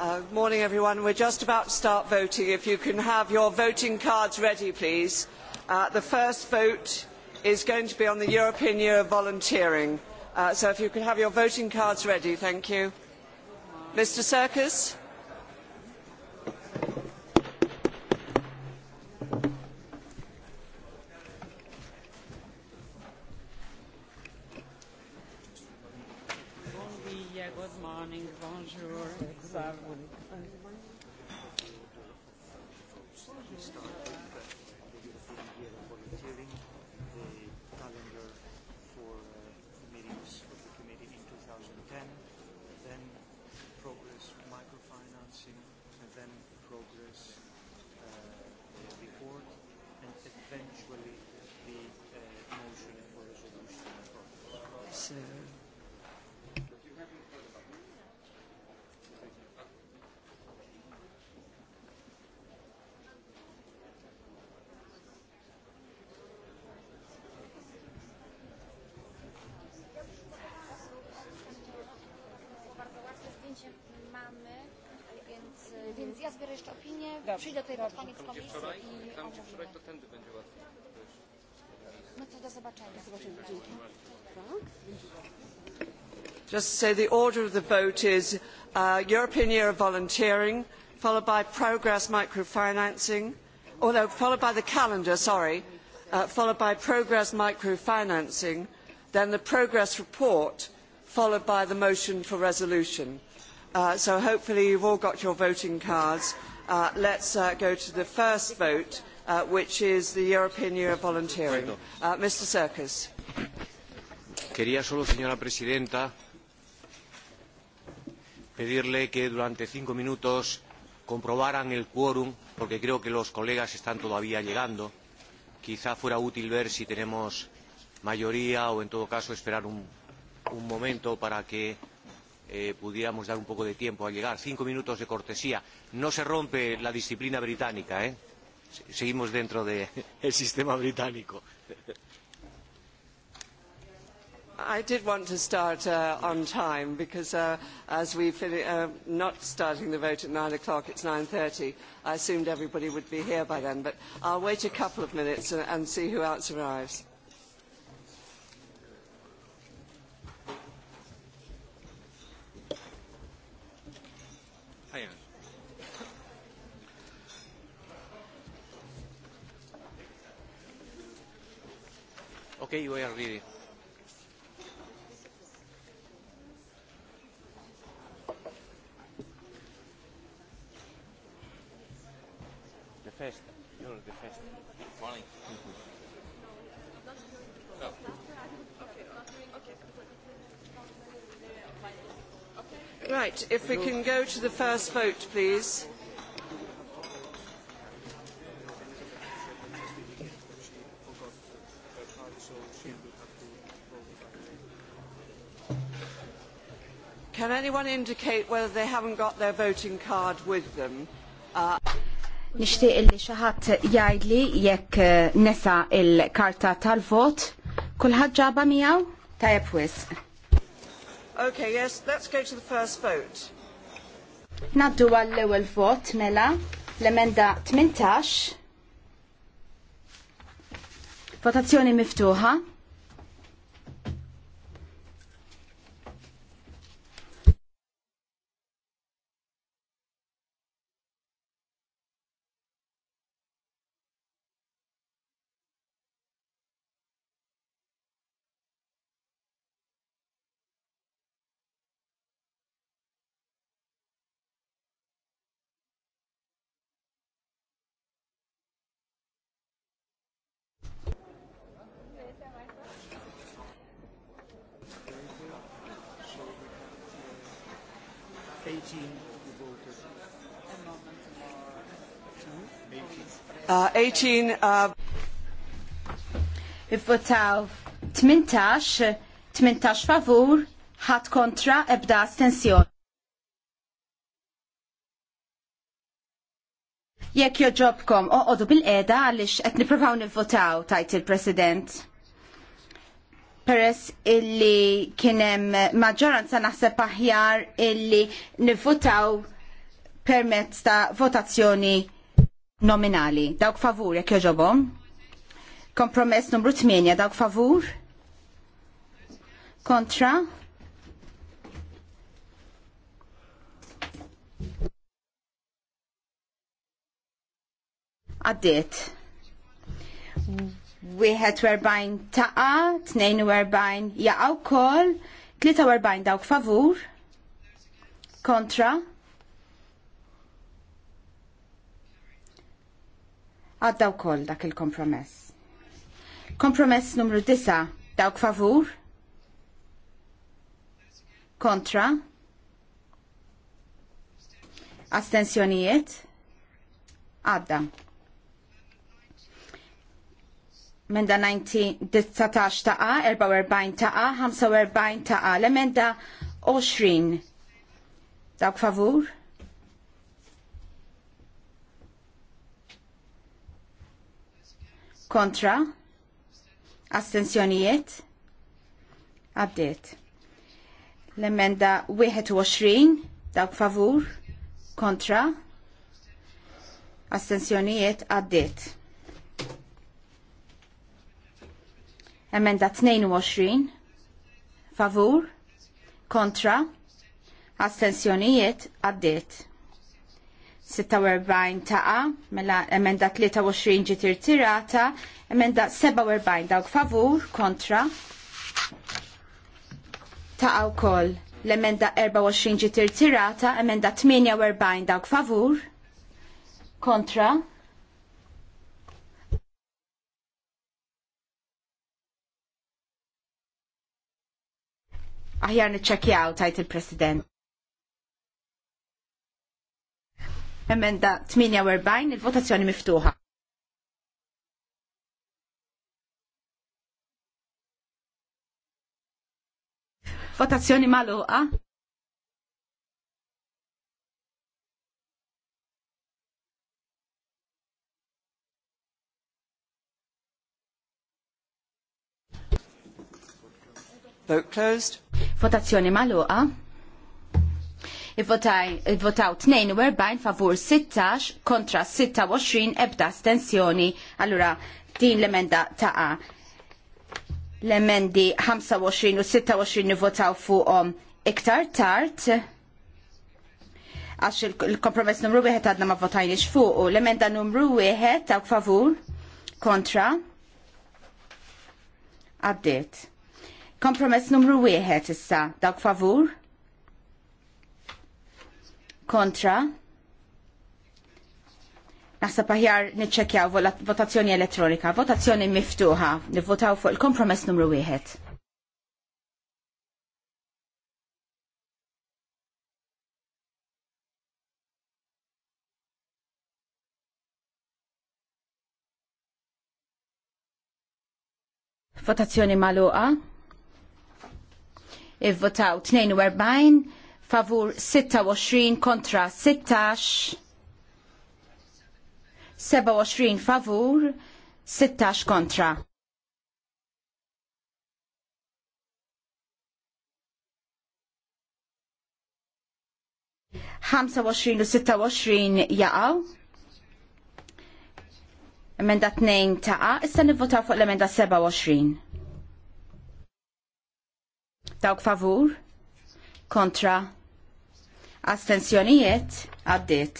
Uh, morning everyone. We're just about to start voting. If you can have your voting cards ready, please. Uh, the first vote is going to be on the European Year of Volunteering. Uh, so if you can have your voting cards ready, thank you. Mr. Serkis? zbiorę jeszcze opinię, przyjdę tutaj pod koniec komisji i tam, to tędy będzie No to do zobaczenia. Do zobaczenia. Dzięki. Just say the order of the vote is uh, European Year of Volunteering, followed by Progress Microfinancing, although followed by the calendar, sorry, uh, followed by Progress Microfinancing, then the Progress Report, followed by the motion for resolution. Uh, so hopefully you've all got your voting cards. Uh, let's uh, go to the first vote, uh, which is the European Year of Volunteering. Uh, Mr. Serkis. Quería solo, señora presidenta, pedirle que durante cinco minutos comprobaran el quórum, porque creo que los colegas están todavía llegando. Quizá fuera útil ver si tenemos mayoría o, en todo caso, esperar un, un momento para que eh, pudiéramos dar un poco de tiempo a llegar. Cinco minutos de cortesía. No se rompe la disciplina británica, ¿eh? Seguimos dentro del de sistema británico. I did want to start uh, on time because uh, as we finish, uh, not starting the vote at nine o'clock, it's 9.30. I assumed everybody would be here by then, but I'll wait a couple of minutes and, and see who else arrives. Okay, you are ready. The first. You're the first. morning. Right, if we can go to the first vote, please. Can anyone indicate whether they haven't got their voting card with them? Uh, Nishtiq illi xaħat jgħidli jekk eh, nesa il-karta tal-vot, kulħadd ġaba miegħu tajjeb wis. Okay, yes, let's go to the first vote. Naddu għall-ewwel vot mela l-emenda 18. Votazzjoni miftuħa. 18 uh, uh, Ivvotaw 18, 18 favur, ħadd kontra ebda astensjon. Jekk joġobkom, oddu bil-qeda għaliex qed nippruvaw nivvotaw tajt il-President. Peress illi kien hemm maġġoranza naħseb aħjar illi nivvotaw permezz ta' votazzjoni nominali. Dawk favur, jek joġobom. Kompromess numru 8, dawk favur. Kontra. Għaddiet. 41 taqa, 42 jaqaw kol, 43 dawk favur, kontra, għadda wkoll dak il-kompromess. Kompromess numru 9 dawk favur? Kontra? Astensjonijiet? Għadda. Menda 19 ta', 44 ta', 45 ta' l-emenda 20. Dawk favur? kontra, Astenzjonijiet? Abdiet. L-emenda 21, dawk favur, kontra, astensjonijiet, Abdiet. Emenda 22, favur, kontra, astensjonijiet, Abdiet. 46 taqa, mela emenda 23 ġi tirtirata, emenda 47 dawk favur kontra. Taqa wkoll l-emenda 24 ġiet tirtirata, emenda 48 dawk favur kontra. Aħjar niċċekjaw tajt il-President. Emenda 48 il-votazzjoni miftuħa. Votazzjoni maluqa. Vote closed. Votazzjoni maluqa. Ivvotaw 42 favur 16 kontra 26 ebda stensjoni. Allura din l-emenda taqa. L-emendi 25 u 26 nivvotaw fuqhom iktar tard għax il-kompromess numru wieħed għadna ma votajni fuq u l-emenda numru wieħed ta' favur kontra għaddiet. Kompromess numru wieħed issa dak favur kontra Naħseb aħjar nitċekjaw votazzjoni elettronika, votazzjoni miftuħa, nivvotaw fuq il-kompromess numru wieħed. Votazzjoni maluqa. Ivvotaw 42 favur 26 kontra 16, 27 favur 16 kontra. ħamsa 25 u 26 jaqaw. Emenda 2 taqa, issa nivvota fuq l-emenda 27. Dawk favur? Kontra? Astenzjonijiet għaddit.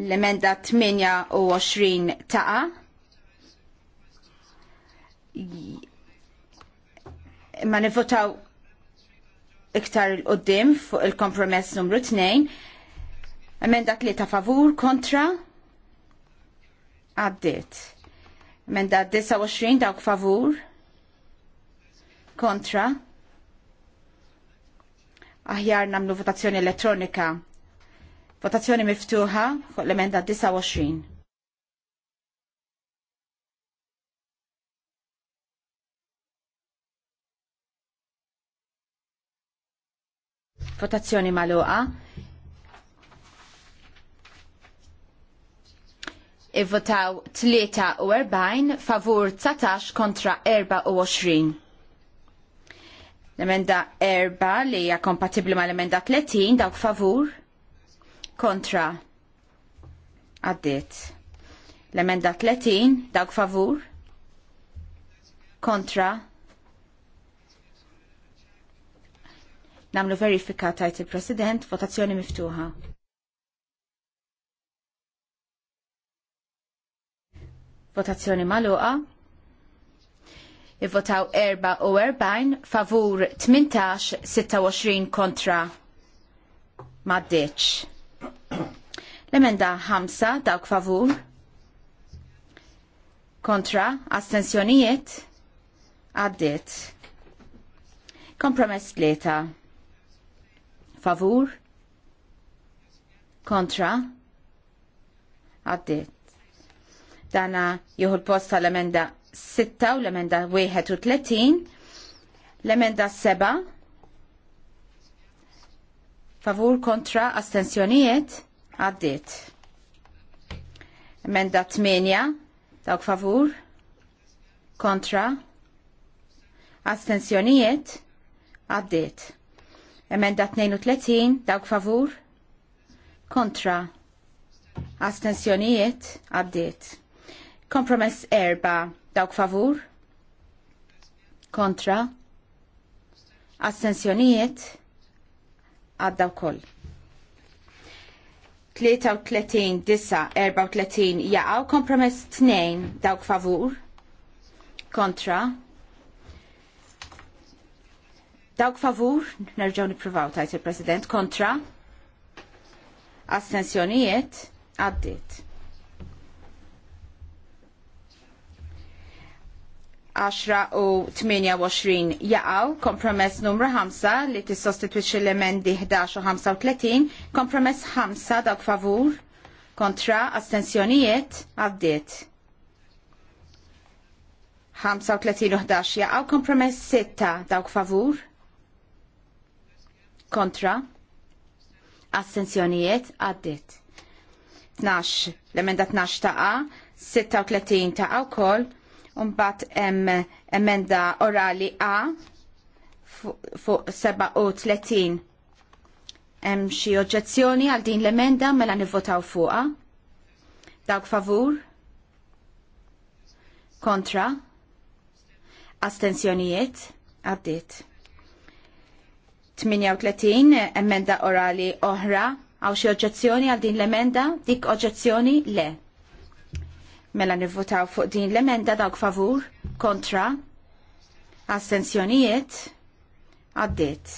L-emenda 28 taqa. Ma nivotaw iktar l qoddim fuq il-kompromess numru 2. Emenda 3 favur kontra Għaddit. Emenda 29 dawk favur kontra aħjar namlu votazzjoni elettronika. Votazzjoni miftuħa fuq l-emenda 29. Votazzjoni maluqa. Ivvotaw 43 favur 19 kontra 24. L-emenda erba li hija kompatibbli mal emenda 30 dawk favur kontra għaddiet. L-emenda 30 dawk favur kontra namlu verifika tajt il-President, votazzjoni miftuħa. Votazzjoni maluqa. Ivvotaw 44 favur 18, 26 kontra maddeċ. L-emenda 5 dawk favur kontra astensjonijiet għaddit. Kompromess tlieta. Favur kontra għaddit dana jieħu l-post tal-emenda 6 u l-emenda 31, l-emenda 7, favur kontra astensjonijiet għaddit. Emenda 8, dawk favur kontra astensjonijiet għaddit. Emenda 32, dawk favur kontra astensjonijiet għaddit. Kompromess erba' dawk favur? Kontra? Assenzjonijiet? Għadda wkoll. 33, 9, 34 jaqaw kompromess 2 dawk favur? Kontra? Dawk favur, nerġaw niprovaw tajt il-President, kontra? Astensjonijiet, għaddit. 10 u 28 jaqaw, kompromess numru 5 li tissostitwixxi l-emendi 11 u 35, kompromess 5 dawk favur, kontra astensjonijiet għaddit. 35 u 11 jaqaw, kompromess 6 dawk favur, kontra astensjonijiet għaddit. 12, l-emenda 12 taqa, 36 taqa u koll, Umbat em, emenda orali A fuq 37. Hemm xi oġġezzjoni għal din l-emenda mela nivvotaw fuqha. Dawk favur? Kontra? Astenzjonijiet? Għaddiet. 38 emenda orali oħra għaw xi oġġezzjoni għal din l-emenda dik oġġezzjoni le. Mela nivvotaw fuq din l-emenda dawk favur, kontra, astensjonijiet, għaddit.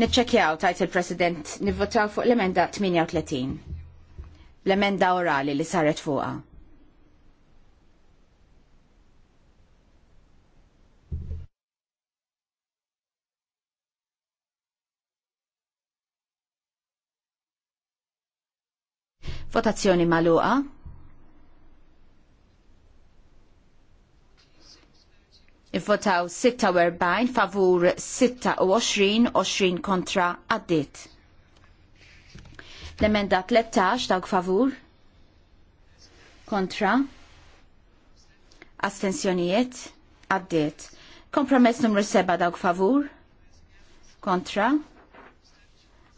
Nitċekjaw tajt il-President nivvotaw fuq l-emenda 38. L-emenda orali li saret fuqa. Votazzjoni maluqa. Ivvotaw 46 favur 26, 20 kontra għaddit. L-emenda 13 dawk favur kontra astensjonijiet għaddiet. Kompromess numru 7 dawk favur kontra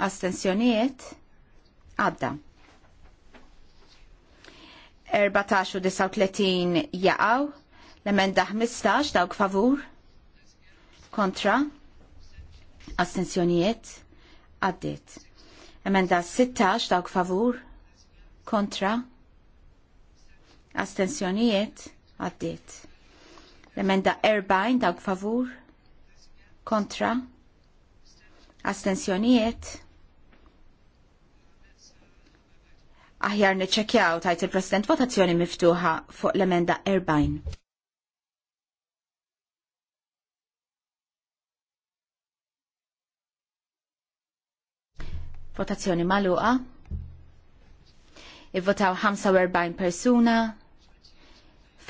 astensjonijiet għadda. 14 u 39 jaqaw, l-emenda 15 dawk favur, kontra, astensjonijiet, għaddit. Emenda 16 dawk favur, kontra, astensjonijiet, għaddit. L-emenda 40 dawk favur, kontra, astensjonijiet, Aħjar niċċekjaw tajt il-President votazzjoni miftuħa fuq l-emenda Erbajn. Votazzjoni maluqa. Ivvotaw 45 persuna,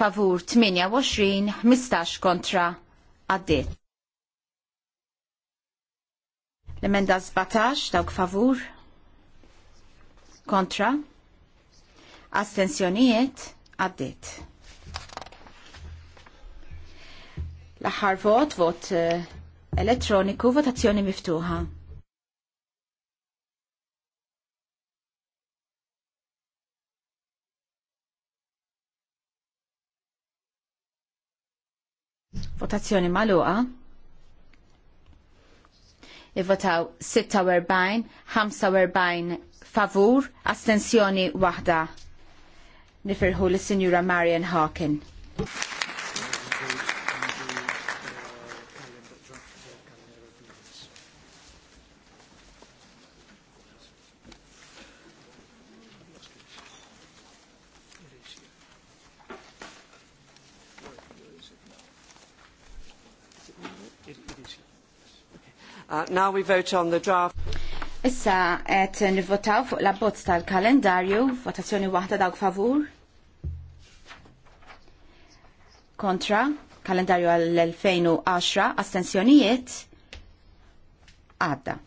favur 28, 15 kontra għaddit. L-emenda 17 dawk favur kontra Astenzjonijiet għaddit. L-aħħar vot, vot eh, elettroniku, votazzjoni miftuħa. Votazzjoni maluqa. Ivvotaw 46, 45 favur, astensjoni waħda nifirħu l sinjura Marian Hawken. Uh, now we vote on the draft. Issa qed nivvotaw fuq l-abbozz tal-kalendarju, votazzjoni waħda dawk favur. Kontra, kalendarju għall-2010, astensjonijiet, għadda.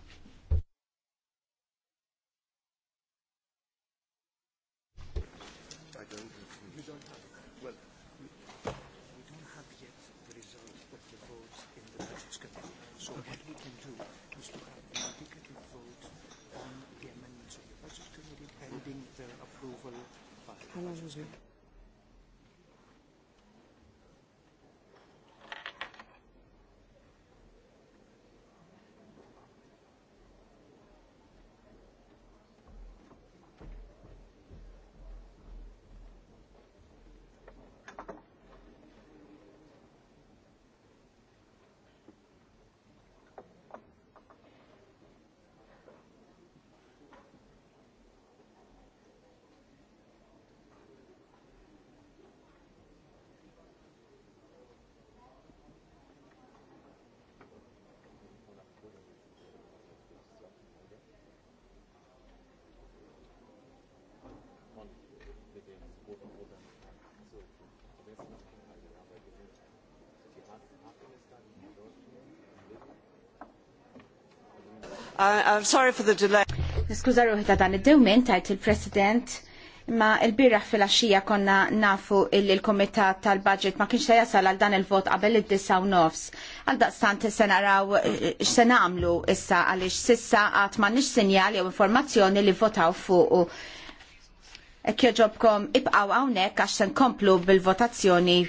I'm sorry for the delay. Niskuża ruħi ta' dan id-dewmin tajt il-President imma il birra fil-axija konna nafu il-komitat tal-budget ma kienx jasal għal dan il-vot qabel id-disa u nofs. Għal daqstant se naraw x'se eh, eh, nagħmlu issa għaliex sissa għat ma nix sinjal jew informazzjoni li votaw fuq kjoġobkom ibqaw għawnek għax nkomplu bil-votazzjoni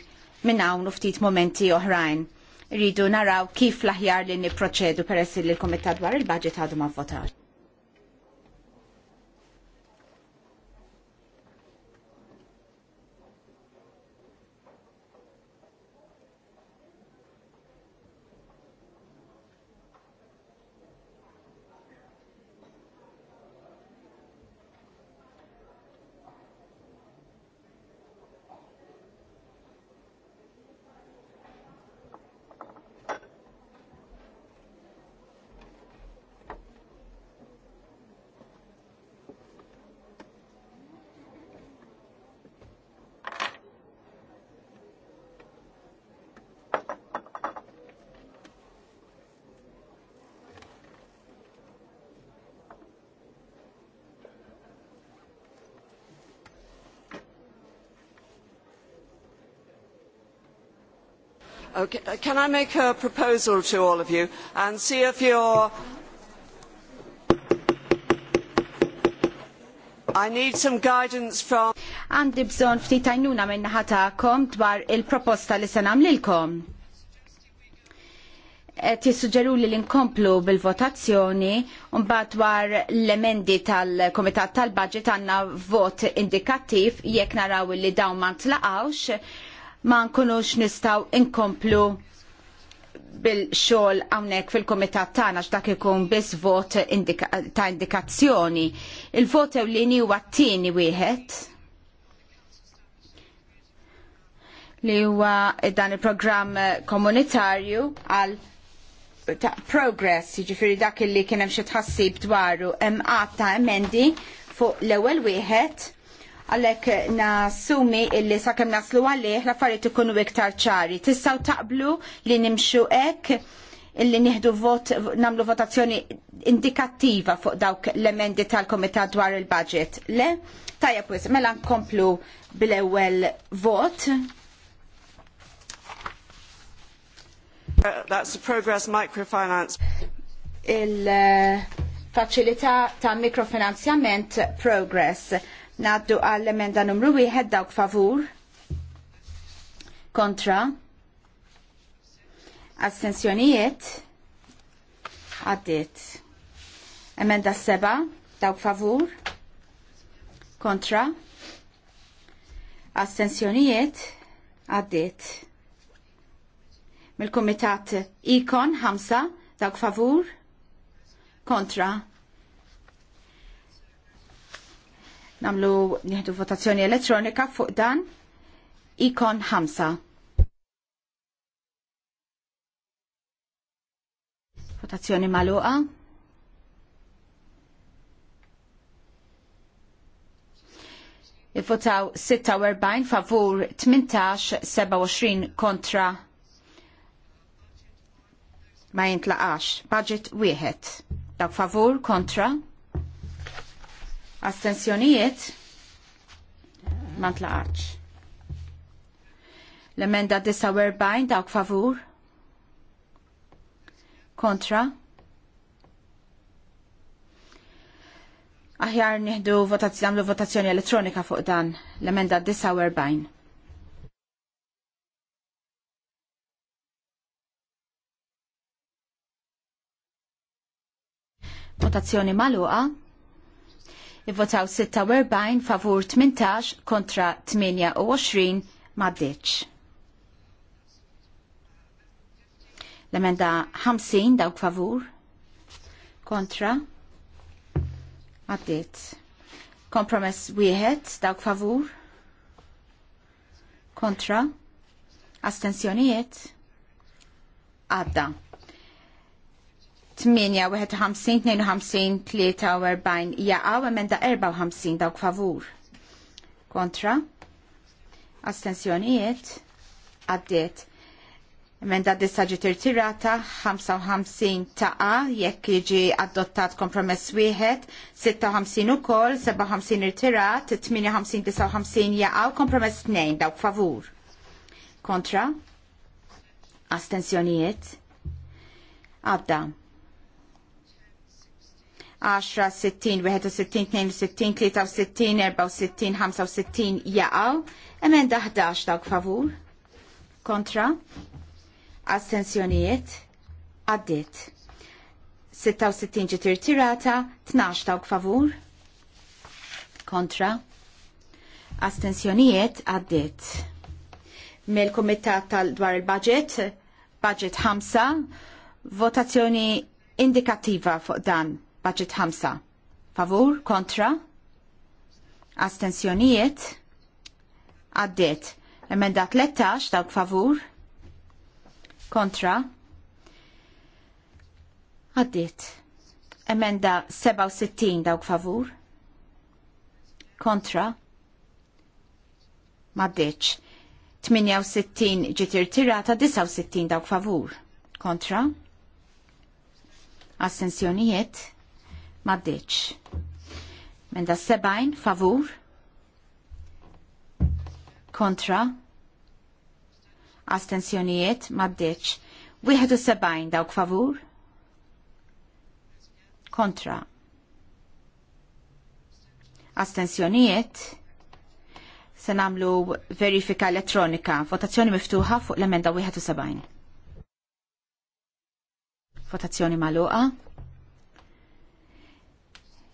minn hawn ftit momenti oħrajn rridu naraw kif l-aħjar li niproċedu peress li l-Komitat dwar il-Budget għadu ma' votat. Okay, uh, can I make a proposal to all of you and see if you're... I need some guidance from... Għandi bżon ftit għajnuna minna ħatakom dwar il-proposta li sanam lilkom. Et jissuġġeru li l-inkomplu bil-votazzjoni un dwar l-emendi tal komitat tal-Budget għanna vot indikattiv jekk naraw li dawn ma ntlaqawx ma nkunux nistgħu inkomplu bil-xogħol hawnhekk fil-kumitat tagħna x'dak ikun biss vot indika ta' indikazzjoni. Il-vot ewlieni huwa t-tieni wieħed li huwa dan il-programm komunitarju għal progress, jiġifieri dak li kien hemm xi tħassib dwaru hemm qatt ta' emendi fuq l-ewwel wieħed għalhekk nasumi illi sakemm naslu għalih l-affarijiet ikunu iktar ċari. Tistgħu taqblu li nimxu hekk illi nieħdu vot nagħmlu votazzjoni indikattiva fuq dawk l-emendi tal-Komitat dwar il-budget. Le? Tajja pwis, mela nkomplu bil-ewwel vot. that's the progress microfinance. Il-faċilità eh, ta' mikrofinanzjament progress Naddu għall-emenda numru wieħed dawk favur. Kontra. Astensjonijiet. Għaddit. Emenda seba dawk favur. Kontra. Astensjonijiet. Għaddit. Mil-komitat ikon ħamsa dawk favur. Kontra namlu nieħdu votazzjoni elettronika fuq dan ikon ħamsa. Votazzjoni maluqa. Ivvotaw 46 favur 18, 27 kontra ma jintlaqax. Budget wieħed. Dak favur kontra Astenzjonijiet Ma tlaqax. L-emenda 49 dawk favur? Kontra? Aħjar nieħdu votazzjoni għamlu votazzjoni elettronika fuq dan l-emenda 49. Votazzjoni maluqa. Ivvotaw 46 favur 18 kontra 28 maddeċ. L-emenda 50 dawk favur kontra maddeċ. Kompromess wieħed dawk favur kontra astensjonijiet għadda. 58-52-43 jaqaw emenda 54 dawk favur. Kontra. Astensjonijiet. Għaddiet. Emenda dissa ġiet irtirata 55 taqa jekk jiġi adottat kompromess wieħed, 56 ukoll, 57 irtirat, 58-59 jaqaw kompromess 2 dawk favur. Kontra? Astensjonijiet? Għadda. 10, 60, 61, 62, 63, 64, 65 jaqaw. Emenda 11 dawk favur. Kontra. Astensjonijiet. Għaddit. 66 ġiet tirata, 12 dawk favur. Kontra. Astensjonijiet addit. mel kumitat tal-dwar il-budget, budget 5, votazzjoni indikattiva fuq dan Budget 5. Favur, kontra, astensjonijiet, għaddiet. Emenda 13 dawk favur, kontra, għaddiet. Emenda 67 dawk favur, kontra, maddeċ. 68 ġitir tirata 69 dawk favur. Kontra? Assenzjonijiet? maddiċ. Menda sebajn favur kontra astensjonijiet maddiċ. 71 dawk favur kontra astensjonijiet se namlu verifika elettronika, votazzjoni miftuħa fuq l-emenda 71. Votazzjoni maluqa.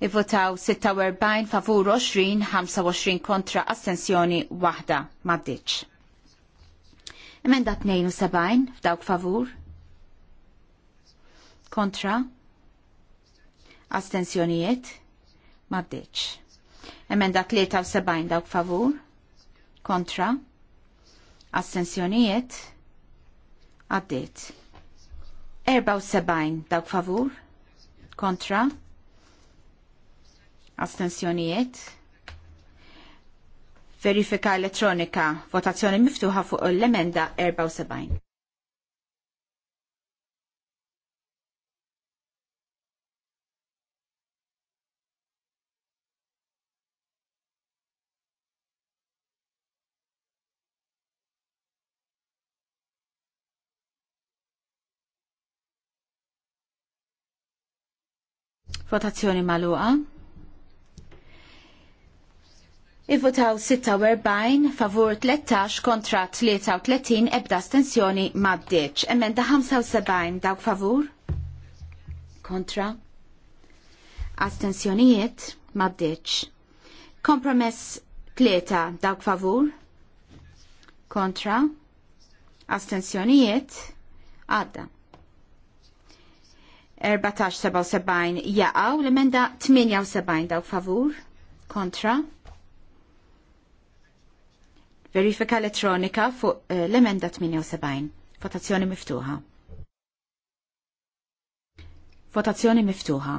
Ivvotaw 46 favur 20, 25 kontra astensjoni waħda maddiċ. Emenda 72 f'dawk favur. Kontra. Astensjonijiet. Maddiċ. Emenda 73 dawk favur. Kontra. Astensjonijiet. Għaddiet. 74 dawk favur. Kontra astensjonijiet. Verifika elettronika, votazzjoni miftuħa fuq l-emenda 74. Votazzjoni maluqa. Ivvotaw 46 favur 13 kontra 33 ebda stensjoni maddeċ. Emenda 75 dawk favur? Kontra? Astensjonijiet maddeċ. Kompromess 3 dawk favur? Kontra? Astensjonijiet għadda. 14-77 jaqaw l-emenda 78 dawk favur? Kontra? Verifika elettronika fuq eh, l-emenda 78. Votazzjoni miftuħa. Votazzjoni miftuħa.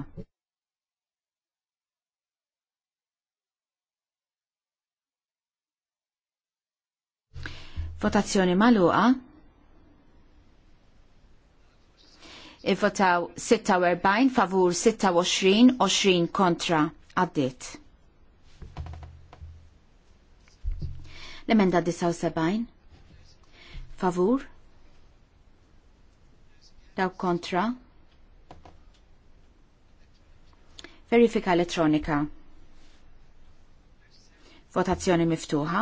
Votazzjoni maluqa. Ivvotaw 46 favur 26, 20 kontra. Għaddit. L-emenda 79. Favur. Daw kontra. Verifika elettronika. Votazzjoni miftuħa.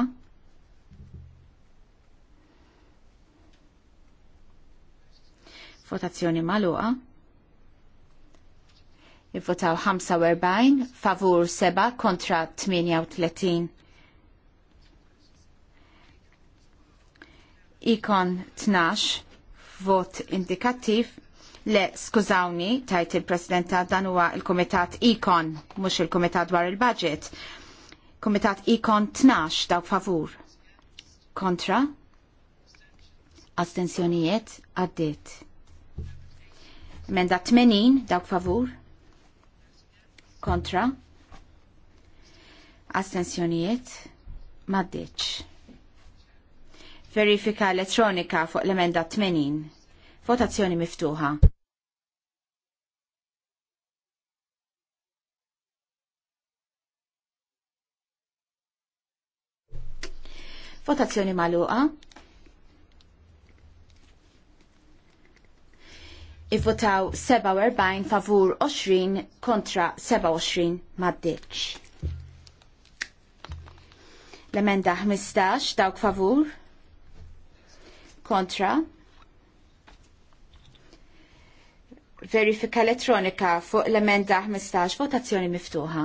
Votazzjoni maluqa. Ivvotaw 45 favur 7 kontra 38 ikon 12 vot indikattiv le skużawni tajt il-presidenta dan huwa il-komitat ikon mhux il-komitat dwar il-budget komitat ikon 12 dawk favur kontra astenzjonijiet għaddiet emenda 80 dawk favur kontra Astenzjonijiet maddiċ Verifika elettronika fuq l-emenda 80. Votazzjoni miftuħa. Votazzjoni maluqa. Ivvotaw 47 favur 20 kontra 27 maddeċ. L-emenda 15 dawk favur kontra verifika elettronika fuq l-emenda 15 votazzjoni miftuħa.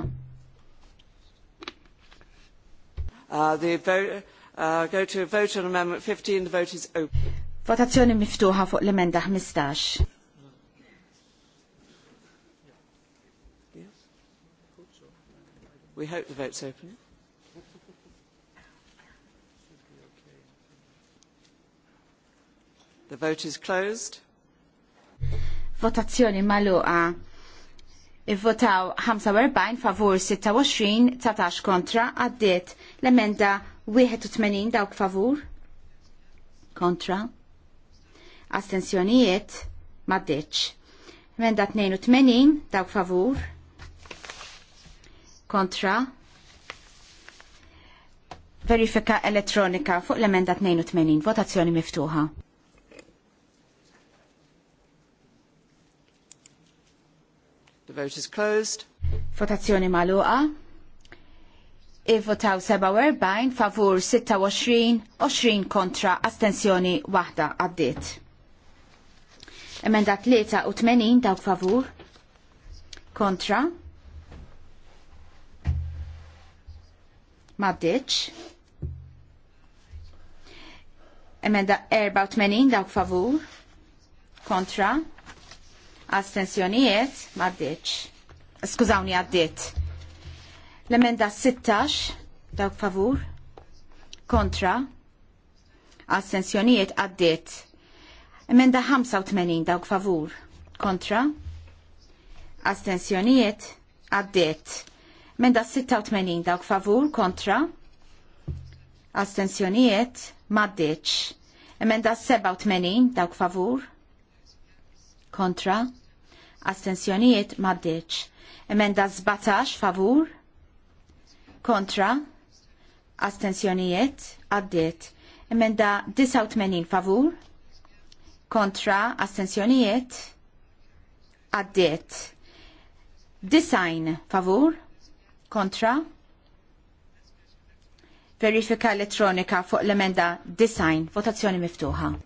Uh, the vote, uh, go to vote on amendment 15, the vote is open. Votazzjoni miftuħa fuq l-emenda 15. We hope the vote's open. The vote is closed. Votazzjoni maluqa. Ivvotaw 45 favur 26, tatax kontra, għaddiet l-emenda 81 dawk favur, kontra, Astenzjonijiet maddeċ. Emenda 82 dawk favur, kontra, verifika elettronika fuq l-emenda 82, votazzjoni miftuħa. Vote is closed. Votazzjoni maluqa. Ivvotaw 47 favur 26, 20 kontra astensjoni waħda għaddiet. Emenda 3 u 80 dawk favur kontra maddiċ. Emenda 84 dawk favur kontra Astensjonijiet maddiċ. Skużawni għaddiet. L-emenda 16, dawk favur, kontra, astensjonijiet għaddiet. Emenda 85, dawk favur, kontra, astensjonijiet għaddiet. Emenda 86, dawk favur, kontra, astensjonijiet maddeċ. Emenda 87, dawk favur, kontra, astensjonijiet maddeċ. Emenda 17 favur, kontra, astensjonijiet għaddiet. Emenda 89 favur, kontra, astensjonijiet għaddiet. Design favur, kontra, verifika elettronika fuq l-emenda design, votazzjoni miftuħa.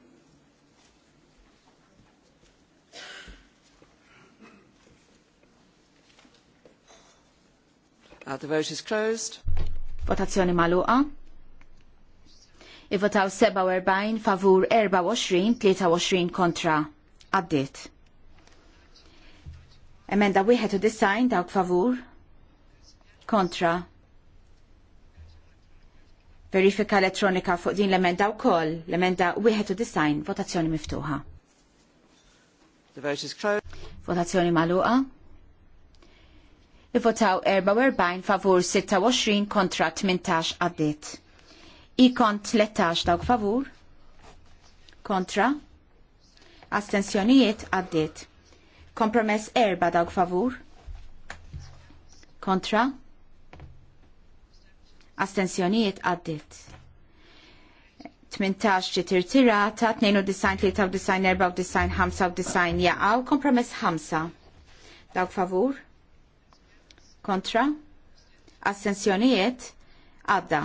Uh, the vote is closed. Votazzjoni magħluqa. Ivvotaw 47 favur 24, 23 kontra. Għaddiet. Emenda wieħed u disajn dawk favur. Kontra. Verifika elettronika fuq din l-emenda wkoll. L-emenda wieħed u disajn votazzjoni miftuħa. The vote is closed. Votazzjoni magħluqa. Ivotaw 44 favur 26 kontra 18 għaddit. Ikon 13 dawk favur. Kontra. Astensjonijiet għaddit. Kompromess erba dawk favur. Kontra. Astensjonijiet għaddit. 18 ġi tirtirata, 92, 93, 94, 95 jaqaw, kompromess 5. Dawk favur? kontra, assenzjonijiet, għadda.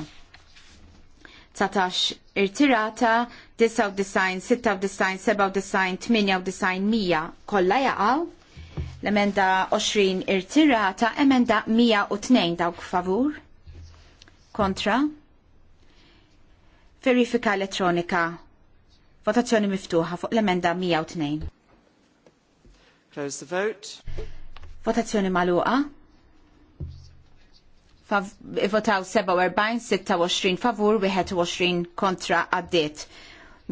Tatax irtirata, 99, 96, 97, 98, 100 kolla jaqaw. L-emenda 20 irtirata, emenda 102 dawk favur. Kontra. Verifika elettronika. Votazzjoni miftuħa fuq l-emenda 102. Close the vote. Votazzjoni maluqa votaw 47-26 favur, 21 kontra għaddit.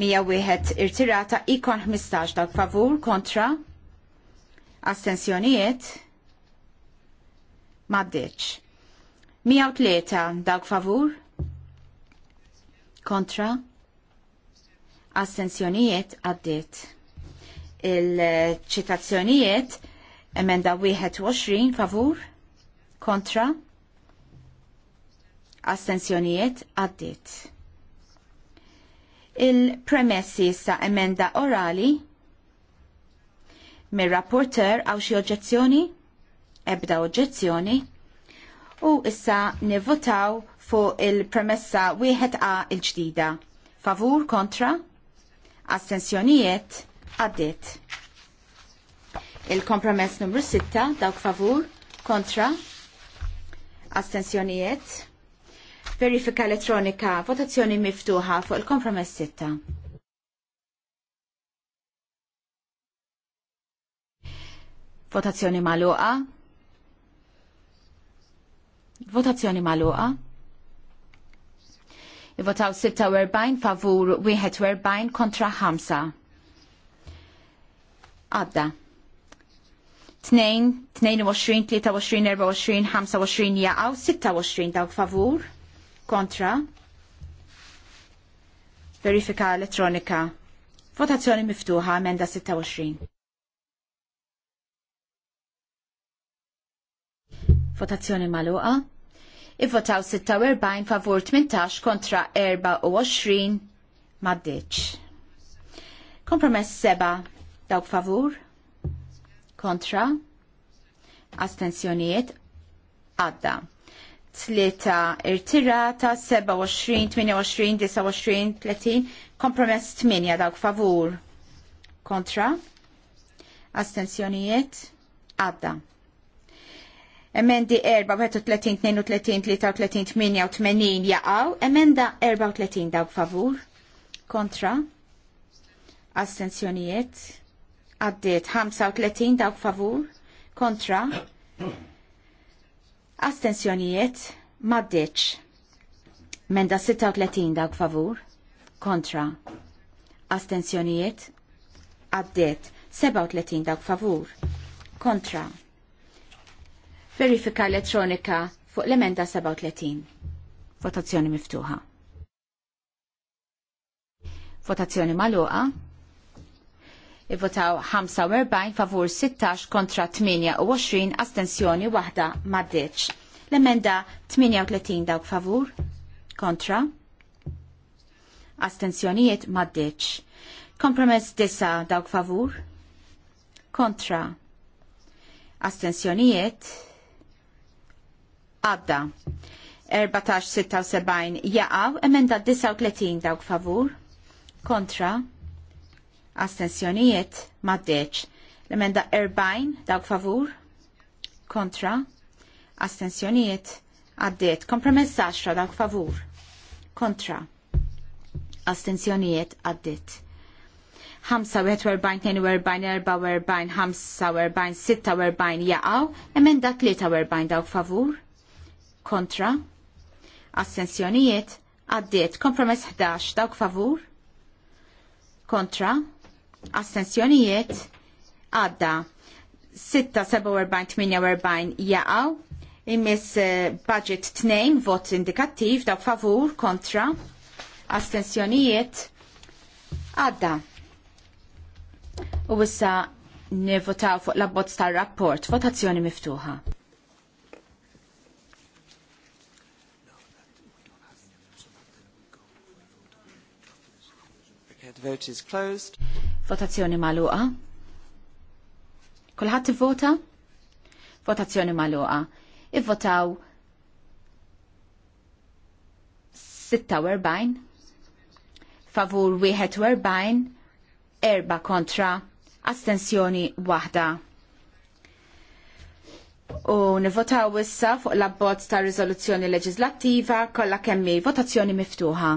101 irtirata ikon 15 dawk favur kontra astensjonijiet maddeċ. 103 dawk favur kontra astensjonijiet għaddit. Il-ċitazzjonijiet emenda 21 favur kontra astensjonijiet għaddit. Il-premessi sa' emenda orali mir rapporter għaw xi oġġezzjoni? Ebda oġġezzjoni. U issa nivvotaw fuq il-premessa wieħed a il-ġdida. Favur kontra? Astensjonijiet għaddit. Il-kompromess numru 6 dawk favur kontra? Astensjonijiet Verifika elettronika, votazzjoni miftuħa fuq il-kompromess sitta. Votazzjoni maluqa. Votazzjoni maluqa. Votaw 46 favur 41 kontra 5. Għadda. 2, 22, 23, 24, 25 jaqaw, 26 dawk favur kontra verifika elettronika. Votazzjoni miftuħa, emenda 26. Votazzjoni maluqa. Ivvotaw 46 favur 18 kontra 24 maddeċ. Kompromess 7 dawk favur kontra astenzjonijiet għadda irtira ta' 27, 28, 29, 30 kompromess 8 dawk favur kontra astensjonijiet għadda. Emendi 34, 32, 33, 88 jaqaw. Emenda 34 dawk favur kontra astensjonijiet għaddiet 35 dawk favur kontra Astensjonijiet maddeċ. Menda 36 dawk favur. Kontra. Astensjonijiet għaddiet 37 dawk favur. Kontra. Verifika elettronika fuq l-emenda 37. Votazzjoni miftuħa. Votazzjoni maluqa. Ivvotaw 45 favur 16 kontra 28 astensjoni waħda maddeċ. L-emenda 38 dawk favur kontra astensjonijiet maddeċ. Kompromess 9 dawk favur kontra astensjonijiet għadda. 14-76 jaqaw, emenda 39 dawk favur, kontra, ma deċ. L-emenda 40 dawk favur kontra astensjonijiet għaddiet. Kompromess 10 dawk favur kontra astensjonijiet għaddiet. 45-42-44-45-46 jaqaw, emenda 43 dawk favur, kontra, assenzjonijiet, għaddiet, kompromess 11 dawk favur, kontra, astensjonijiet għadda 6-47-48 jaqaw imis eh, budget 2 vot indikattiv dawk favur kontra astensjonijiet għadda u issa nivvotaw fuq l-abbozz tar-rapport votazzjoni miftuħa. vote is closed. Votazzjoni maluqa. Kulħadd vota? Votazzjoni maluqa. Ivvotaw 46 favur 41 erba kontra astensjoni waħda. U nivotaw issa fuq l-abbozz ta' riżoluzzjoni leġislattiva kollha kemmi votazzjoni miftuħa.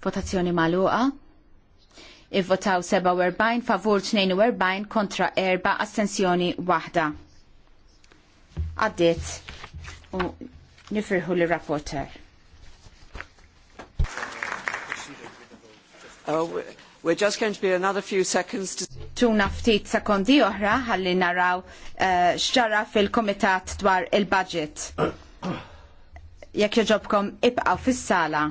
Votazzjoni maluqa. Ivvotaw 47 favur 42 kontra 4 astensjoni waħda. Għaddit u nifirħu li rapporter. Oh, we're just going to be another few seconds to... Tuna ftit sekondi oħra ħalli naraw uh, xġara fil-komitat dwar il-budget jekk joġobkom ibqgħu fis-sala.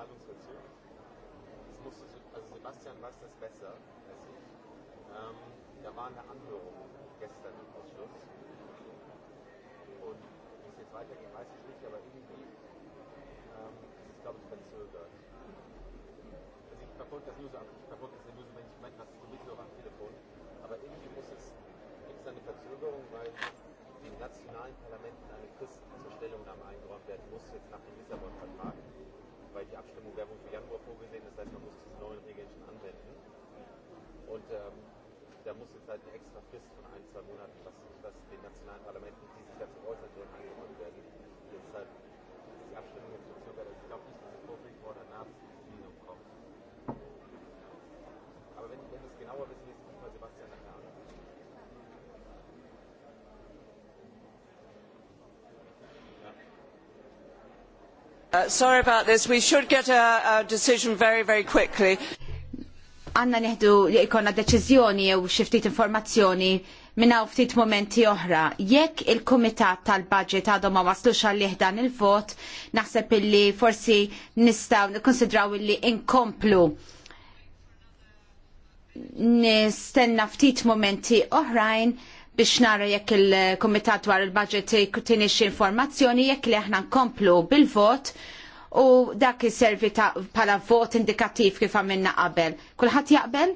Zahlungsverzug. Das musste, also Sebastian weiß das besser als ich. Ähm, da war eine Anhörung gestern im Ausschuss. Und wie es jetzt weitergeht, weiß ich nicht, aber irgendwie ähm, ist es, glaube ich, verzögert. Also ich verfolge das News, ich verfolge das News, wenn ich meine, was ist sowieso am Telefon. Aber irgendwie muss es, gibt es eine Verzögerung, weil den nationalen Parlamenten eine Frist zur Stellungnahme eingeräumt werden muss, jetzt nach dem Lissabon-Vertrag weil die Abstimmung wäre wohl für Januar vorgesehen, das heißt, man muss diese neuen Regeln schon anwenden. Und ähm, da muss jetzt halt eine extra Frist von ein, zwei Monaten, dass was den nationalen Parlamenten, die sich dazu äußern werden, angeräumt werden. Deshalb ist die Abstimmung jetzt so circa, ich glaube nicht, dass es vorgelegt worden danach Uh, sorry about this, we should get a, a decision very, very quickly. Għanna neħdu li ikonna deċizjoni jew xiftit informazzjoni minna u ftit momenti oħra. Jekk il-Kumitat tal-Budget għadhom ma waslux għal dan il-vot, naħseb illi forsi nistaw nikkonsidraw illi inkomplu. Nistenna ftit momenti oħrajn biex nara jekk il-Komitat dwar il-Budget tini informazzjoni jekk li aħna nkomplu bil-vot u dak jisservi pala vot indikattiv kif għamilna qabel. Kulħadd jaqbel?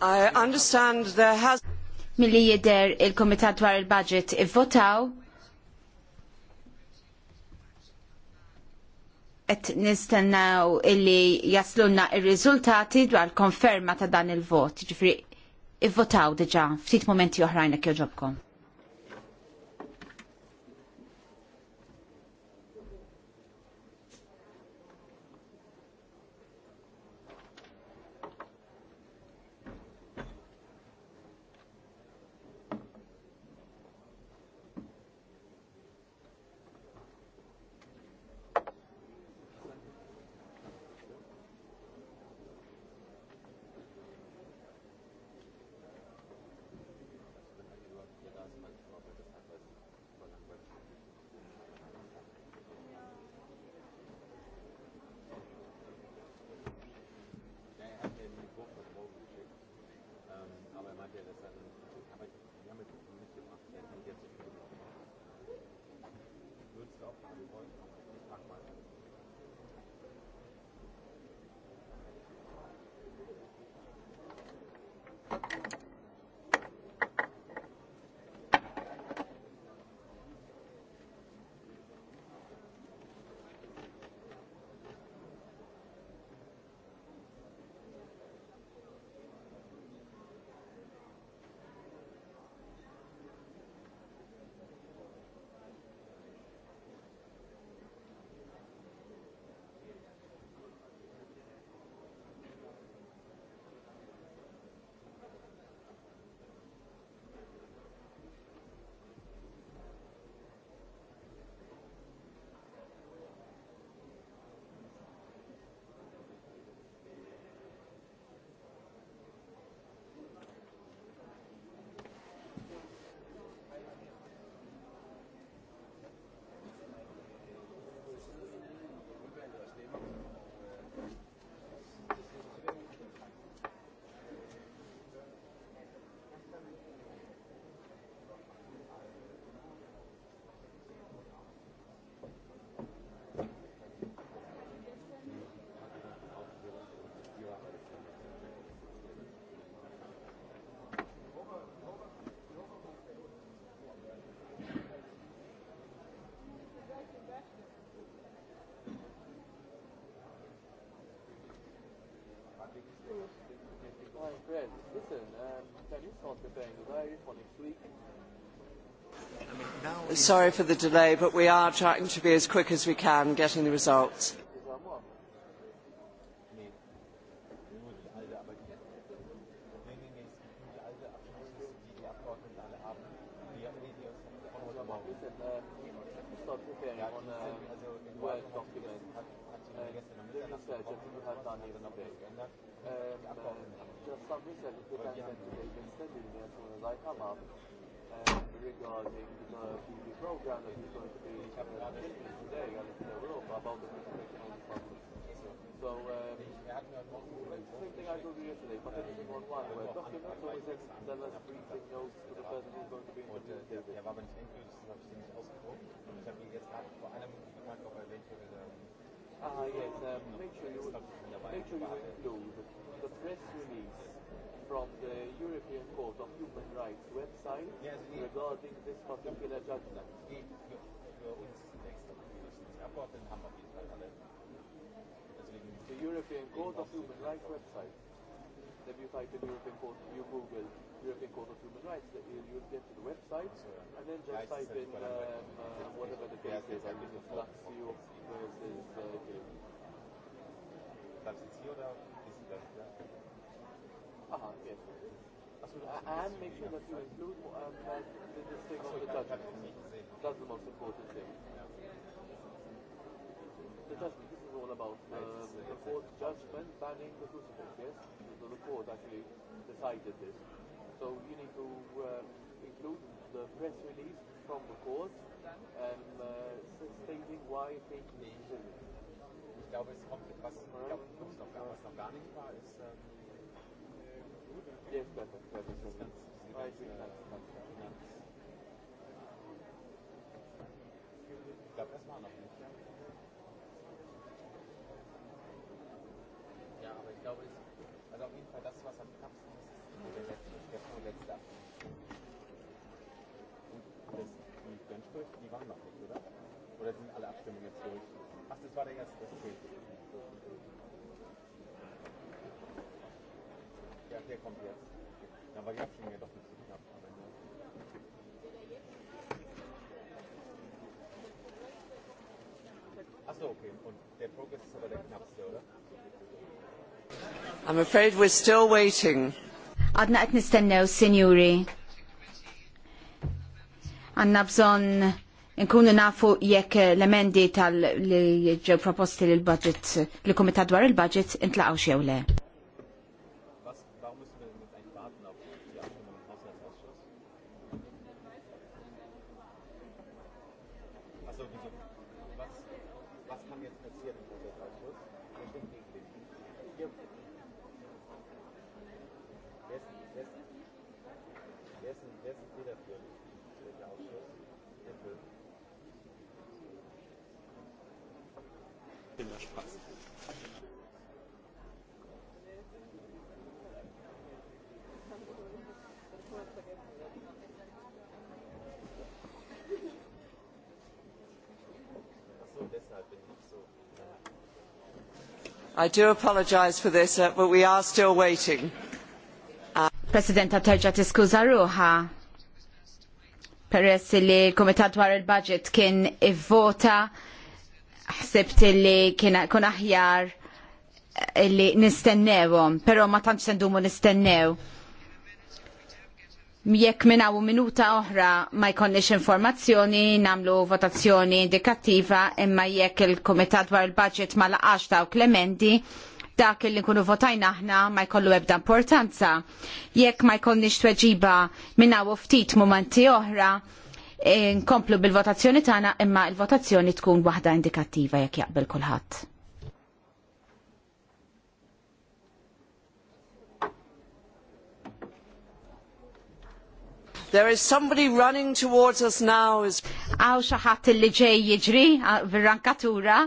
I understand there has... Milli jider il-Komitat dwar il-Budget ivvotaw et nistennaw illi jaslunna il-rizultati dwar konferma ta' dan il-vot. Ġifri, ivvotaw diġa, ftit momenti oħrajna kjoġobkom. Fred, listen, um, can you start preparing the diary for next week? Sorry for the delay, but we are trying to be as quick as we can getting the results. Um, um, well documented. Just some research independent they've studying this as I come up um, regarding the TV program that is going to be uh, today and in Europa about the situation of the public. So, um, same thing I told you yesterday, but everything on one web document, so we send them as briefing notes to the person who's going to be interviewed. Ja, aber wenn ich denke, das habe ich nicht ausgedruckt. Ich habe ihn jetzt gerade vor einem Ah, yes, um, make sure you, make sure you include the press release from the European Court of Human Rights website yes, we, regarding this particular judgment. the European Court of Human Rights website then you type in European Court, you Google European Court of Human Rights, that you, e you'll get to the website, and then just type in um, uh, whatever the case is, I think it's Lazio versus uh, Lazio now Aha, uh-huh, yes. And make sure that you include um, that this thing of the judgment. That's the most important thing. The judgment all about um, the uh, court judgment banning the crucifix, yes? The, the court actually decided this. So you need to uh include the press release from the court and uh, stating why it takes the decision. Ich glaube, es kommt etwas, was noch, gar nicht war, ist gut. Ähm, yes, perfect, perfect. Das ganze, diese ganze, ich glaube, I'm afraid we're still waiting. Għadna qed nistennew, sinjuri. Għandna bżonn nkunu nafu jekk l-emendi tal-li ġew proposti l-budget, l-Komitat dwar il-budget intlaqaw xew le. I do apologize for this, uh, but we are still waiting. Uh, Presidenta terġa tiskuża ruħa peress li l-Komitat dwar il-Budget kien ivvota ħsibt li kien kun aħjar li nistennewhom, però ma tantx sendumu nistennew jekk minn hawn minuta oħra ma jkollix informazzjoni nagħmlu votazzjoni indikattiva imma jekk il-Kumitat dwar il-Budget ma laqax daw emendi dak li nkunu votajna aħna ma jkollu ebda importanza. Jekk ma jkollix tweġiba minn hawn ftit momenti oħra, eh, nkomplu bil-votazzjoni tagħna imma l votazzjoni tkun waħda indikattiva jekk jaqbel kulħadd. There is somebody running towards us now. Għaw xaħat li ġej jiġri, virrankatura.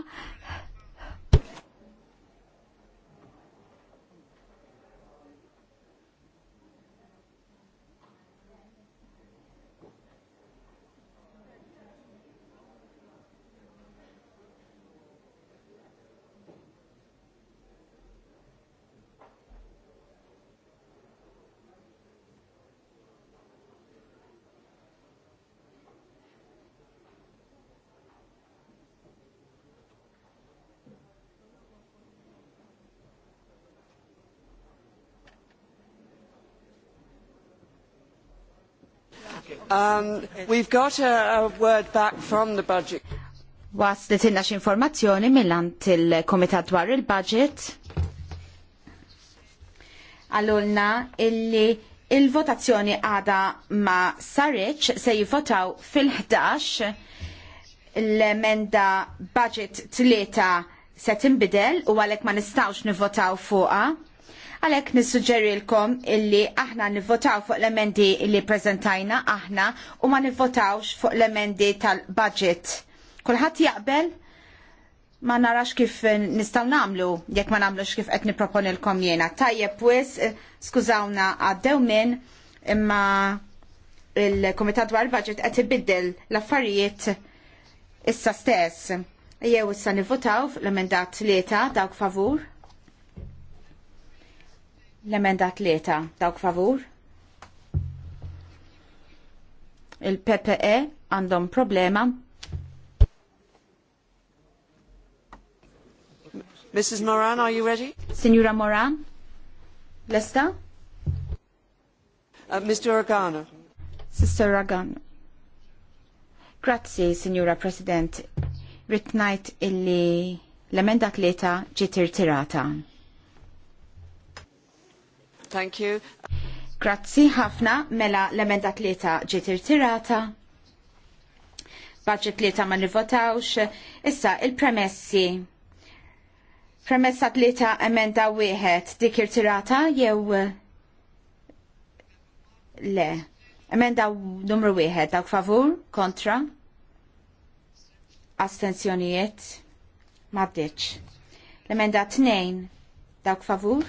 Um, we've got a, a word back from the budget. Waslet inna informazzjoni mill għand il-Komitat dwar il-budget. Għallulna illi il-votazzjoni għada ma sarriċ se jivotaw fil-11 l-emenda budget tlieta se tinbidel u għalek ma nistawx nivotaw fuqa Għalhekk nissuġġerilkom illi aħna nivvotaw fuq l-emendi li prezentajna aħna u ma nivvotawx fuq l-emendi tal-budget. Kulħadd jaqbel ma narax kif nistgħu nagħmlu jekk ma nagħmlux kif qed nipproponilkom jiena. Tajjeb wis, skużawna għaddew minn imma il-Komitat dwar il-Budget qed ibiddel l-affarijiet issa stess. Jew issa nivvotaw l-emendat tlieta dawk favur. L-emenda tlieta, dawk favur. Il-PPE għandhom problema. Mrs. Moran, are you ready? Signora Moran, lesta? Uh, Mr. Organa. Sister Organa. Grazzi, Signora President. Ritnajt illi l-emenda tlieta ġiet tirata. Thank you. Grazzi ħafna mela l-emenda tlieta ġiet irtirata. Budget tlieta ma nivvotawx. Issa il-premessi. Premessa tlieta emenda wieħed dik irtirata jew le. Emenda numru wieħed dawk favur, kontra, astenzjonijiet, maddiċ. L-emenda tnejn dawk favur,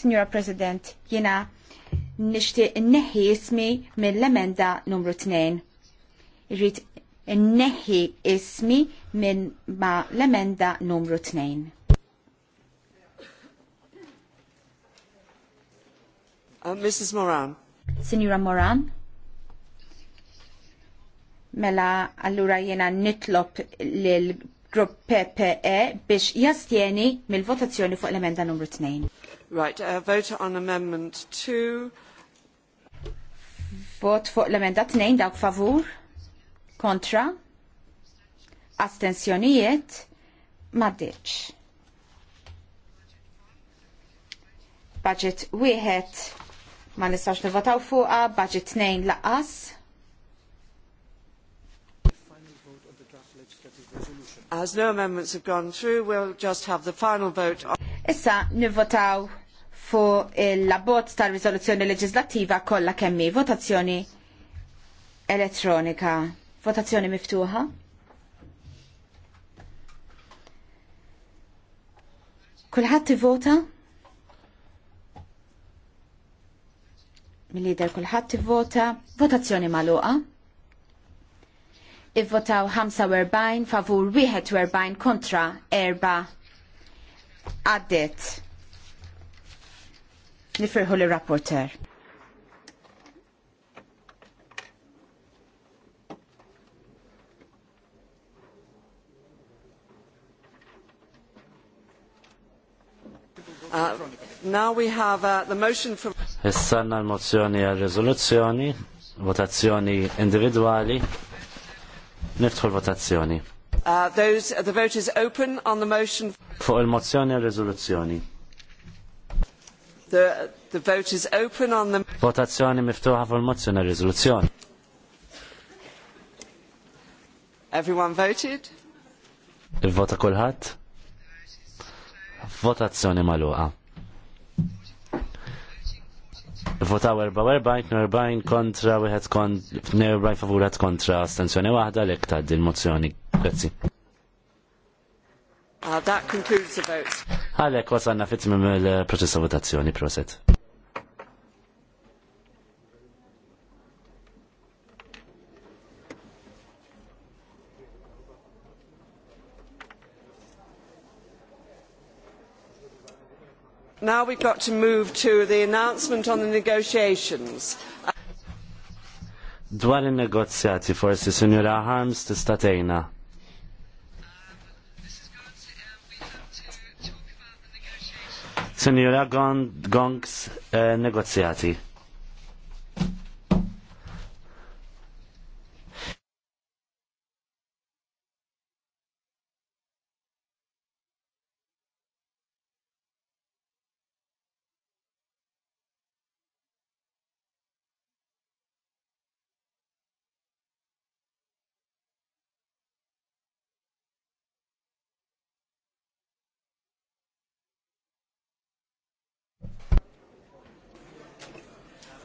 Signora President, jena n neħi ismi mill-emenda numru 2. Irrit neħi ismi minn ma l-emenda numru 2. Uh, Mrs. Moran. Signora Moran. Mela, allura jena nitlop l-grupp PPE biex jastjeni mill-votazzjoni fuq l-emenda numru 2. Right, uh, vote on amendment 2. Vot fuq l-emenda 2 dawk favur, kontra, astensjonijiet, maddiċ. Budget wieħed ma nistax nivotaw fuqa, budget 2 laqas. As no amendments have gone through, we'll just have the final vote. On... Issa nivvotaw Fu l-abbozz tar riżoluzzjoni leġislattiva kollha kemm hi votazzjoni elettronika. Votazzjoni miftuħa. Kulħadd ivota? Mill-lider kulħadd ivota, votazzjoni magħluqa. Ivvotaw 45 favur 41 kontra 4 għaddiet. Nifirħu li rapporter. Uh, now we have uh, the motion from... Issanna l-mozzjoni għal rezoluzzjoni, votazzjoni individuali, niftħu l-votazzjoni. Uh, those, the vote is open on the motion. Fuq il-mozzjoni għal rezoluzzjoni. The, the vote is open on the... Votazzjoni miftuħa fuq il-mozzjoni riżoluzzjoni. Everyone voted? Il-vota kulħadd? Votazzjoni magħluqa. Votaw 44 kontra, wieħed kontra, 42 favur kontra, astenzjoni waħda l-ek tgħaddi mozzjoni Grazzi. Uh, that concludes the vote. Għalek għasanna fitzmim il proċessa votazzjoni, proset. Now we've got to move to the announcement on the negotiations. Dwar il-negozjati forsi, Signora Harms, tistatejna. Gong Gongs eh, negozjati.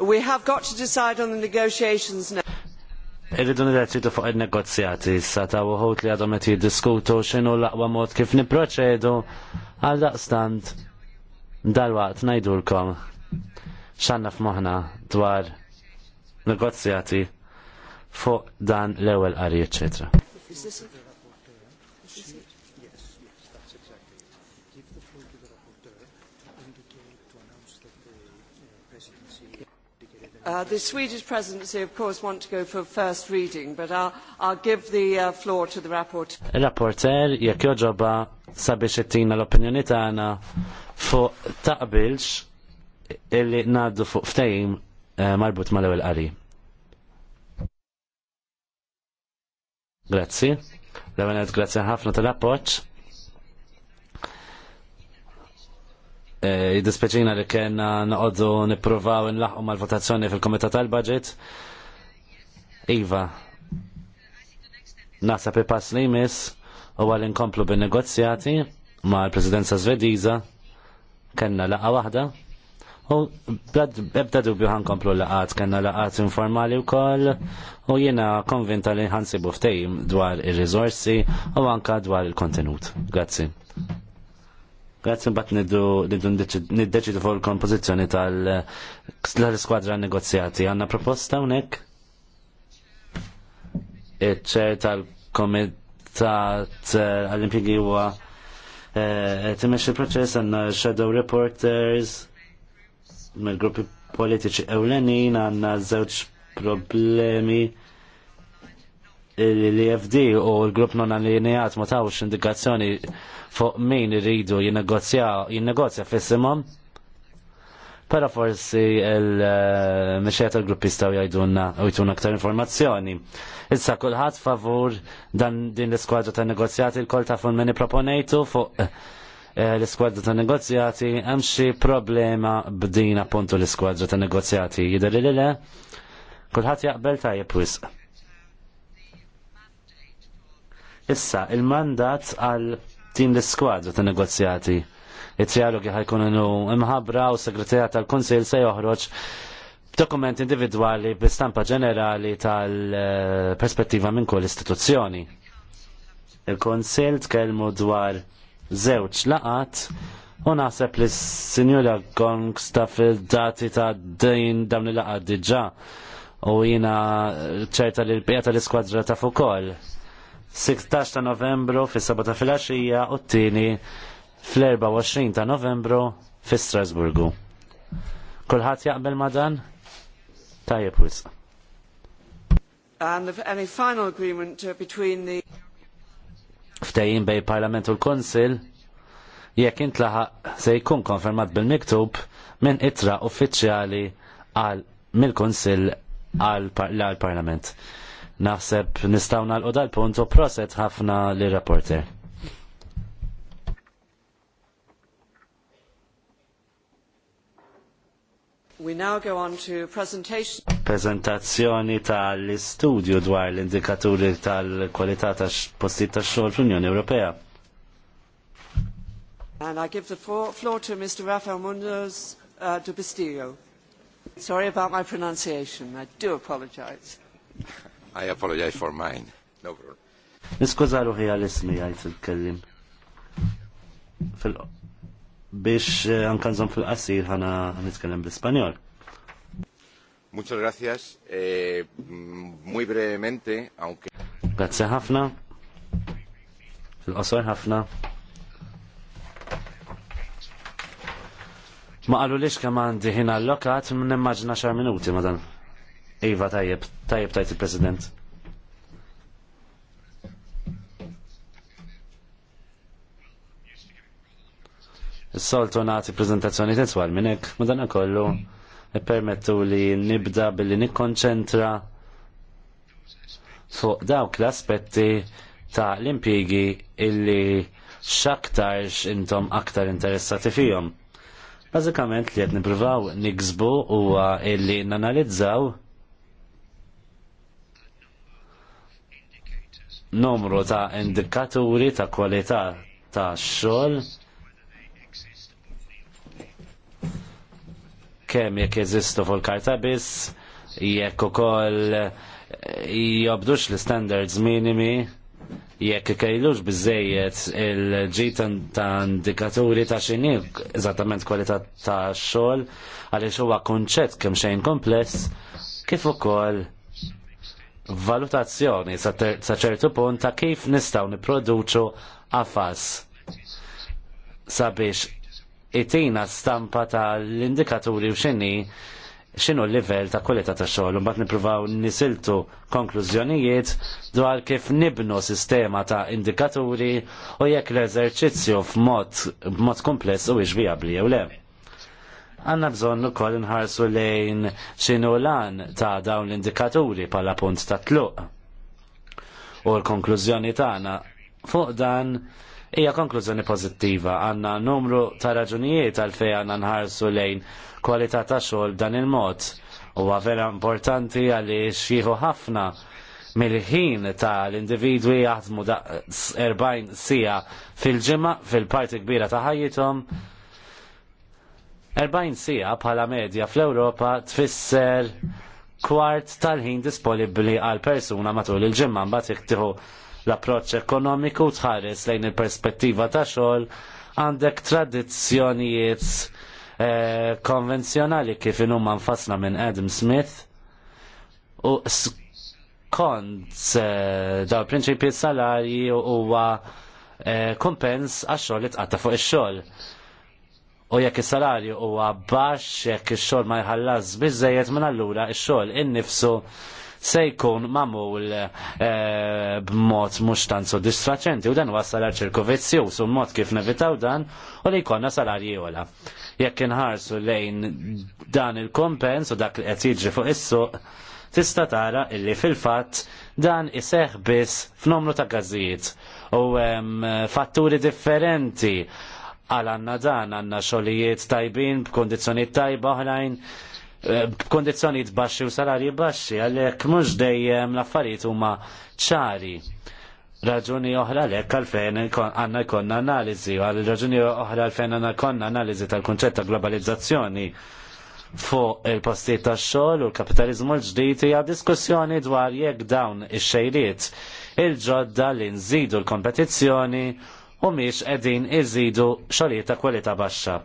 We have got to decide on the negotiations now. Irridu nirretridu fuq il-negozjati, issa ta' uħut li għadhom qed jiddiskutu xinu l-aqwa mod kif niproċedu għal daqstant dalwaqt xanna f f'moħħna dwar negozjati fuq dan l ewel qari, eċċetera. Uh, the Swedish presidency, of course, want to go for first reading, but I'll, I'll give the uh, floor to the rapporteur. Il-rapporter, jekk joġoba sabiex ittina l-opinjoni tagħna taqbilx illi fuq eh, marbut mal-ewwel qari. Grazzi. l grazzi ħafna tal Eh, Jidispeċina li kena naqoddu niprovaw nlaħqu mal-votazzjoni fil-Komitat tal-Budget. Iva, nasa il-pass li jmiss u għal inkomplu bin-negozjati ma' l-Presidenza Svediża kena laqa waħda. U ebda dubju komplu laqat, kena laqat informali u koll u jena konvinta li ħansibu ftejim dwar il-rizorsi u anka dwar il-kontenut. Grazzi. Grazzi mbagħad niddu niddeċidu fuq il kompozizjoni tal-iskwadra negozjati. Għanna proposta unek? iċ tal-Komitat eh, għall-impjegi huwa timexxi eh, proċess għanna shadow reporters mill-gruppi politiċi ewlenin għanna zewċ problemi l-EFD u l-grupp non allineat ma tawx indikazzjoni fuq min irridu jinnegozja fissimom. Pero forsi il-mexħet tal-grupp jistaw jajduna u jtuna aktar informazzjoni. Issa kullħat favur dan din l-skwadra ta' negozjati l-kol ta' fun meni proponejtu fuq eh, l-skwadra ta' negozjati hemm xi problema b'din appuntu l-skwadra ta' negozjati jidher li le kulħadd jaqbel tajjeb wisq. Issa, il-mandat għal tim l-skwadra ta' negozjati. Il-trialogi ħajkunu imħabra u segretarja tal-Konsil se joħroġ dokument individwali bi-stampa ġenerali tal-perspettiva minn kull istituzzjoni. Il-Konsil tkellmu dwar żewġ laqat u naħseb li s-sinjura Gongs ta' il dati ta' din dawn il-laqat diġa u jina ċerta li l-pijata l-iskwadra ta' fukoll. 16 ta' novembru fis-7 fil filgħaxija u t-tieni fl-24 ta' novembru fi Strasburgu. Kulħadd jaqbel ma' dan? Tajjeb wisq. And any final agreement uh, between the Ftejjin bej Parlament u l-Konsil jekk intlaħaq se jkun konfermat bil-miktub minn itra uffiċjali għal mill-Konsil għal-Parlament. Naħseb nistawna l dal-punt u proset ħafna li rapporter. We now go on to presentation. Prezentazzjoni tal-istudju dwar l-indikaturi tal-kwalità tax-postijiet tax-xogħol fl-Unjoni Ewropea. And I give the floor, to Mr. Rafael Munoz uh, de Castillo. Sorry about my pronunciation. I do apologize. I apologize for mine. No problem. Niskuza ruħi għal-ismi għajt il-kellim. Biex għankanżom eh, fil-qasir ħana nitkellem bl-Ispanjol. Muchas gracias. Eh, muy brevemente, aunque... Grazie ħafna. Fil-qosor ħafna. Ma qalu lix kemm għandi ħin allokat minn immaġna xar minuti madan. Iva tajjeb, tajjeb tajt il-President. Is-soltu nagħti prezentazzjoni tetwal minnek, hekk, madana kollu permettu li nibda billi nikkonċentra fuq dawk l-aspetti ta' l-impjigi illi xaktarx intom aktar interessati fihom. Bażikament li qed nippruvaw niksbu huwa illi nanalizzaw numru ta' indikaturi ta' kwalità ta' xogħol kemm jekk jeżistu fuq karta biss jekk ukoll eh, jobdux l-standards minimi jekk ikejlux biżejjed il-ġit ta' indikaturi ta' xini, eżattament kwalità ta' xogħol, għaliex huwa kunċett kemm xejn kompless, kif ukoll valutazzjoni sa ċertu punt ta' kif nistgħu nipproduċu qafas sabiex itina stampa tal-indikaturi u xini xinu l-level ta' kwalità ta' xogħol mbagħad nippruvaw nisiltu konklużjonijiet dwar kif nibnu sistema ta' indikaturi u jekk l-eżerċizzju f'mod kompless u vijabbli jew le għanna bżonn ukoll nħarsu lejn xinu lan ta' dawn l-indikaturi pala punt ta' tluq. U l-konklużjoni tagħna fuq dan hija konklużjoni pożittiva għandna numru ta' raġunijiet għal fej għanna nħarsu lejn kwalità ta' xogħol dan il-mod huwa vera importanti għaliex jieħu ħafna mill-ħin ta' l-individwi jaħdmu da' 40 sija fil-ġimgħa fil-parti kbira ta' ħajjithom 40 sija bħala medja fl-Ewropa tfisser kwart tal-ħin disponibbli għal persuna matul il-ġimma mbagħad iktieħu l-approċċ ekonomiku tħares lejn il-perspettiva ta' xogħol għandek tradizzjonijiet eh, konvenzjonali kif inhuma nfasna minn Adam Smith u skont eh, daw prinċipji salarji huwa eh, kumpens kompens għax-xogħol li tqatta fuq ix-xogħol u jekk is-salarju huwa baxx jekk ix-xogħol ma jħallas biżejjed minn allura x xogħol innifsu se jkun mamul eh, b'mod mhux tant soddisfaċenti u dan wassal għal ċirku vizzjuż u mod kif nevitaw dan u li jkollna salarji ola. Jekk inħarsu lejn dan il-kompens u dak li qed jiġri fuq is-suq, tista' tara illi fil-fatt dan iseħħ biss f'nomru ta' gazzijiet u fatturi differenti għal għanna dan għanna xolijiet tajbin b'kondizjoniet tajba oħrajn eh, b'kondizjoniet baxxi u salarji baxxi għalhekk mhux dejjem l-affarijiet huma ċari. Raġuni oħra lek għalfejn għanna jkollna analiżi, għal raġuni oħra għalfejn għanna konna analiżi tal-kunċett ta' globalizzazzjoni fuq il-postijiet tax-xogħol u l-kapitaliżmu l-ġdid hija diskussjoni dwar jekk dawn ix-xejriet il-ġodda li nżidu l-kompetizzjoni u miex edin iżidu ta' kwalità baxxa.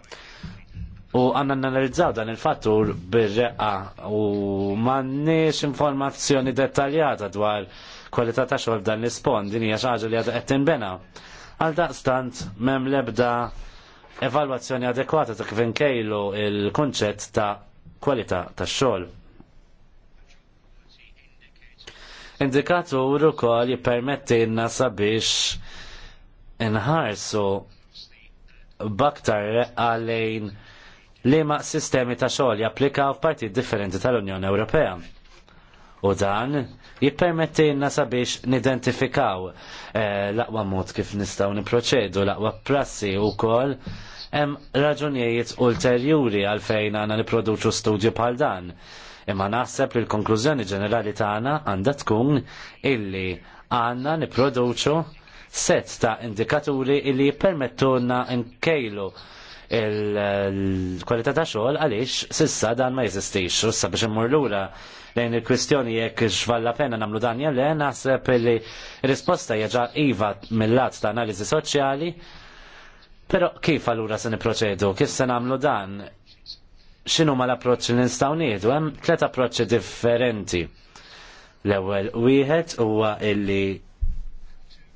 U għanna analizzaw dan il-fattur bir-reqqa u m'għandniex informazzjoni dettaljata dwar kwalità ta' xogħol dan l-ispond, din hija xaġa li għadha qed tinbena. Għal daqstant m'hemm l-ebda evalwazzjoni adekwata ta' kif inkejlu il-kunċett ta' kwalità tax xogħol. Indikatur ukoll jippermettilna sabiex Inħarsu baktar għalejn li ma' sistemi ta' xogħol japplikaw f'partit differenti tal-Unjoni Ewropea. U dan jippermettilna sabiex nidentifikaw eh, l-aqwa mod kif nistgħu niproċedu, l-aqwa prassi wkoll hemm raġunijiet ulterjuri għalfejn għandna nipproduċu studju bħal dan. Imma naħseb li l-konklużjoni ġenerali tagħna għandha tkun illi għandna nipproduċu set ta' indikaturi li permettuna nkejlu il-kwalità ta' xogħol għaliex sissa dan ma jeżistix. Issa biex immur lura lejn il-kwistjoni jekk x'valla pena nagħmlu dan le, naħseb li risposta hija ġa iva mill-lat ta' analiżi soċjali. Però kif allura se niproċedu? Kif se nagħmlu dan? X'inhu ma l-approċċ li nistgħu nieħdu? Hemm tliet approċċi differenti. L-ewwel wieħed huwa illi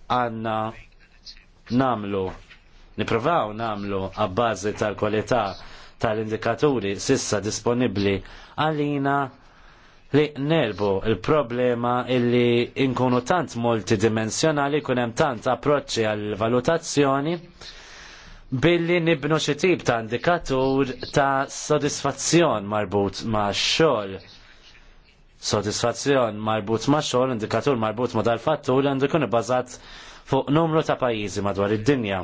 għanna namlu, niprovaw namlu għabbażi tal kualità tal-indikaturi sissa disponibli għalina li nerbu il-problema illi inkunu tant multidimensjonali kunem tant approċċi għal-valutazzjoni billi nibnu xi tip ta' indikatur ta' sodisfazzjon marbut ma' xogħol sodisfazzjon marbut ma' xogħol, indikatur marbut ma' dal-fattur għandu jkun ibbażat fuq numru ta' pajjiżi madwar id-dinja.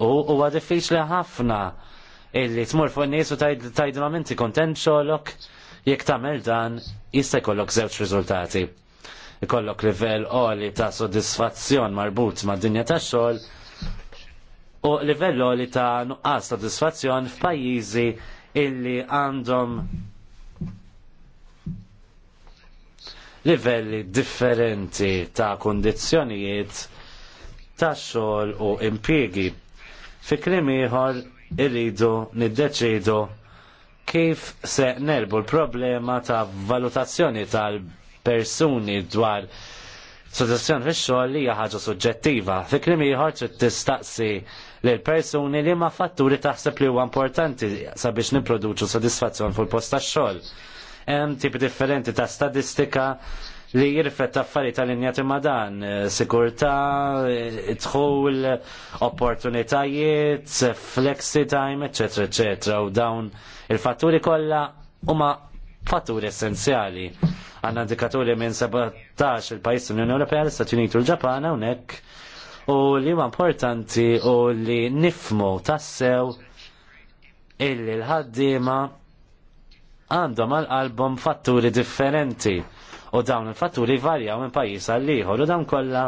U huwa diffiċli ħafna illi tmur fuq nies u tajdilhom inti kontent xogħolok jekk tagħmel dan jista' jkollok żewġ riżultati. Ikollok livell għoli ta' sodisfazzjon marbut mad dinja tax xogħol u livell għoli ta' nuqqas sodisfazzjon f'pajjiżi illi għandhom livelli differenti ta' kundizzjonijiet ta' xogħol u impjiegi. Fi kliem ieħor irridu niddeċidu kif se nerbu l-problema ta' valutazzjoni tal-persuni dwar Soddisfazzjon fix xogħol li hija ħaġa suġġettiva. Fi kliem ieħor trid tistaqsi lil persuni li ma fatturi taħseb li huwa importanti sabiex nipproduċu sodisfazzjon fuq post tax-xogħol hemm tip differenti ta' statistika li jirfet taffari tal injati ma' dan, sikurta, tħul, opportunitajiet, flexi time, etc. etc. U dawn il-fatturi kolla huma fatturi essenzjali. Għanna indikaturi minn 17 il-pajis l-Unjoni Ewropea, l-Stati Uniti u l ġapan unek u li huwa importanti u li nifmu tassew illi l-ħaddiema għandhom għal-album fatturi differenti u dawn il-fatturi varjaw minn pajjiż għal ieħor u dawn kollha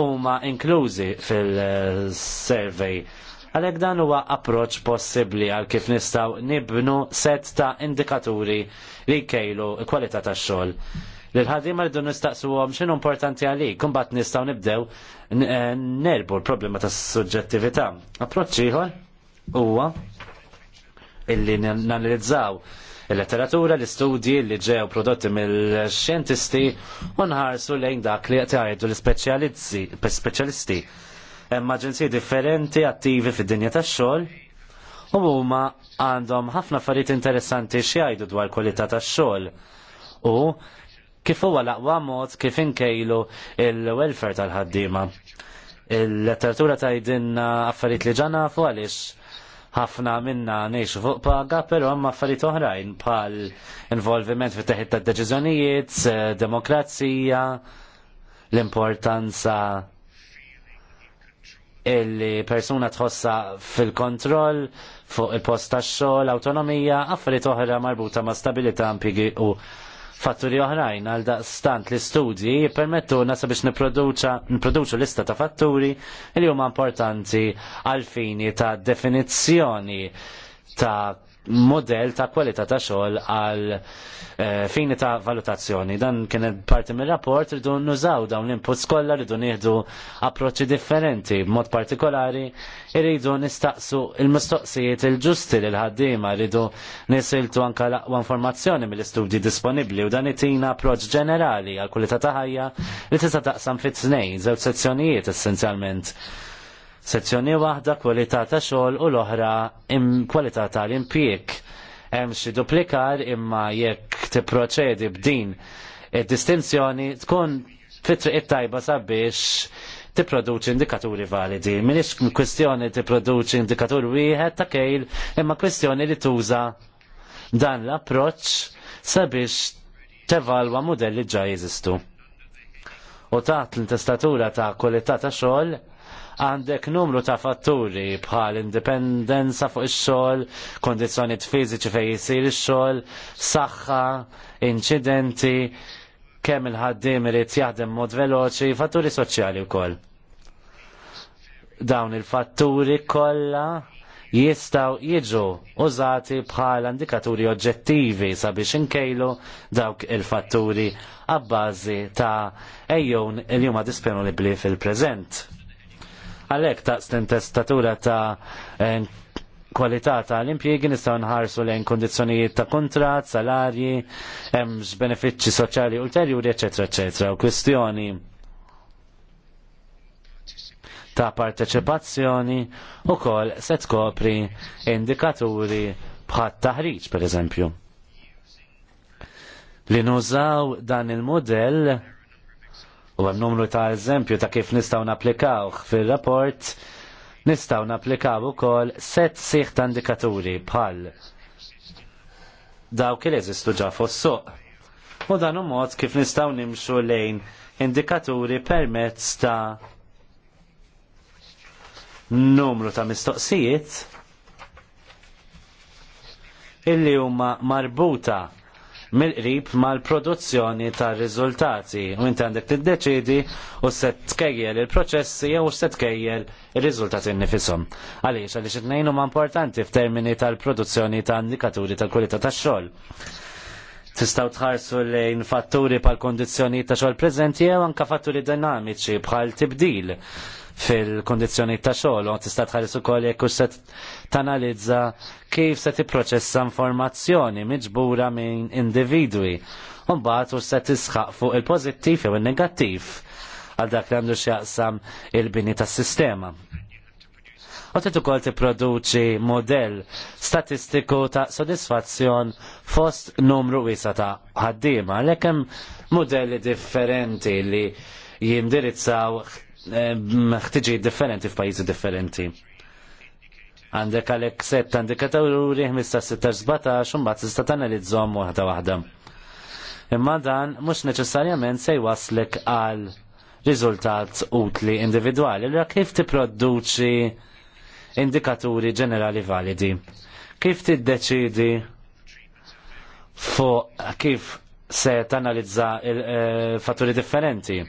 huma inklużi fil-survey. Għalhekk dan huwa approċ possibbli għal kif nistgħu nibnu set ta' indikaturi li jkejlu kwalità tax-xogħol. l dun rridu nistaqsuhom x'inhu importanti għalik, kumbat nistgħu nibdew eh, nerbu l-problema tas suġġettività. Approċċ ieħor huwa illi nanalizzaw il-letteratura, l-istudji li ġew prodotti mill-xjentisti u nħarsu lejn dak li jgħidu l-speċjalisti. Hemm aġenziji differenti attivi fid-dinja tax-xogħol u huma għandhom ħafna affarijiet interessanti xjajdu dwar kwalità tax-xogħol u kif huwa l-aqwa mod kif inkejlu il-welfare tal-ħaddiema. Il-letteratura tajdinna affarijiet li ġanafu għaliex ħafna minna neħx fuq paga, pero għamma affarijiet oħrajn bħal involviment fi teħid tad deċiżjonijiet, eh, demokrazija, l-importanza illi persuna tħossa fil-kontroll fuq il-post tax xogħol, autonomija, affarijiet oħra marbuta ma' stabilità impjigi u fatturi oħrajn għal daqstant l-istudji jippermettuna sabiex niproduċu lista ta' fatturi li huma importanti għal fini ta' definizzjoni ta' model ta' kwalità ta' xogħol għal eh, fini ta' valutazzjoni. Dan kien parti mir-rapport rridu nużaw dawn l-inputs kollha rridu nieħdu approċċi differenti, b'mod partikolari rridu nistaqsu il-mistoqsijiet il-ġusti lil ħaddiema rridu nisiltu anke l-aqwa informazzjoni mill-istudji disponibbli u dan itina approċċ ġenerali għal kwalità ta' ħajja li tista' taqsam fit-tnejn, żewġ sezzjonijiet essenzjalment Sezzjoni waħda kwalità ta' xogħol u l-oħra kwalità tal-impjieg. Hemm xi duplikar imma jekk tipproċedi b'din id-distinzjoni tkun fit-triq tajba sabiex tipproduċi indikaturi validi. Minix kwestjoni tipproduċi indikaturi wieħed ta' kejl, imma kwestjoni li tuża dan l-approċ sabiex tevalwa modelli ġa jeżistu. U taħt l-intestatura ta' kwalità ta' xogħol għandek numru ta' fatturi bħal indipendenza fuq ix-xogħol, kondizzjonijiet fiżiċi fejn jisir ix-xogħol, saħħa, inċidenti, kemm il-ħaddiem irid jaħdem mod veloċi, fatturi soċjali wkoll. Dawn il-fatturi kollha jistaw jiġu użati bħala indikaturi oġġettivi sabiex inkejlu dawk il-fatturi għabbażi ta' ejjon il-jumma disponibbli fil preżent Għalhekk ta' l ta' kwalità ta' l-impjiegi nistaw nħarsu lejn kondizjonijiet ta' kuntratt, salarji, hemm benefiċċji soċjali ulterjuri, eċetera, eċetera, u kwistjoni ta' parteċipazzjoni u kol se tkopri indikaturi bħat taħriġ, per eżempju. Li nużaw dan il-modell u għam numru ta' eżempju ta' kif nistaw naplikaw fil-rapport, nistaw naplikaw u kol set siħ ta' indikaturi bħal dawk kile zistu ġa fossu. U dan u mod kif nistaw nimxu lejn indikaturi permezz ta' numru ta' mistoqsijiet illi huma marbuta mill-qrib mal-produzzjoni tar riżultati u inti għandek tiddeċidi u se tkejjel il-proċessi jew se tkejjel ir-riżultati nnifisom. Għaliex għaliex it-tnejn huma importanti f'termini tal-produzzjoni ta' indikaturi tal-kwalità tax-xogħol. Tistaw tħarsu lejn fatturi pal kondizjoni ta' xogħol preżenti jew anke fatturi dinamiċi bħal tibdil fil-kondizjoni ta' xogħol u tista' tħares ukoll jekk se tanalizza kif se tipproċessa informazzjoni miġbura minn individwi. u mbagħad u se tisħaq fuq il-pożittiv jew il-negattiv għal dak li għandu x'jaqsam il-bini tas-sistema. U trid ukoll tipproduċi modell statistiku ta' sodisfazzjon fost numru wiesa ta' ħaddiema, għalhekk hemm modelli differenti li jindirizzaw ħtiġi differenti f'pajjiżi differenti. Għandek għalek set indikaturi 15-16 un bat tista' tanalizzhom waħda waħda. Imma dan mhux neċessarjament se jwaslek għal riżultat utli individwali ra kif tipproduċi indikaturi ġenerali validi. Kif deċidi fuq kif se tanalizza eh, fatturi differenti?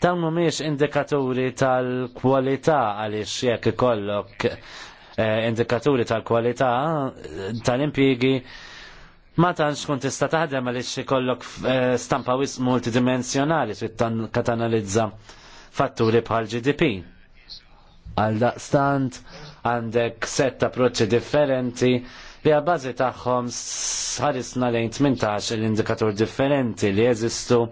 Dawn mhumiex indikaturi tal-kwalità għaliex jekk ikollok eh, indikaturi tal-kwalità eh, tal-impjiegi ma tantx kun tista' taħdem għaliex ikollok eh, stampa wis multidimensjonali trid katanalizza fatturi bħal GDP. Għal daqstant għandek set approċċi differenti li għabbażi tagħhom sħarisna lejn 18 l-indikatur differenti li jeżistu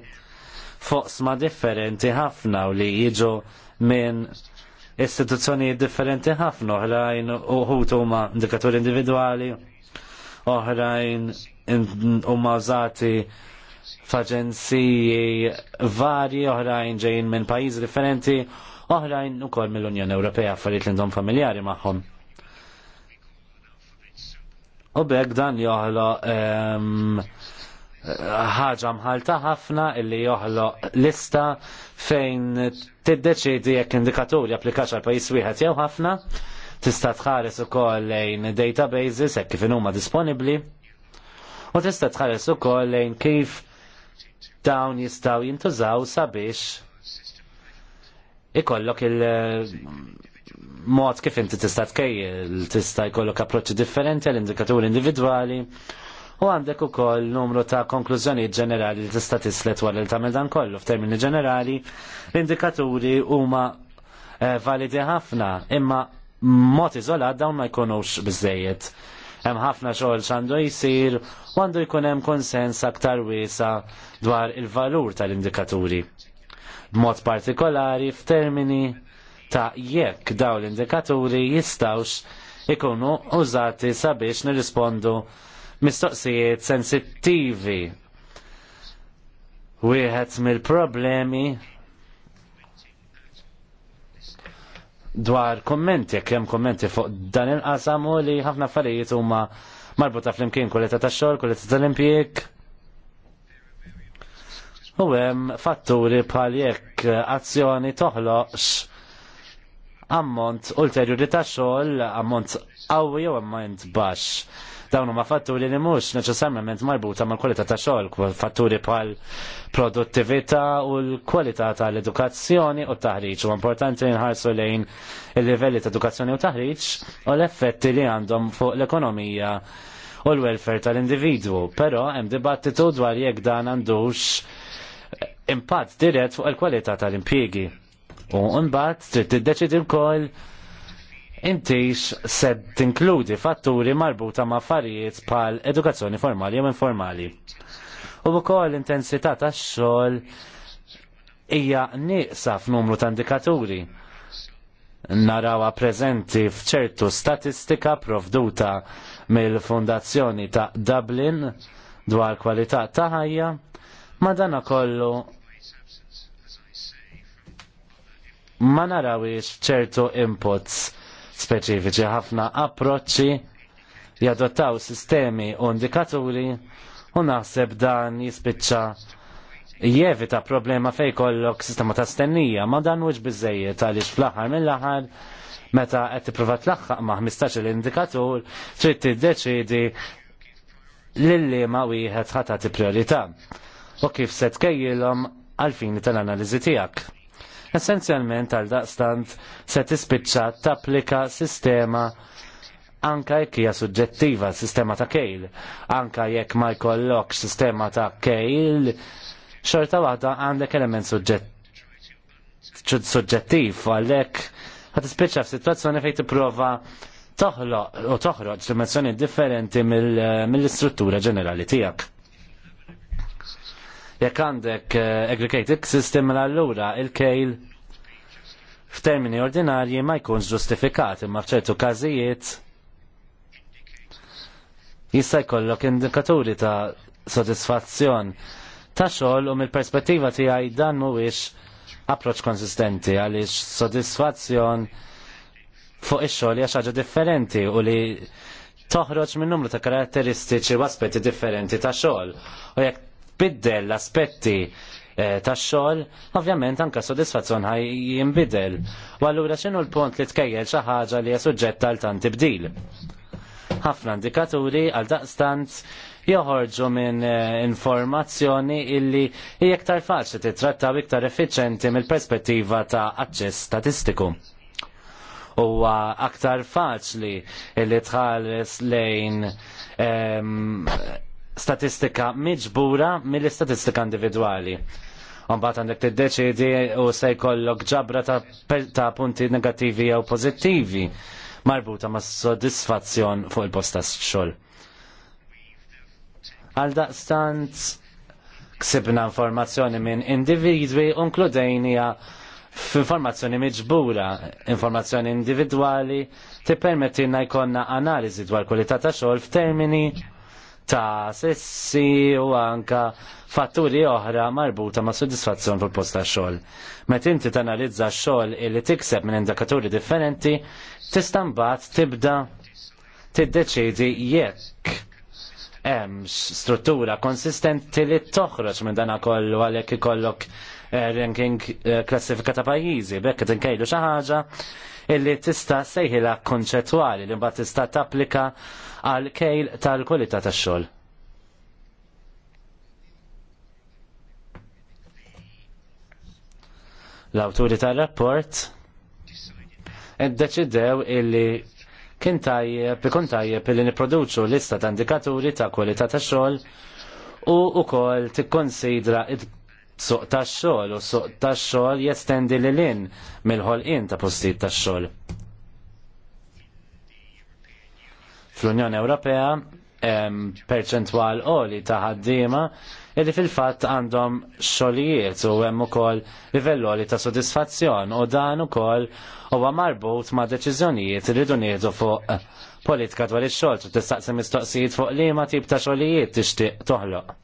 foqsma differenti ħafna u li jiġu minn istituzzjonijiet differenti ħafna oħrajn uħut huma indikaturi individwali, oħrajn huma użati f'aġenziji varji, oħrajn ġejn minn pajjiżi differenti, oħrajn ukoll mill-Unjoni Ewropea affarijiet li għandhom familjari magħhom. U bekk dan joħloq ehm, ħaġa mħalta ħafna illi joħloq lista fejn tiddeċidi jekk indikatur applikaċ għal pajjiż wieħed jew ħafna, tista' tħares ukoll lejn databases hekk kif huma disponibbli u tista' tħares ukoll lejn kif dawn jistgħu jintużaw sabiex ikollok il- mm, mod kif inti tista' tkejjel, tista' jkollok approċċi differenti għall indikaturi individwali u għandek ukoll numru ta' konklużjonijiet ġenerali li tista' tislet wara li tagħmel dan kollu. F'termini ġenerali, l-indikaturi huma eh, validi ħafna, imma mod iżolat dawn ma jkunux biżejjed. Hemm ħafna xogħol x'għandu jsir u għandu jkun hemm konsens aktar wiesa dwar il-valur tal-indikaturi. B'mod partikolari f'termini ta' jekk dawn l-indikaturi jistawx ikunu użati sabiex nirrispondu mistoqsijiet sensittivi. Wieħed mill-problemi dwar kommenti, jekk hemm kommenti fuq dan il-qasam u li ħafna affarijiet huma marbuta flimkien kuleta ta' xogħol, kuleta tal-impjieg. U hemm fatturi bħal jekk azzjoni toħloqx ammont ulterjuri ta' xogħol, ammont qawwi jew ammont baxx Dawn huma fatturi li mhux neċessarjament marbuta mal-kwalità ta' xogħol, fatturi bħal produttività u l-kwalità tal-edukazzjoni u taħriġ. U importanti li nħarsu lejn il-livelli ta' edukazzjoni u taħriġ u l-effetti li għandhom fuq l-ekonomija u l-welfare tal-individwu. Però hemm dibattitu dwar jekk dan għandux impatt dirett fuq il-kwalità tal-impjiegi. U mbagħad trid tiddeċidi wkoll intix se tinkludi fatturi marbuta ma' affarijiet pal edukazzjoni formali jew informali. U wkoll l-intensità tax-xogħol hija nieqsa f'numru ta' indikaturi narawa preżenti f'ċertu statistika provduta mill-Fundazzjoni ta' Dublin dwar kwalità ta' ħajja, ma dan kollu ma narawiex ċertu inputs speċifiċi ħafna approċċi jadottaw sistemi u indikaturi u naħseb dan jispiċċa jevita problema fej kollok sistema ta' stennija, ma dan mhux biżejjed għaliex fl-aħħar mill-aħħar meta qed tipprova tlaħħaq ma' 15 l-indikatur trid tiddeċiedi lilli ma wieħed ħatati priorità u kif se tkejjilhom għalfini tal-analiżi tiegħek. Essenzjalment għal daqstant se tispiċċa tapplika sistema anka jekk hija suġġettiva sistema ta' kejl. Anka jekk ma jkollokx sistema ta' kejl, xorta waħda għandek element suġġettiv għalhekk ħad tispiċċa f'sitwazzjoni fejn tipprova toħloq u toħroġ dimensjoni differenti mill-istruttura ġenerali tiegħek. Jekk għandek eh, aggregated system l-allura mela il-kejl f'termini ordinarji ma jkunx ġustifikat imma f'ċertu każijiet jista' jkollok indikaturi ta' sodisfazzjon ta' xogħol u mill-perspettiva tiegħi dan mhuwiex approċċ konsistenti għaliex sodisfazzjon fuq ix-xogħol hija xi ħaġa differenti u li toħroġ minn numru ta' karatteristiċi u aspetti differenti ta' xogħol. U jekk tbiddel l-aspetti eh, tax xogħol, ovvjament anke sodisfazzjon ħaj jinbidel. U allura x'inhu l-punt li tkejjel xi ħaġa li hija suġġett tal tant tibdil. Ħafna indikaturi għal daqstant joħorġu minn eh, informazzjoni illi hija iktar faċli titrattaw iktar effiċenti mill-perspettiva ta' aċċess statistiku. Huwa aktar faċli illi tħares lejn ehm, statistika miġbura mill-istatistika individwali. Mbagħad għandek tiddeċiedi u se jkollok ġabra ta', ta punti negattivi jew pożittivi marbuta ma' soddisfazzjon fuq il posta xol. xogħol. Għal daqstant ksibna informazzjoni minn individwi u nkludejnija f'informazzjoni miġbura, informazzjoni individwali tippermettilna jkollna analiżi dwar kwalità ta' xogħol f'termini ta' sessi u anka fatturi oħra marbuta ma' soddisfazzjon fil posta xogħol. Met inti tanalizza xogħol illi tikseb minn indikaturi differenti, tista' mbagħad tibda tiddeċidi jekk hemmx struttura konsistenti li toħroġ minn dan kollu għalhekk ikollok Eh, ranking eh, klassifika ta' pajjiżi, bekk qed inkejlu xi ħaġa illi tista' sejħilha konċettwali li mbagħad tista' tapplika għal kejl tal-kwalità tax-xogħol. L-awturi tal-rapport iddeċidew illi kien tajjeb, ikun tajjeb illi niproduċu lista ta' indikaturi ta' kwalità tax xogħol u wkoll tikkonsidra suq tax-xogħol u suq tax-xogħol jestendi l in mill-ħolqien ta' postijiet tax-xogħol. Fl-Unjoni Ewropea hemm perċentwal qoli ta' ħaddiema illi fil-fatt għandhom xogħlijiet u hemm ukoll livelloli ta' sodisfazzjon u dan ukoll huwa marbut ma' deċiżjonijiet li rridu fuq politika dwar ix-xogħol u tistaqsi mistoqsijiet fuq liema tip ta' xogħlijiet tixtieq toħloq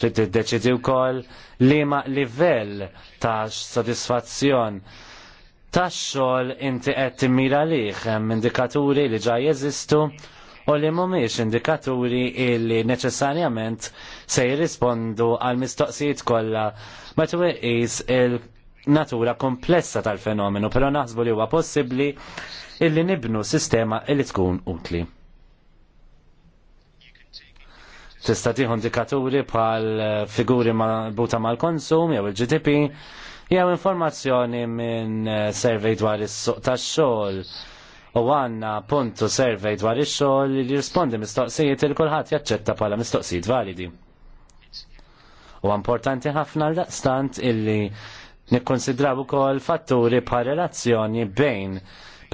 trid tiddeċidi wkoll liema livell ta' sodisfazzjon tax-xogħol inti qed timmira lih hemm indikaturi li ġa jeżistu u li mhumiex indikaturi li neċessarjament se jirrispondu għal mistoqsijiet kollha meta weqis il-natura komplessa tal-fenomenu, però naħsbu li huwa possibbli illi nibnu sistema illi tkun utli. Tista' tieħu indikaturi bħal eh, figuri buta mal-konsum jew il-GDP jew informazzjoni minn eh, survey dwar is-suq tax-xogħol u għanna puntu survey dwar ix-xogħol li jirrispondi mistoqsijiet il kulħadd jaċċetta bħala mistoqsijiet validi. U importanti ħafna l-daqstant illi nikkonsidraw ukoll fatturi bħal relazzjoni bejn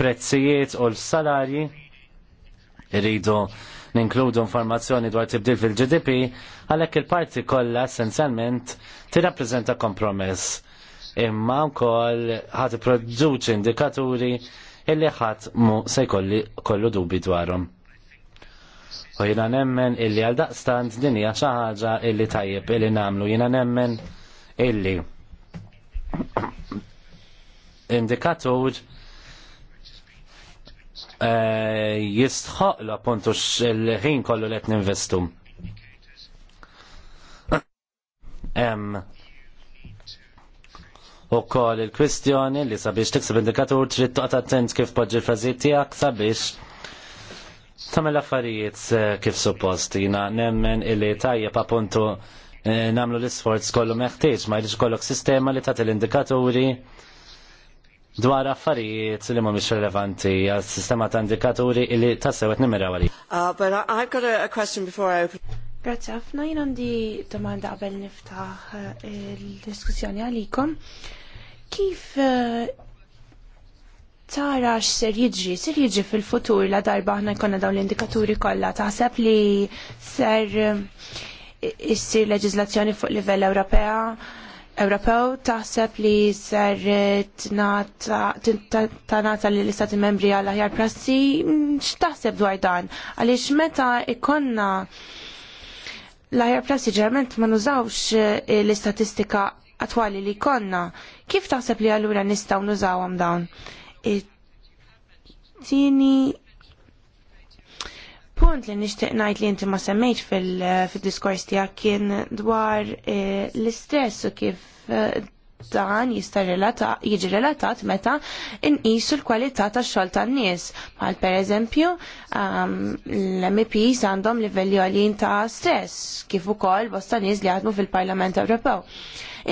prezzijiet u l-salarji rridu ninkludu informazzjoni dwar tibdil fil-GDP, għalhekk il-parti kollha essenzjalment tirrappreżenta kompromess. Imma wkoll ħadd produċi indikaturi illi ħadd mu se jkolli kollu dubi dwarhom. U jiena nemmen illi għal daqstant din hija xi ħaġa illi tajjeb illi nagħmlu jiena nemmen illi indikatur Eh, jistħoqla pontux il-ħin kollu let ninvestu. Em, u koll il-kwistjoni li sabiex tikseb indikatur trid toqgħod attent kif poġġi frażijiet tiegħek sabiex tagħmel affarijiet eh, kif suppost jina nemmen illi tajjeb appuntu eh, namlu l-isforz kollu meħtieġ ma jridx kollok sistema li tagħti l-indikaturi dwar affarijiet li mhumiex relevanti għal sistema ta' indikaturi li tassewet qed għali. Uh, but I've got a, a question before I open. Grazie ħafna, jien għandi domanda qabel niftaħ eh, il-diskussjoni għalikom. Kif eh, tara x'ser jiġri, ser jiġri fil-futur la darba aħna jkollna dawn l-indikaturi kollha, taħseb li ser eh, issir leġiżlazzjoni fuq livell Ewropea? Ewropew taħseb li ser eh, tanata li l-istati membri għal ħjar prassi, mm, x'taħseb dwar dan? Għaliex meta ikonna l ħjar prassi ġerment ma nużawx eh, l-istatistika attwali li konna, kif taħseb li allura nistgħu nużawhom dawn? Tini Punt li nixtieq ngħid li inti ma semmejt eh, fil-diskors tiegħek kien dwar eh, l-istress u kif eh, dan jista' jiġi relatat meta inqisu l-kwalità tax-xogħol tan-nies. Bħal pereżempju ehm, l-MPs għandhom livelli għalin ta' stress kif ukoll bosta nies li għadmu fil-Parlament Ewropew.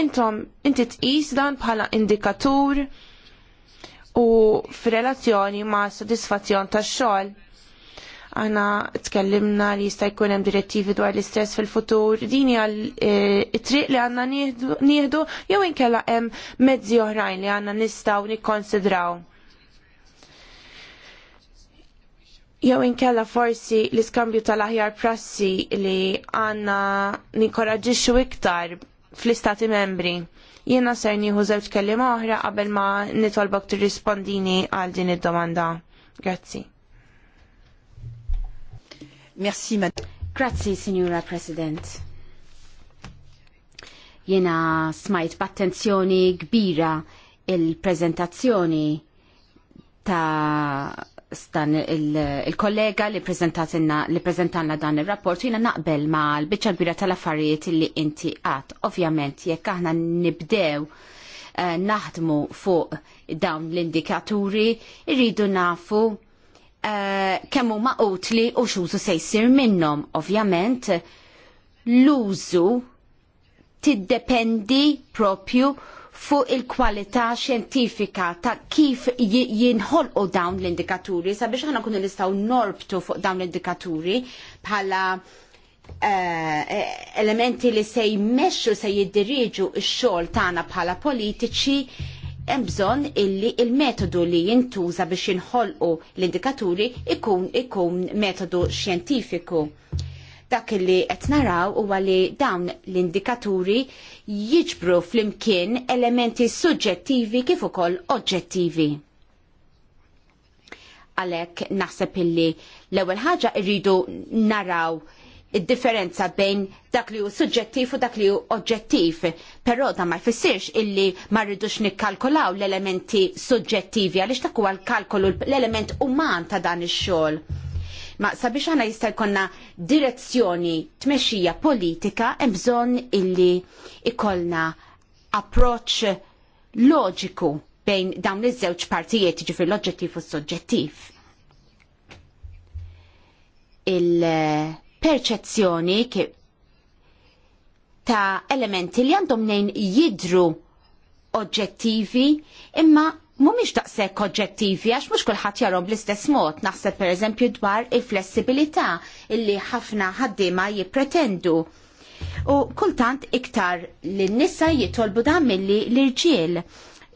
Intom inti tqis dan bħala indikatur u f'relazzjoni ma' sodisfazzjon tax-xogħol Aħna tkellimna li jista' jkun hemm direttivi dwar l istess fil-futur, din hija e, t-triq li għandna nieħdu jew inkella hemm mezzi oħrajn li għandna nistgħu nikkonsidraw. Jew inkella forsi l-iskambju tal-aħjar prassi li għanna ninkoraġġixxu iktar fl-istati membri. Jiena ser nieħu żewġ kelliem oħra qabel ma nitolbok tirrispondini għal din id-domanda. Grazzi. Merci, madame. Grazzi, Signora President. Jena smajt b'attenzjoni kbira il-prezentazzjoni ta' stan il-kollega il li prezentatina li prezentanna dan il-rapport jina naqbel ma l-bicċa kbira tal-affarijiet li inti għat. Ovvjament, jekk aħna nibdew eh, naħdmu fuq dawn l-indikaturi, irridu nafu Eh, kemmu ma' utli u xużu se jsir minnhom. Ovvjament, l-użu tiddependi propju fuq il-kwalità xjentifika ta' kif jinħolqu dawn l-indikaturi sabiex ħana kunu nistgħu norbtu fuq dawn l-indikaturi bħala eh, elementi li se jmexxu se jiddiriġu x-xogħol tagħna bħala politiċi hemm bżonn illi il-metodu li jintuża biex jinħolqu l-indikaturi ikun ikun metodu xjentifiku. Dak li qed naraw huwa li dawn l-indikaturi jiġbru flimkien elementi suġġettivi kif ukoll oġġettivi Għalhekk naħseb illi l ewwel ħaġa rridu naraw il differenza bejn dak li hu suġġettiv u dak li hu oġġettiv. Però da ma jfissirx illi ma rridux nikkalkolaw l-elementi suġġettivi għaliex dak huwa l-kalkolu l-element uman ta' dan ix-xogħol. Ma sabiex għana jista' jkollna direzzjoni tmexxija politika hemm bżonn illi ikollna approċċ loġiku bejn dawn iż-żewġ partijiet ġifir l-oġġettiv u s-soġġettiv. Il- perċezzjoni ta' elementi li għandhom nejn jidru oġġettivi imma mumiex daqshekk oġġettivi għax mhux kulħadd jarhom bl-istess mod naħseb pereżempju dwar il-flessibilità illi ħafna ħaddiema jippretendu. U kultant iktar li nisa jitolbu dan milli l-irġiel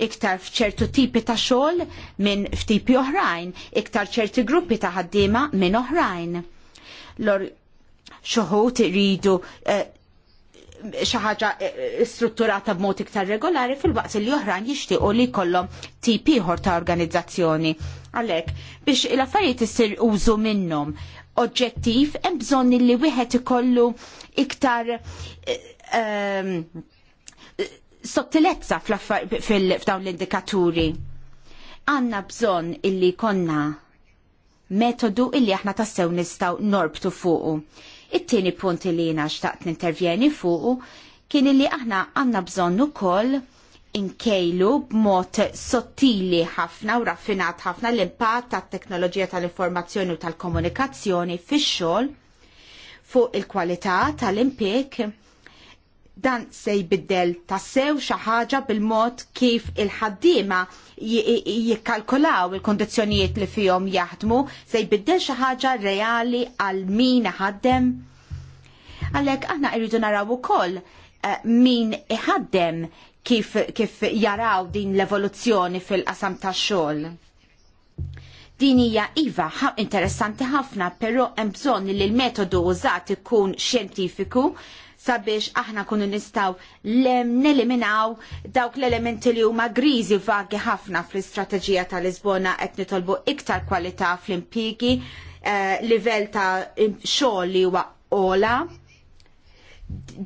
iktar fċertu tipi ta' xogħol minn ftipi oħrajn, iktar ċerti gruppi ta' ħaddiema minn oħrajn xoħut iridu eh, xi ħaġa eh, strutturata b'mod iktar regolari fil-waqt li oħrajn jixtiequ li jkollhom tip ieħor ta' organizzazzjoni. Għalhekk biex l-affarijiet issir użu minnhom oġġettiv hemm bżonn li wieħed ikollu iktar eh, ehm, sottilezza f'dawn l-indikaturi. Għanna bżonn illi konna metodu illi aħna tassew nistaw norbtu fuqu It-tieni punti li jina xtaqt nintervjeni fuqu kien li aħna għanna bżonn ukoll inkejlu b'mod sottili ħafna u raffinat ħafna l-impatt tat-teknoloġija tal-informazzjoni u tal-komunikazzjoni fix-xogħol fuq il-kwalità tal-impjeg dan se jbiddel tassew xi ħaġa bil-mod kif il-ħaddiema jikkalkulaw il kundizzjonijiet li fihom jaħdmu se jbiddel xi ħaġa reali għal min ħaddem. Għalhekk aħna rridu naraw ukoll eh, min iħaddem kif, kif jaraw din l-evoluzzjoni fil-qasam tax-xogħol. Din hija iva ha, interessanti ħafna, però hemm bżonn li l-metodu użat ikun xjentifiku sabiex aħna kunu nistaw neliminaw dawk l-elementi li huma grizi vagi ħafna fl-istrateġija tal-Lisbona qed nitolbu iktar kwalità fl-impjigi, eh, livell ta' xogħol li huwa ola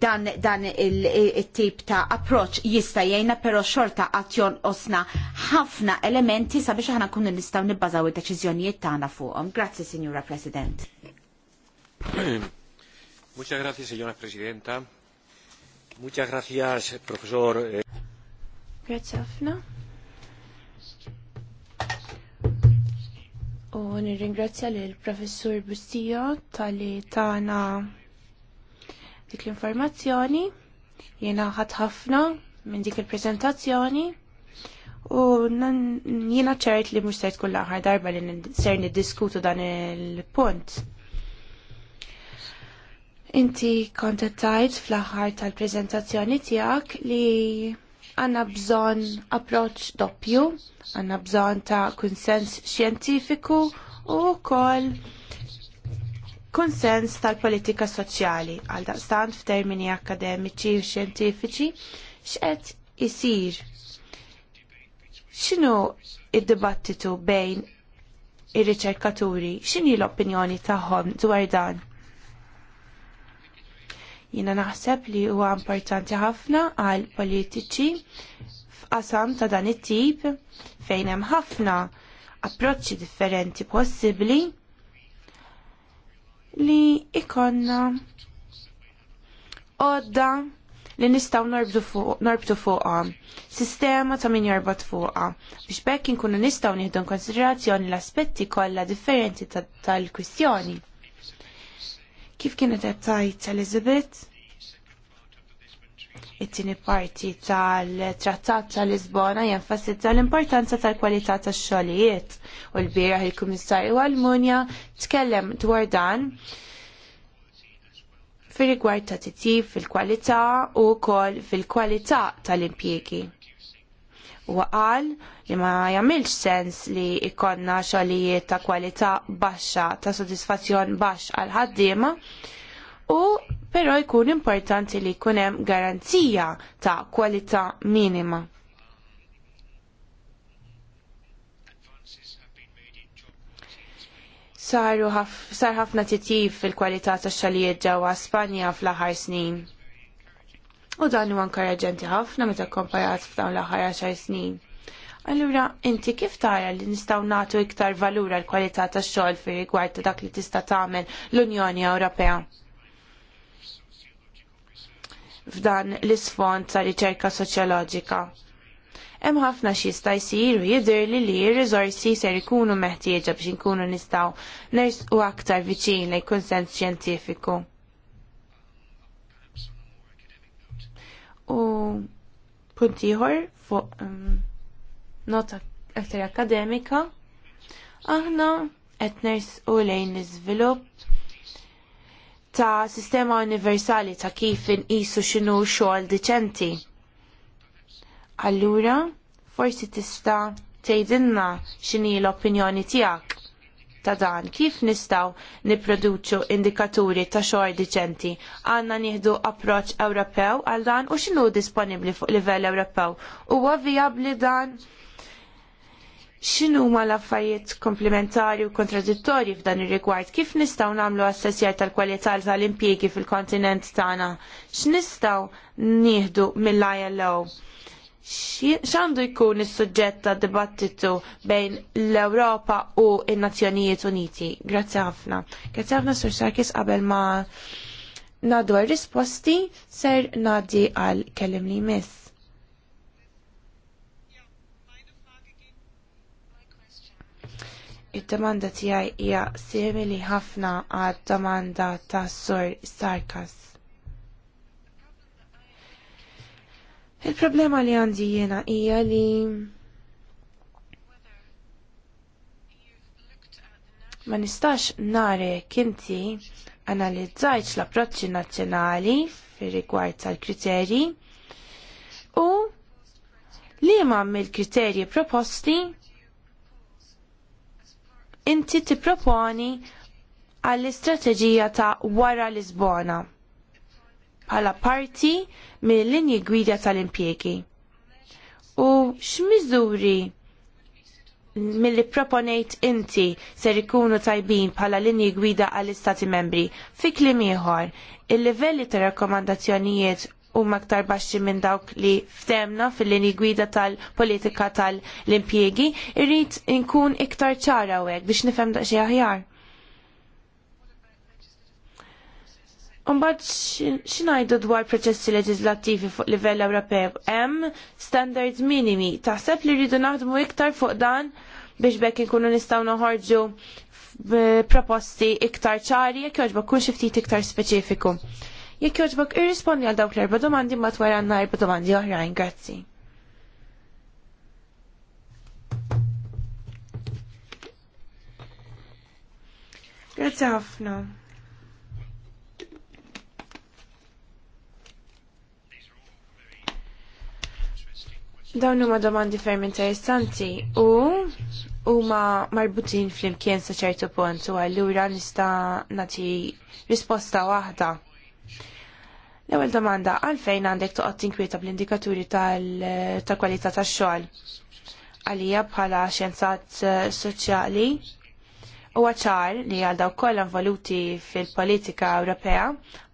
dan, dan il-tip ta' approċ jista' jgħinna però xorta għatjon osna ħafna elementi sabiex aħna kunu nistgħu nibbażaw id-deċiżjonijiet tagħna fuqhom. Grazzi, Sinjura President. Muchas gracias, señora presidenta. Muchas gracias, profesor. Eh. Grazie U nirringrazzja lill professur Bustio tal-li tagħna dik l-informazzjoni. Jiena ħat ħafna minn dik il prezentazzjoni u jiena ċert li mhux se kull darba li ser niddiskutu dan il-punt. Inti kontettajt fl-aħħar tal-prezentazzjoni tiegħek li għanna bżon approċ doppju, għanna bżon ta' konsens xjentifiku u kol konsens tal-politika soċjali għal daqstant f'termini akademiċi u xjentifiċi x'qed isir. X'inhu id-dibattitu bejn ir-riċerkaturi, x'inhi l-opinjoni tagħhom dwar dan? Jina naħseb li huwa importanti ħafna għal politiċi f'qasam ta' dan it-tip fejn hemm ħafna approċċi differenti possibbli li ikonna għodda li nistaw norbtu fuqa, sistema ta' min jorbat fuqa, biex bekk nkunu nistaw nieħdu konsiderazzjoni l-aspetti kollha differenti tal-kwistjoni. Ta Kif kienet qed tgħid, Elizabeth? It-tieni parti tal-Trattat tal-Lisbona jenfasizza l-importanza tal-kwalità tax-xogħlijiet u l-bieraħ il-Kummissarju Almunja tkellem dwar dan fir rigward ta' titjib fil-kwalità u wkoll fil-kwalità tal-impjiegi u qal li ma jagħmilx sens li jkollna xogħlijiet ta' kwalità baxxa ta' sodisfazzjon baxx għal ħaddiema u però jkun importanti li jkun hemm garanzija ta' kwalità minima. saru sar ħafna titjib fil-kwalità tax xalijiet ġewwa Spanja fl-aħħar snin. U dan huwa inkoraġenti ħafna meta kkomparat f'dawn l-aħħar 10 snin. Allura, inti kif tara li nistgħu nagħtu iktar valura l-kwalità tax xogħol fi rigward ta' dak li tista' tagħmel l-Unjoni Ewropea? F'dan l-isfond ta' riċerka soċjoloġika. Hemm ħafna xi jista' jsir u jidher li li r-riżorsi ser ikunu meħtieġa biex inkunu nistgħu nersqu aktar viċin lejn konsens xjentifiku. u punt ieħor fuq um, nota aktar akademika aħna qed nersqu lejn iżvilupp ta' sistema universali ta' kif inqisu x'inhu xogħol diċenti. Allura, forsi tista' tgħidilna x'inhi l-opinjoni tiegħek ta' dan, kif nistaw niproduċu indikaturi ta' xogħol diċenti? għandna nieħdu approċċ Ewropew għal dan u x'inhu disponibbli fuq livell Ewropew? Huwa vijabbli dan? X'inhu ma l-affarijiet komplementari u kontradittorji f'dan ir-rigward? Kif nistgħu nagħmlu assessjar tal-kwalità tal-impjiegi fil-kontinent tagħna? X'nistgħu nieħdu mill-ILO? x'għandu jkun is-suġġett ta' dibattitu bejn l-Ewropa u n-Nazzjonijiet Uniti. Grazzi ħafna. Grazzi ħafna Sur Sarkis qabel ma nadu risposti ser nadi għal kellim li miss. Id-domanda tiegħi hija simili ħafna għad domanda ta' Sur Sarkas. Il-problema li għandi jiena hija li ma nistax nare kinti analizzajt l-approċċi nazzjonali fir rigward tal-kriterji u li ma mill-kriterji proposti inti tipproponi għall-istrateġija ta' wara Lisbona bħala parti mill-linji gwida tal-impjegi. U x'miżuri milli proponejt inti ser ikunu tajbin bħala linji gwida għall-istati membri fi klim ieħor il-livelli ta' rakkomandazzjonijiet huma aktar baxxi minn dawk li ftemna fil-linji gwida tal-politika tal-impjegi, irrid inkun iktar ċara biex nifhem daqsxejn aħjar. Umbat xinajdu dwar proċessi leġislattivi fuq livell Ewropew hemm standards minimi. Taħseb li rridu naħdmu iktar fuq dan biex bekk inkunu nistgħu noħorġu proposti iktar ċari jekk jogħġbok kun xi ftit iktar speċifiku. Jekk jogħġbok irrispondi għal dawk l-erba' domandi matwar għandna erba' domandi oħrajn, grazzi. Grazzi ħafna. Dawn huma domandi ferm interessanti u huma marbutin flimkien sa ċertu punt u allura nista' nagħti risposta waħda. L-ewwel domanda għalfejn għandek toqgħod tinkwieta bl-indikaturi tal-kwalità tax-xogħol. Għalija bħala xjenzat eh, soċjali u ċar li għalda dawk kollha involuti fil-politika Ewropea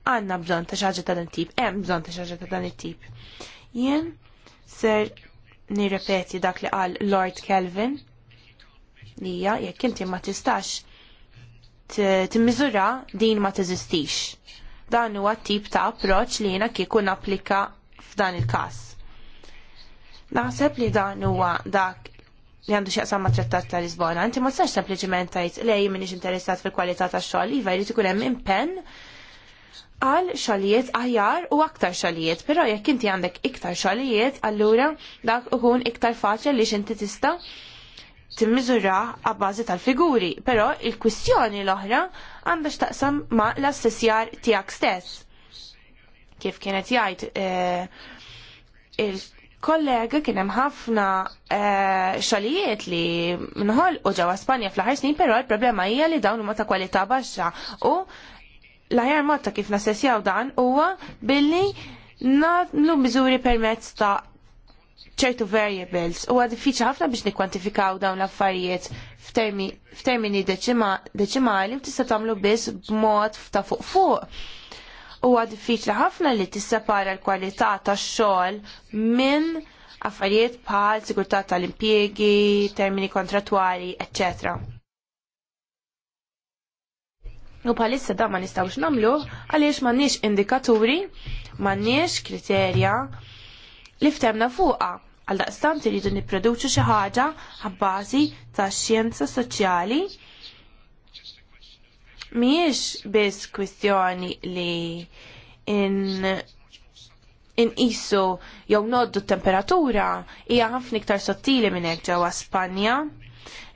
għandna bżonn ta' xi ħaġa ta' dan tip, hemm bżonn ta' xi ħaġa ta' dan it-tip. Jien ser nirrepeti dak li qal Lord Kelvin li hija jekk inti ma tistax timmiżura din ma teżistix. Dan huwa tip ta' approċċ li jiena kieku napplika f'dan il-każ. Naħseb li dan huwa dak li għandu xieqsam ma trattat ta' Lisbona. Inti ma tistax sempliċement tajt lej minix interessat fil-kwalità tax xogħol, iva jrid ikun hemm impenn għal xalijiet aħjar u aktar xalijiet, pero jekk inti għandek iktar xalijiet, allura dak uħun iktar faċli li xinti tista timmiżura għabbażi tal-figuri, pero il-kwistjoni l-oħra għandha x'taqsam ma l-assessjar tiegħek stess. Kif kienet jgħid eh, kollega kien hemm ħafna eh, xogħlijiet li minħol u ġewwa Spanja fl-aħħar snin, però l-problema hija li dawn huma ta' kwalità baxxa u l-ajar motta kif nassessjaw dan huwa billi nagħmlu miżuri permezz ta' ċertu variables u għad diffiċi ħafna biex nikwantifikaw dawn l-affarijiet f'termini deċimali u tista' tagħmlu biss b'mod ta' fuq fuq. U għad diffiċli ħafna li tissepara l-kwalità tax-xogħol minn affarijiet bħal sigurtà tal-impjiegi, termini kontratwali, eccetera. U palissa da ma nistawx namlu għaliex ma nix indikaturi, ma nix kriterja li ftemna fuqa. Għal daqstant irridu niproduċu xi ħaġa għabbażi ta' xjenza soċjali. Miex biss kwistjoni li in inqisu jew noddu temperatura hija ħafna iktar sottili minn hekk ġewwa Spanja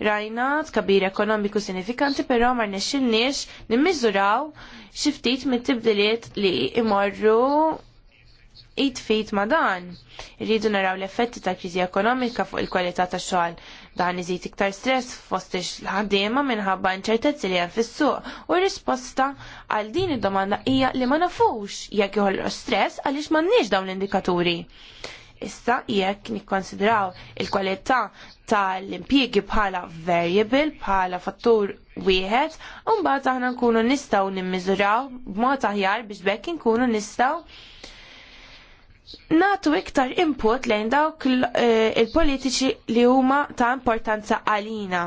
Rajna tkabir ekonomiku sinifikanti però ma rnexxilniex nimmiżuraw xi ftit mit-tibdiliet li imorru jitfit ma dan. Irridu naraw l-effetti ta' kriżi ekonomika fuq il-kwalità ta' xogħol. Dan iżid iktar stress fost il-ħaddiema minħabba inċertezzi li hemm fis-suq u risposta għal din id-domanda hija li ma nafux jekk joħolqu stress għaliex m'għandniex dawn l-indikaturi. Issa jekk nikkonsidraw il-kwalità tal-impjiegi bħala variable, bħala fattur wieħed, un mbagħad aħna nkunu nistgħu nimmiżuraw b'mod aħjar biex bekk nkunu nistgħu natu iktar input lejn dawk eh, il-politiċi li huma ta' importanza għalina.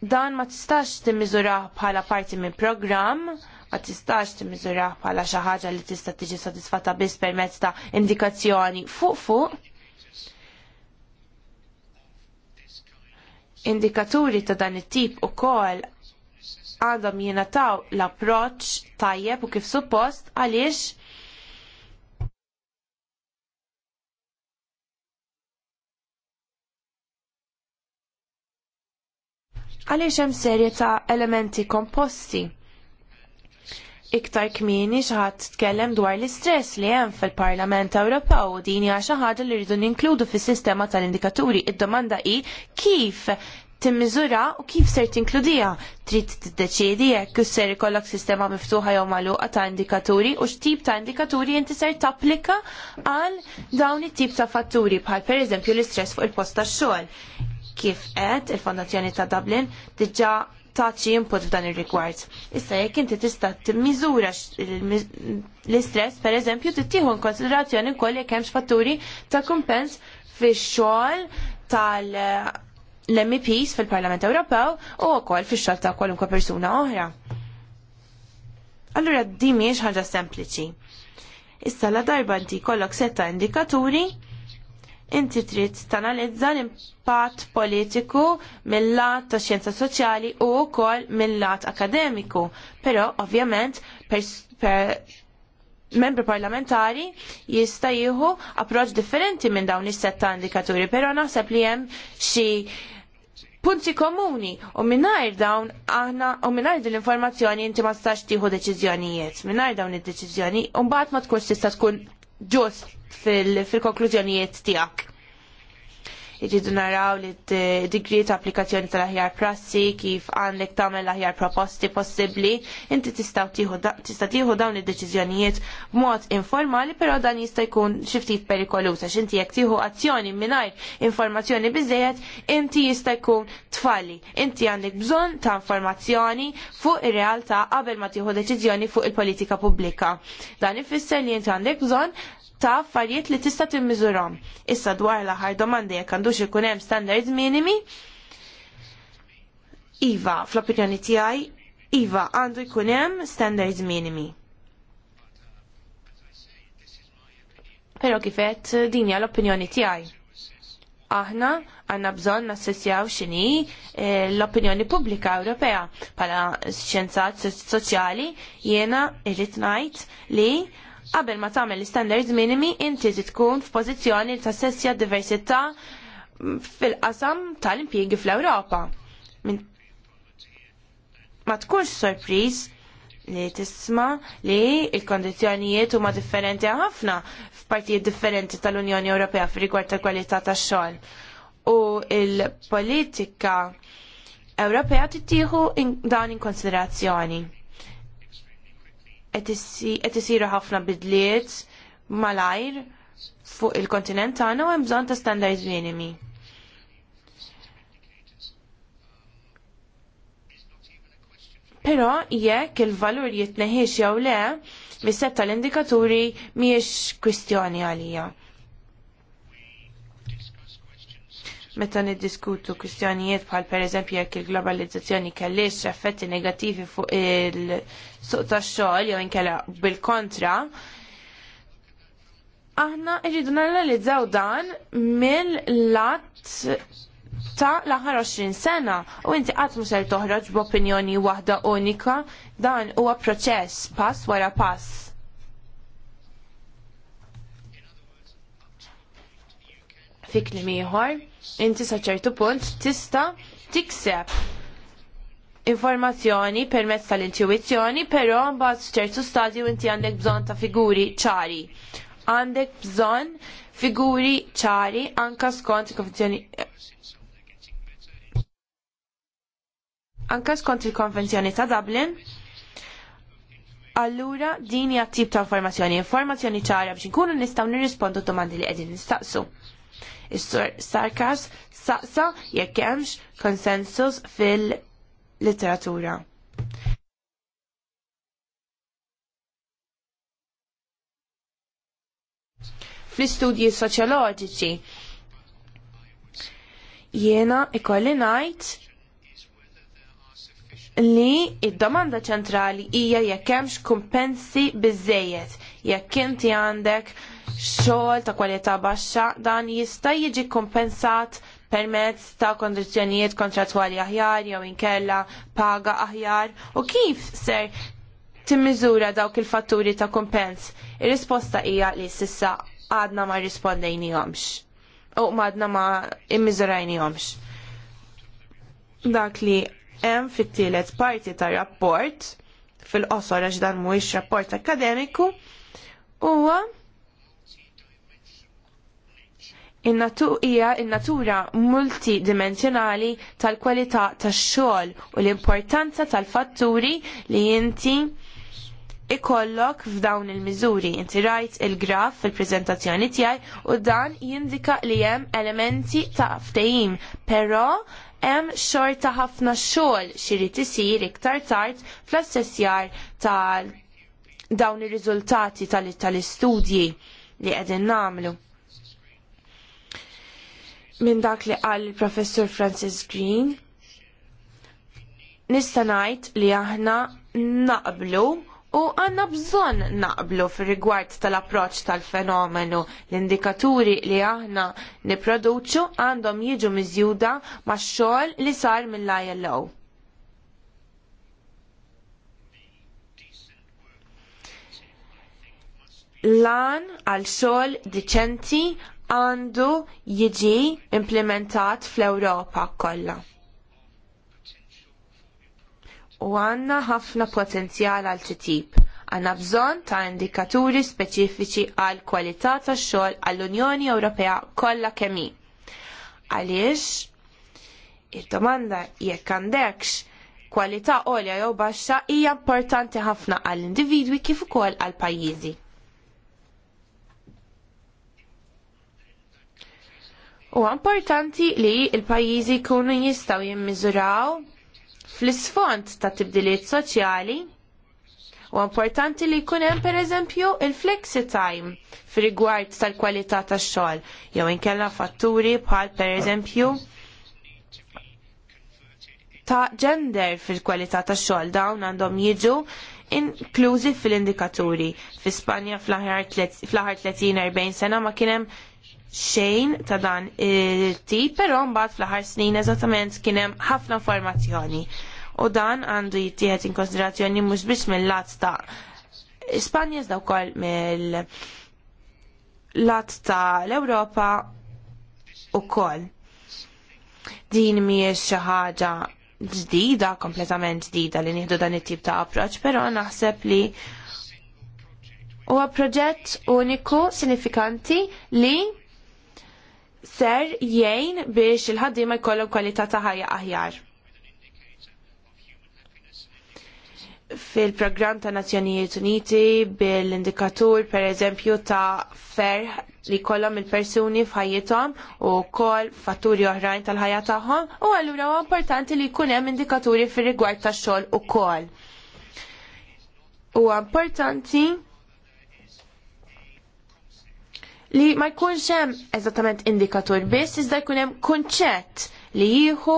Dan ma tistax timmiżura bħala parti minn programm, ma tistax timmiżura bħala xi ħaġa li tista' tiġi sodisfatta biss permezz ta' indikazzjoni fuq fuq. Indikaturi ta' dan it-tip ukoll għandhom jingħataw l-approċċ tajjeb u kif suppost għaliex għaliex hemm serje ta' elementi komposti iktar kmieni xi ħadd tkellem dwar l-istress li hemm fil-Parlament Ewropew u din hija xi ħaġa li rridu ninkludu fis-sistema tal-indikaturi. Id-domanda hi kif timmiżura u kif ser tinkludiha. Trid tiddeċiedi jekk ser ikollok sistema miftuħa jew magħluqa ta' indikaturi u x'tip ta' indikaturi inti ser tapplika għal dawn it-tip ta' fatturi bħal pereżempju l-istress fuq il-post tax-xogħol kif qed il-Fondazzjoni ta' Dublin diġà taċi input f'dan ir-rigward. Issa jekk inti tista' timmiżura l-istress, pereżempju, tittieħu in konsiderazzjoni wkoll jekk hemmx fatturi ta' kumpens fix-xogħol tal l-MEPs fil-Parlament Ewropew u wkoll fix-xogħol ta' kwalunkwe persuna oħra. Allura di mhijiex ħaġa sempliċi. Issa la darba inti kollok setta indikaturi inti trid tanalizza l-impatt politiku mill-lat ta' xjenza soċjali u wkoll mill-lat akademiku. Però ovvjament per membri parlamentari jista' jieħu approċċ differenti minn dawn is-setta indikaturi, però naħseb li hemm xi punti komuni u mingħajr dawn aħna u mingħajr din l-informazzjoni inti ma tistax tieħu deċiżjonijiet. Mingħajr dawn id-deċiżjoni u mbagħad ma tkunx tista' tkun ġust fil-konklużjonijiet fil tiegħek. Irridu naraw li d-degree ta' applikazzjoni tal-aħjar prassi, kif għandek tagħmel l-aħjar proposti possibbli, inti tista' tieħu dawn id-deċiżjonijiet b'mod informali, però dan jista' jkun xi ftit perikolus għax inti jekk tieħu azzjoni mingħajr informazzjoni biżejjed, inti jista' jkun tfalli. Inti għandek bżonn ta' informazzjoni fuq ir-realtà qabel ma tieħu deċiżjoni fuq il-politika pubblika. Dan ifisser li inti għandek bżonn ta' affarijiet li tista' timmiżurhom. Issa dwar l-aħħar domandi jekk għandux ikun hemm standards minimi. Iva, fl-opinjoni tiegħi, Iva għandu jkun hemm standards minimi. Pero kifet din hija l-opinjoni tiegħi. Aħna għanna bżon nassessjaw xini eh, l-opinjoni pubblika Ewropea pala xjenzat soċjali jiena irrid ngħid li Qabel ma tagħmel l-standards minimi inti tkun f'pożizzjoni ta' sessja diversità fil-qasam tal-impjiegi fl-Ewropa. Ma tkunx sorpriż li tisma li il-kondizjonijiet huma differenti ħafna f'partijiet differenti tal-Unjoni Ewropea f'rigward tal-kwalità tax-xogħol. U l politika Ewropea tittieħu dan in konsiderazzjoni qed isiru ħafna bidliet malajr fuq il-kontinent tagħna u hemm bżonn ta' standards minimi. Però jekk il-valur jitneħiex jew le, mis-set tal-indikaturi mhijiex kwistjoni għalija. meta niddiskutu kwistjonijiet bħal pereżempju jekk il-globalizzazzjoni kellix effetti negativi fuq il-suq tax-xogħol jew inkella bil-kontra, aħna rridu nanalizzaw dan mill-lat ta' l-aħħar 20 sena u inti qatt mhux ser toħroġ b'opinjoni waħda unika dan huwa proċess pass wara pass. Fik kliem ieħor inti sa ċertu punt tista tikseb informazzjoni permezz tal-intuizzjoni, però mbagħad ċertu stadju inti għandek bżonn ta' figuri ċari. Għandek bżonn figuri ċari anka skont il-konvenzjoni anka skont il-konvenzjoni ta' Dublin. Allura din hija tip ta' informazzjoni, informazzjoni ċara biex inkunu nistgħu nirrispondu domandi li qegħdin nistaqsu. Is-sur Sarkas saqsa jekk hemmx konsensus fil-literatura. Fl-istudji soċjoloġiċi jiena ikolli ngħid li id-domanda ċentrali hija jekk hemmx kumpensi biżejjed jekk inti għandek xogħol ta' kwalità baxxa dan jista' jiġi kompensat permezz ta' kondizzjonijiet kontrattwali aħjar jew inkella paga aħjar u kif ser timmiżura dawk il-fatturi ta' kumpens. Ir-risposta hija li sissa għadna ma rispondejnihomx u madna ma immiżurajnihomx. Dak li hemm fit-tielet parti tar rapport fil-qosor għax dan mhuwiex rapport akademiku huwa in-natura multidimensjonali tal-kwalità tax-xogħol u l-importanza tal-fatturi li inti ikollok f'dawn il-miżuri. Inti rajt il-graf fil-preżentazzjoni tiegħi u dan jindika li hemm elementi ta' ftehim, però hemm xorta ħafna xogħol xirid isir iktar tard fl-assessjar tal dawn ir-riżultati tal-istudji li qegħdin nagħmlu minn dak li qal il-professur Francis Green nista' ngħid li aħna naqblu u għandna bżonn naqblu fir rigward tal-approċċ tal-fenomenu l-indikaturi li aħna nipproduċu għandhom jiġu miżjuda max xogħol li sar mill-ILO. Lan għal xogħol diċenti għandu jiġi implementat fl-Ewropa kollha u għanna ħafna potenzjal għal titjib. Għanna bżon ta' indikaturi speċifiċi għal kwalità tax xogħol għall-Unjoni Ewropea kollha kemm hi. Għaliex id-domanda jekk għandekx kwalità għolja jew baxxa hija importanti ħafna għall-individwi kif ukoll għall pajjiżi. U importanti li il-pajjiżi jkunu jistgħu jimmiżuraw fl-isfond ta' tibdiliet soċjali. U importanti li jkun hemm pereżempju il-flexi time fir-rigward tal-kwalità tax-xogħol jew inkella fatturi bħal pereżempju ta' gender fil-kwalità tax-xogħol dawn għandhom jiġu inklużi fil-indikaturi. Fi Spanja fl-aħħar 30-40 sena ma kien hemm xejn ta' dan il-tip, però mbagħad fl-aħħar snin eżattament kien hemm ħafna informazzjoni. U dan għandu jittieħed in konsiderazzjoni mhux biss mill-lat ta' Spanja iżda wkoll mill-lat ta' l-Ewropa ukoll. Din mhijiex xi ħaġa ġdida, kompletament ġdida li nieħdu dan it-tip ta' approċ, però naħseb li huwa proġett uniku sinifikanti li ser jgħin biex il-ħaddiema jkollhom kwalità ta' ħajja aħjar. fil-programm ta' Nazzjonijiet Uniti bil-indikatur per eżempju ta' ferħ li kollom il-persuni f'ħajjithom u kol fatturi oħrajn tal-ħajja tagħhom u allura huwa importanti li jkun hemm indikaturi fir-rigward tax-xogħol ukoll. Huwa importanti li ma jkunx hemm eżattament indikatur biss, iżda jkun hemm kunċett li jieħu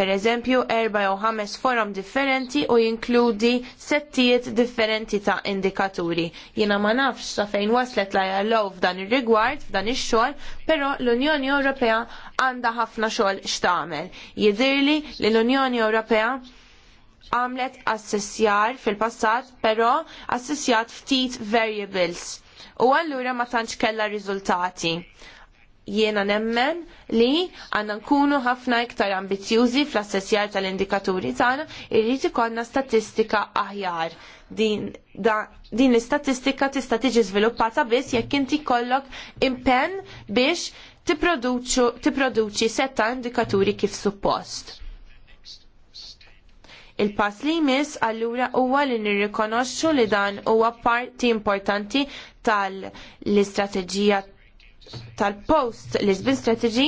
pereżempju erba jew ħames forom differenti u jinkludi settijiet differenti ta' indikaturi. Jiena ma nafx sa' fejn waslet la jallow f'dan ir-rigward, f'dan ix-xogħol, però l-Unjoni Ewropea għandha ħafna xogħol x'tagħmel. Jidhirli li l-Unjoni Ewropea għamlet assessjar fil-passat, però assessjat ftit variables u allura ma tantx kella riżultati. Jiena nemmen li għandna nkunu ħafna iktar ambizjużi fl-assessjar tal-indikaturi tagħna irrid ikollna statistika aħjar. Din, da, din l-istatistika tista' tiġi żviluppata biss jekk inti kollok impenn biex tipproduċi setta indikaturi kif suppost. Il-pass li jmiss allura huwa li nirrikonoxxu li dan huwa parti importanti tal-istrateġija tal-post Lisbon Strategy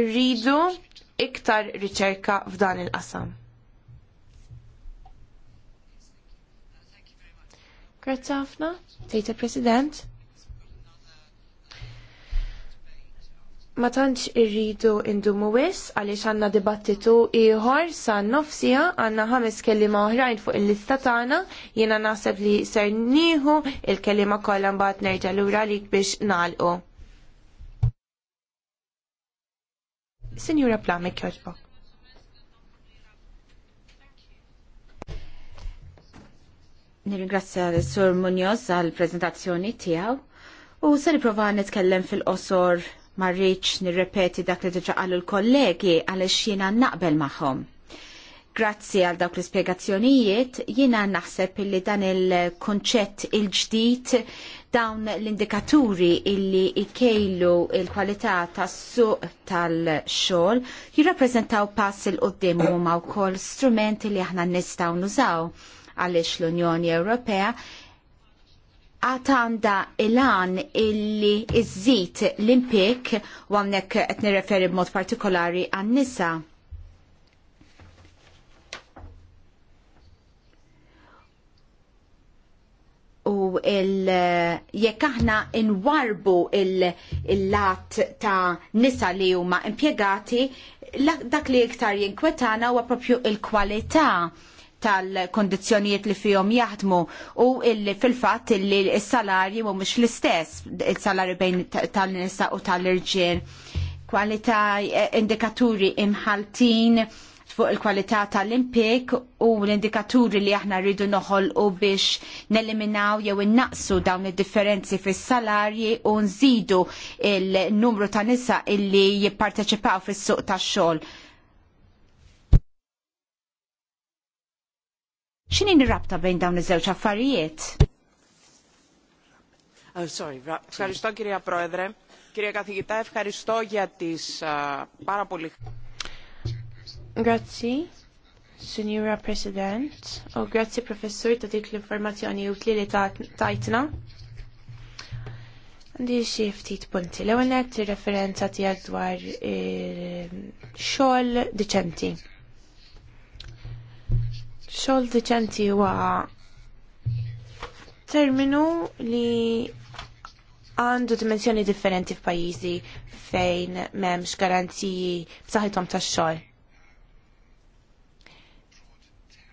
irridu iktar riċerka f'dan il-qasam. Grazie ħafna, Tejta President. ma tantx irridu indumu wis għaliex għandna dibattitu ieħor sa nofsija għandna ħames kelliema oħrajn fuq il-lista tagħna jiena naħseb li ser nieħu il-kelliema kollha mbagħad nerġa' lura għalik biex nagħlqu. Sinjura Plamek jogħġbok. Nirringrazzja l-Sur Munoz għall prezentazzjoni tiegħu u se nipprova nitkellem fil-qosor Ma rridx nirrepeti dak li diġa qalu l-kollegi għaliex jiena naqbel magħhom. Grazzi għal dawk l-ispjegazzjonijiet jiena naħseb illi dan il-konċett il-ġdid dawn l-indikaturi illi ikejlu il-kwalità tas-suq tal-xogħol jirrappreżentaw pass il qudiem huma wkoll strumenti li aħna nistgħu nużaw għaliex l-Unjoni Ewropea għatanda il-għan illi iżżid l-impik u għamnek għet nirreferi b'mod partikolari għan-nisa. u il jekk aħna inwarbu il-lat ta' nisa li huma impjegati, dak li iktar jinkwetana huwa għapropju il-kwalità tal kondizzjonijiet li fihom jaħdmu u illi fil-fatt illi s-salarji mhumiex l-istess il-salarju bejn tal-nisa u tal-irġiel. Kwalità eh, indikaturi imħaltin fuq il-kwalità tal-impik u l-indikaturi li aħna rridu noħolqu biex neliminaw jew innaqsu dawn id-differenzi fis-salarji u nżidu il-numru ta' nisa illi jipparteċipaw fis-suq tax-xogħol X'inhi rabta bejn dawn iż-żewġ affarijiet? Oh, sorry, ευχαριστώ κυρία Πρόεδρε. Κυρία Καθηγητά, ευχαριστώ για τις uh, πάρα πολύ... Grazie, Signora President, u oh, grazie Professor ta' dik l-informazzjoni utli li tajtna. Għandi xie ftit punti. L-ewwel net ir-referenza tiegħek dwar eh, xogħol diċenti xogħol diċenti huwa terminu li għandu dimensjoni differenti f'pajjiżi fejn m'hemmx garanziji b'saħħithom tax-xogħol.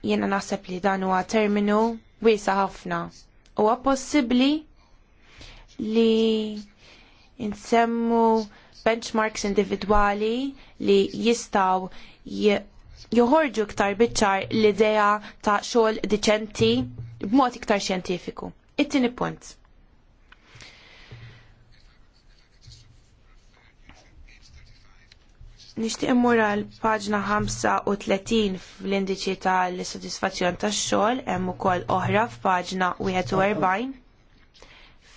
Jiena naħseb li dan huwa terminu wiesa ħafna. Huwa possibbli li insemmu benchmarks individwali li jistaw joħorġu iktar biċċar l-idea ta' xogħol diċenti b'mod iktar xjentifiku. It-tieni punt. Nixtieq immur għal paġna 35 fl-indiċi tal-sodisfazzjon tax-xogħol hemm ukoll oħra f'paġna 41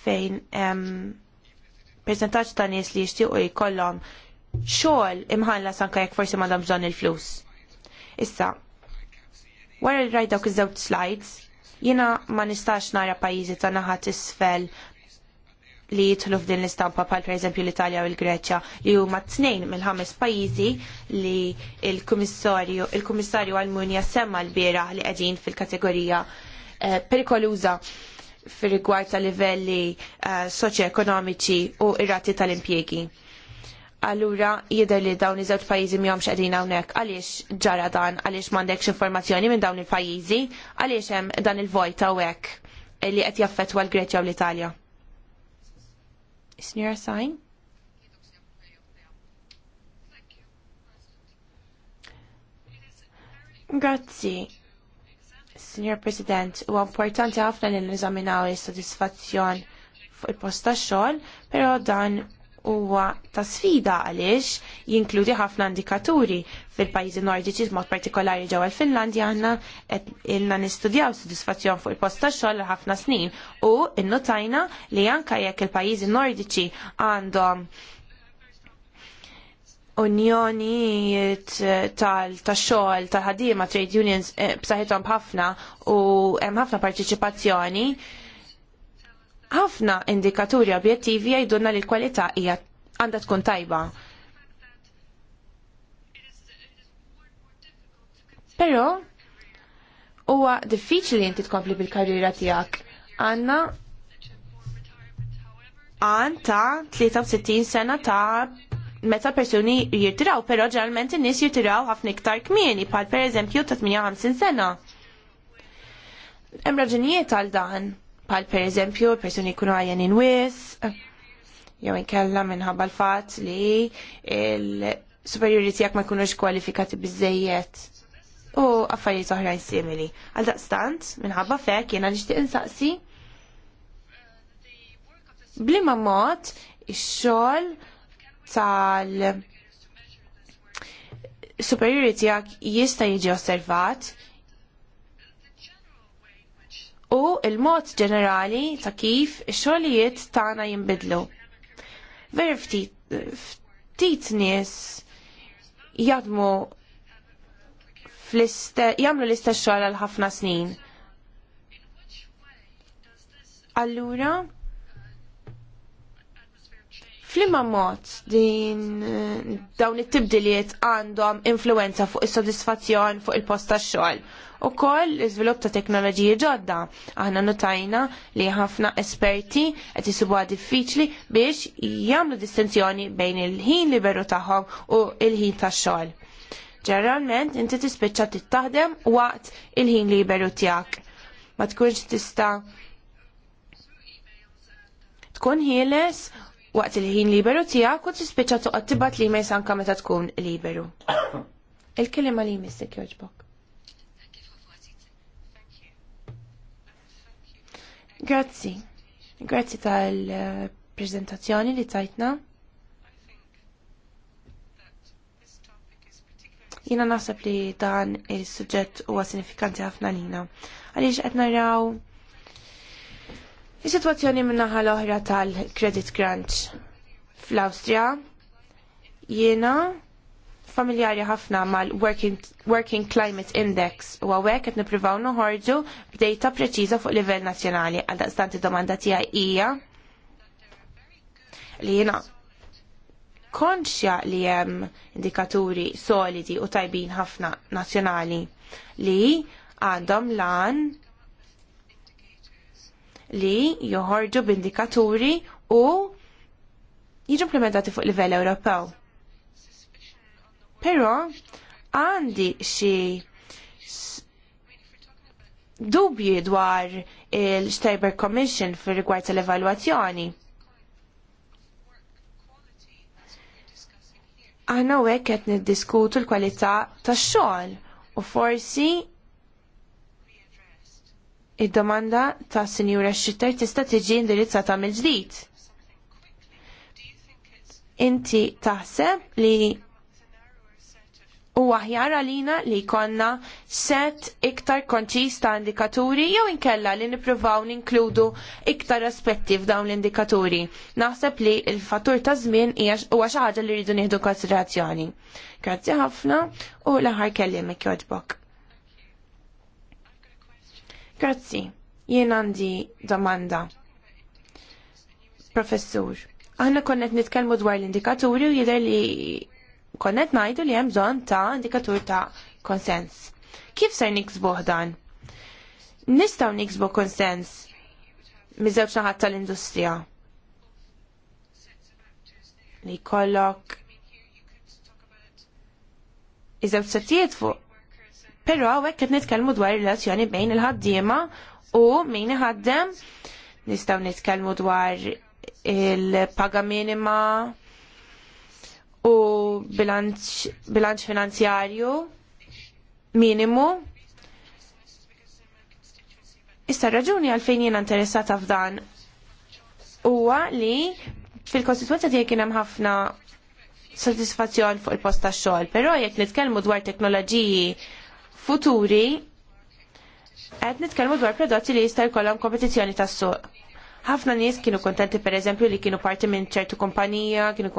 fejn hemm percentaġġ ta' nies li jixtiequ jkollhom xogħol imħallas anke jekk forsi m'għandhom bżonn il-flus. Issa, wara li rajt iż-żewġ slides, jiena ma nistax nara pajjiżi ta' naħat isfel li jidħlu f'din l-istampa bħal pereżempju l-Italja u l-Greċja li huma t tnejn mill-ħames pajjiżi li l-Kummissarju il-Kummissarju semma l-bieraħ li qegħdin fil-kategorija eh, perikoluża fir-rigward ta' livelli eh, soċjoekonomiċi u r rati tal-impjiegi. Allura jidher li dawn iż-żewġ pajjiżi mhomx qegħdin hawnhekk għaliex ġara dan, għaliex m'għandekx informazzjoni minn dawn il-pajjiżi, għaliex hemm dan il-vojt hawnhekk li qed jaffettwa l-Greċja u l-Italja. Is-Sinjora Sajn? Grazzi. Signor President, huwa importanti ħafna li n-nizaminaw is-sodisfazzjon fuq il-post tax-xogħol, però dan huwa ta' sfida għaliex jinkludi ħafna indikaturi fil-pajjiżi nordiċi mod partikolari ġewwa l-Finlandja għandna qed ilna nistudjaw sodisfazzjon fuq il-post tax-xogħol ħafna snin u nnotajna li anke jekk il-pajjiżi nordiċi għandhom unjoni tal-xogħol tal ħaddiema trade unions eh, b'saħħithom ħafna u hemm ħafna parteċipazzjoni ħafna indikaturi objettivi jgħidulna li l-kwalità hija għandha tkun tajba. Però huwa diffiċli inti tkompli bil-karriera tiegħek. Għandna għan ta' 63 sena ta' meta persuni jirtiraw, pero ġalment n-nis jirtiraw ħafna iktar kmieni, pal per eżempju ta' 58 sena. Hemm raġunijiet għal dan pal per eżempju persuni jkunu għajen inwis, jew inkella minħabba l-fatt li il superiori tiegħek ma jkunux kwalifikati biżejjed u affarijiet oħrajn simili. Għal daqstant, minħabba fek jiena nixtieq insaqsi blima mod ix-xogħol tal superiori tiegħek jista' jiġi osservat u il-mod ġenerali ta' kif ix-xogħlijiet tagħna jinbidlu. Veri ftit nies jaħdmu jagħmlu l-istess xogħol għal ħafna snin. Allura, flimma mod din dawn it-tibdiliet għandhom influenza fuq is-sodisfazzjon fuq il-post tax-xogħol u kol l-izvilup ta' teknoloġiji ġodda. Aħna notajna li ħafna esperti qed isibuha diffiċli biex jagħmlu distinzjoni bejn il-ħin liberu tagħhom u il-ħin tax-xogħol. Ġeneralment inti tispiċċa tittaħdem waqt il-ħin liberu tiegħek. Ma tkunx tista' tkun ħieles waqt il-ħin liberu tiegħek u tispiċċa toqgħod tibgħat li emails anke meta tkun liberu. Il-kelima li jmissek joġbok. Grazzi. Grazzi tal-prezentazzjoni li tajtna. Jina naħseb li dan il sujġet huwa sinifikanti ħafna lina. Għaliex qed naraw is-sitwazzjoni min-naħa l-oħra tal-credit crunch fl-Awstrija jiena familjari ħafna mal-Working Working Climate Index u għawek qed nippruvaw noħorġu b'dejta preċiża fuq livell nazzjonali għal daqstanti domanda tiegħi ija li jiena konxja li hemm indikaturi solidi u tajbin ħafna nazzjonali li għandhom lan li joħorġu b'indikaturi u jiġu implementati fuq livell Ewropew Però għandi xi dubji dwar il-Staber Commission fir rigward tal-evalwazzjoni. Aħna hekk qed niddiskutu l-kwalità tax-xogħol u forsi id-domanda ta' Sinjura Xitter tista' tiġi indirizzata mill-ġdid. Inti taħseb li u aħjar għalina li jkollna set iktar konċis ta' indikaturi jew inkella li nippruvaw ninkludu iktar aspetti f'dawn l-indikaturi. Naħseb li l-fattur ta' żmien huwa xi ħaġa li rridu nieħdu konsiderazzjoni. Grazzi ħafna u l-aħħar kellimek jodbok. Grazzi, jien għandi domanda. Professur, aħna konnet nitkellmu dwar l-indikaturi u jidher li konnet najdu li hemm bżonn ta' indikatur ta' konsens. Kif ser niksbu dan? Nistgħu niksbu konsens miżewġ naħat tal-industrija. Li jkollok iżew settijiet fuq. Pero għawek qed nitkellmu dwar relazzjoni bejn il-ħaddiema u min iħaddem nistgħu nitkellmu dwar il-paga minima u bilanċ, bilanċ finanzjarju minimu. Issa raġuni għalfejn jiena interessata f'dan huwa li fil-kostituenza tiegħi kien hemm ħafna sodisfazzjon fuq il-post tax-xogħol, però jekk nitkellmu dwar teknoloġiji futuri qed nitkellmu dwar prodotti li jista' jkollhom kompetizzjoni tas-suq ħafna nies kienu kontenti per eżempju li kienu parti minn ċertu kumpanija, kienu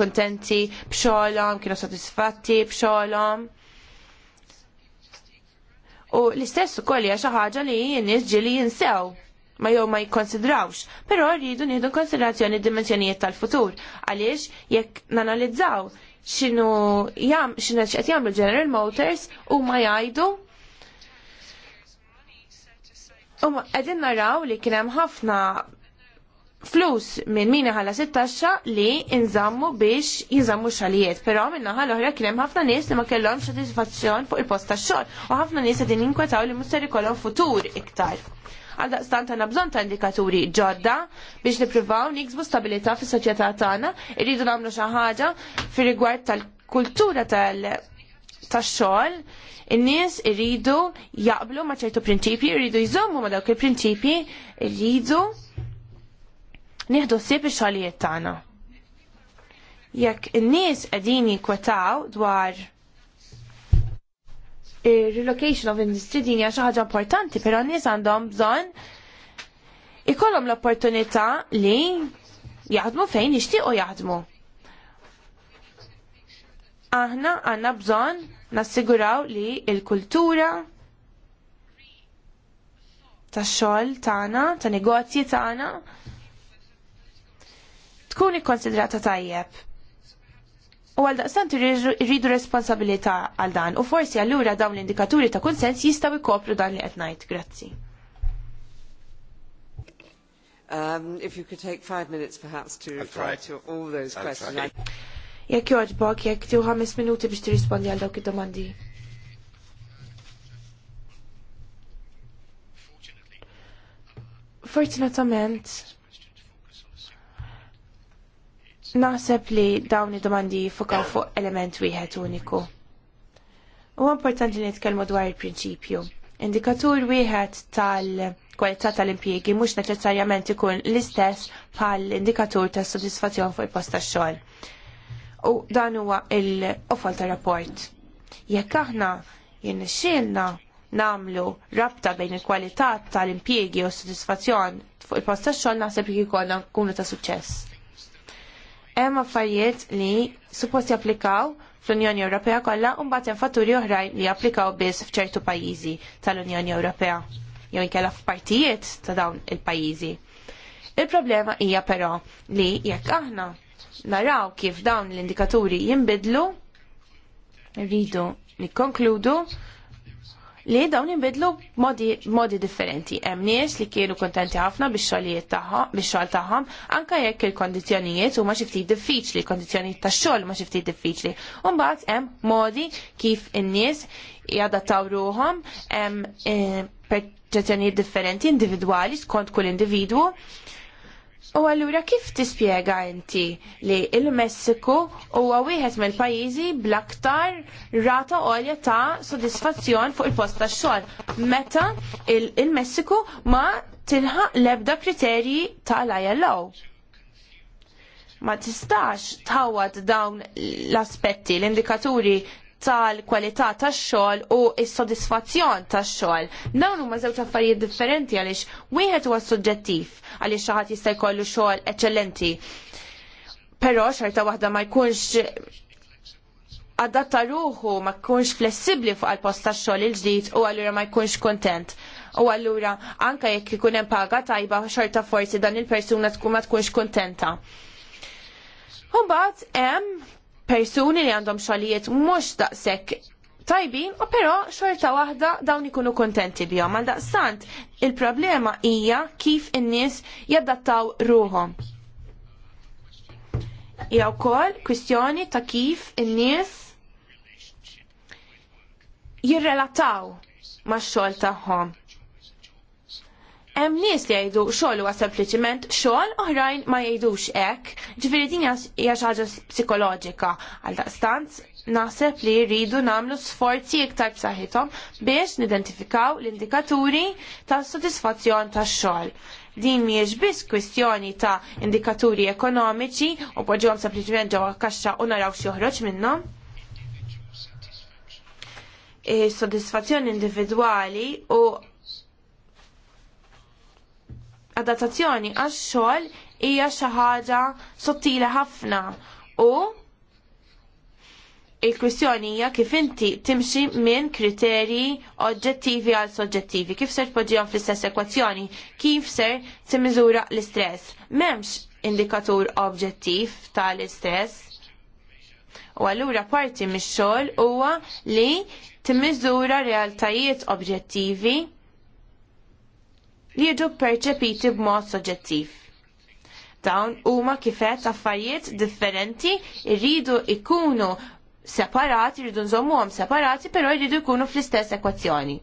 kontenti b'xogħolhom, kienu sodisfatti b'xogħolhom. U l-istess ukoll hija xi ħaġa li n-nies ġieli jinsew ma jew ma jikkonsidrawx, però rridu nieħdu konsiderazzjoni d-dimensjonijiet tal-futur għaliex jekk nanalizzaw x'inhu jam x'inhu x'qed jagħmlu General Motors huma jgħidu Um, edin naraw li kienem ħafna flus minn min ħalla 16 li inżammu biex jinżammu xalijiet, pero minna ħalla oħra kienem ħafna nies li ma kellom satisfazzjon fuq il-post tax-xogħol u ħafna nies qegħdin inkwetaw li muster ikollhom futur iktar. Għadda daqstant għandna bżonn ta' indikaturi ġodda biex nippruvaw niksbu stabilità fis-soċjetà tagħna, irridu nagħmlu xi ħaġa fir-rigward tal-kultura tal-, -kultura tal tax-xogħol, in-nies iridu jaqblu ma' ċertu prinċipji, iridu jżommu ma' dawk il-prinċipji, iridu nieħdu ssib ix-xogħlijiet tagħna. Jekk in-nies qegħdin jikkwetaw dwar relocation of industry din hija xi ħaġa importanti, però n-nies għandhom bżonn ikollhom l-opportunità li jaħdmu fejn jixtiequ jaħdmu aħna għandna bżonn nassiguraw li l kultura tax-xogħol tagħna, ta' negozji tagħna tkun ikkonsidrata tajjeb. U għal daqstant rridu responsabilità għal dan u forsi allura dawn l-indikaturi ta' konsens jistaw ikopru dan li qed ngħid. Grazzi. Um, if you could take five minutes perhaps to reply to all those I'll questions. Jekk jogħġbok, jekk tiw ħames minuti biex tirrispondi għal dawk id-domandi. Fortunatament, naħseb li dawn id-domandi fukaw fuq element wieħed uniku. U importanti li nitkellmu dwar il-prinċipju. Indikatur wieħed tal-kwalità tal-impjiegi mhux neċessarjament ikun l-istess bħall indikatur tas sodisfazzjon fuq il-post tax-xogħol u dan huwa il-qofol ta' rapport. Jekk aħna jinnexxielna namlu rabta bejn il-kwalità tal-impjiegi u s-sodisfazzjon fuq il-post ta' xogħol naħseb li jkollna nkunu ta' suċċess. Hemm affarijiet li suppost japplikaw fl-Unjoni Ewropea kollha u mbagħad hemm fatturi oħrajn li japplikaw biss f'ċertu pajjiżi tal-Unjoni Ewropea jew inkella f'partijiet ta' dawn il-pajjiżi. Il-problema hija però li jekk aħna naraw kif dawn l-indikaturi jinbidlu, rridu nikkonkludu li dawn jinbidlu modi, differenti. Hemm nies li kienu kontenti ħafna bix-xogħlijiet bix-xogħol tagħhom, anke jekk il-kondizzjonijiet huma xi ftit diffiċli, l kondizzjonijiet tax-xogħol huma xi ftit diffiċli. U mbagħad hemm modi kif in-nies jadattaw ruhom, hemm eh, perċezzjonijiet differenti individwali skont kull individwu U allura kif tispjega inti li il-Messiku huwa wieħed mill-pajjiżi bl-aktar rata għolja ta' sodisfazzjon fuq il-post tax-xogħol meta il-Messiku ma tilħaq l-ebda kriterji tal-ILO ma tistax tawad dawn l-aspetti, l-indikaturi tal-kwalità tax-xogħol u s-sodisfazzjon tax-xogħol. Dawn huma żewġ affarijiet differenti għaliex wieħed huwa suġġettiv għaliex xi ħadd jista' jkollu xogħol eċċellenti. Però xorta waħda ma jkunx adatta ruħu ma jkunx flessibbli fuq għal-post tax-xogħol il-ġdid u allura ma jkunx kontent. U allura anke jekk ikun hemm paga tajba xorta forsi dan il-persuna tkun ma tkunx kuntenta. Mbagħad hemm persuni li għandhom xogħlijiet mhux daqshekk tajbin, u però xorta waħda dawn ikunu kontenti bihom. Għal daqsant, il-problema hija kif in-nies jadattaw ruhom. Hija wkoll kwistjoni ta' kif in-nies jirrelataw max-xogħol tagħhom hemm nies li jgħidu xogħol huwa sempliċiment xogħol oħrajn ma jgħidux hekk. Ġifieri din hija xi ħaġa psikoloġika għal daqstanz naħseb li jridu nagħmlu sforzi iktar b'saħħithom biex nidentifikaw l-indikaturi tas sodisfazzjon tax-xogħol din mhijiex biss kwistjoni ta' indikaturi ekonomiċi u poġġuhom sempliċement ġewwa kaxxa u naraw xi joħroġ minnhom. Is-sodisfazzjoni individwali u adattazzjoni għax xogħol hija xi ħaġa sottili ħafna u il-kwistjoni hija kif inti timxi minn kriterji oġġettivi għal soġġettivi, kif ser tpoġġihom fl-istess ekwazzjoni, kif ser timmiżura l-istress. M'hemmx indikatur oġġettiv tal-istress. U allura parti mix-xogħol huwa li timmiżura realtajiet oġġettivi li jidu perċepiti b'mod soġġettiv. Dawn huma kifet affarijiet differenti irridu ikunu separati, irridu nżommuhom separati, però jridu jkunu fl-istess ekwazzjoni.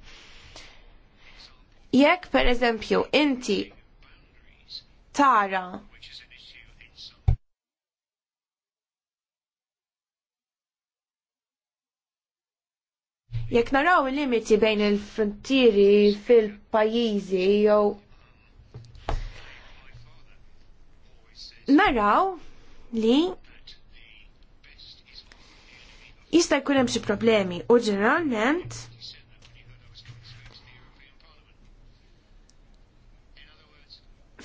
Jekk per eżempju inti tara Jekk naraw il-limiti bejn il-frontieri fil-pajjiżi jew naraw li jista' jkun hemm xi problemi u ġeneralment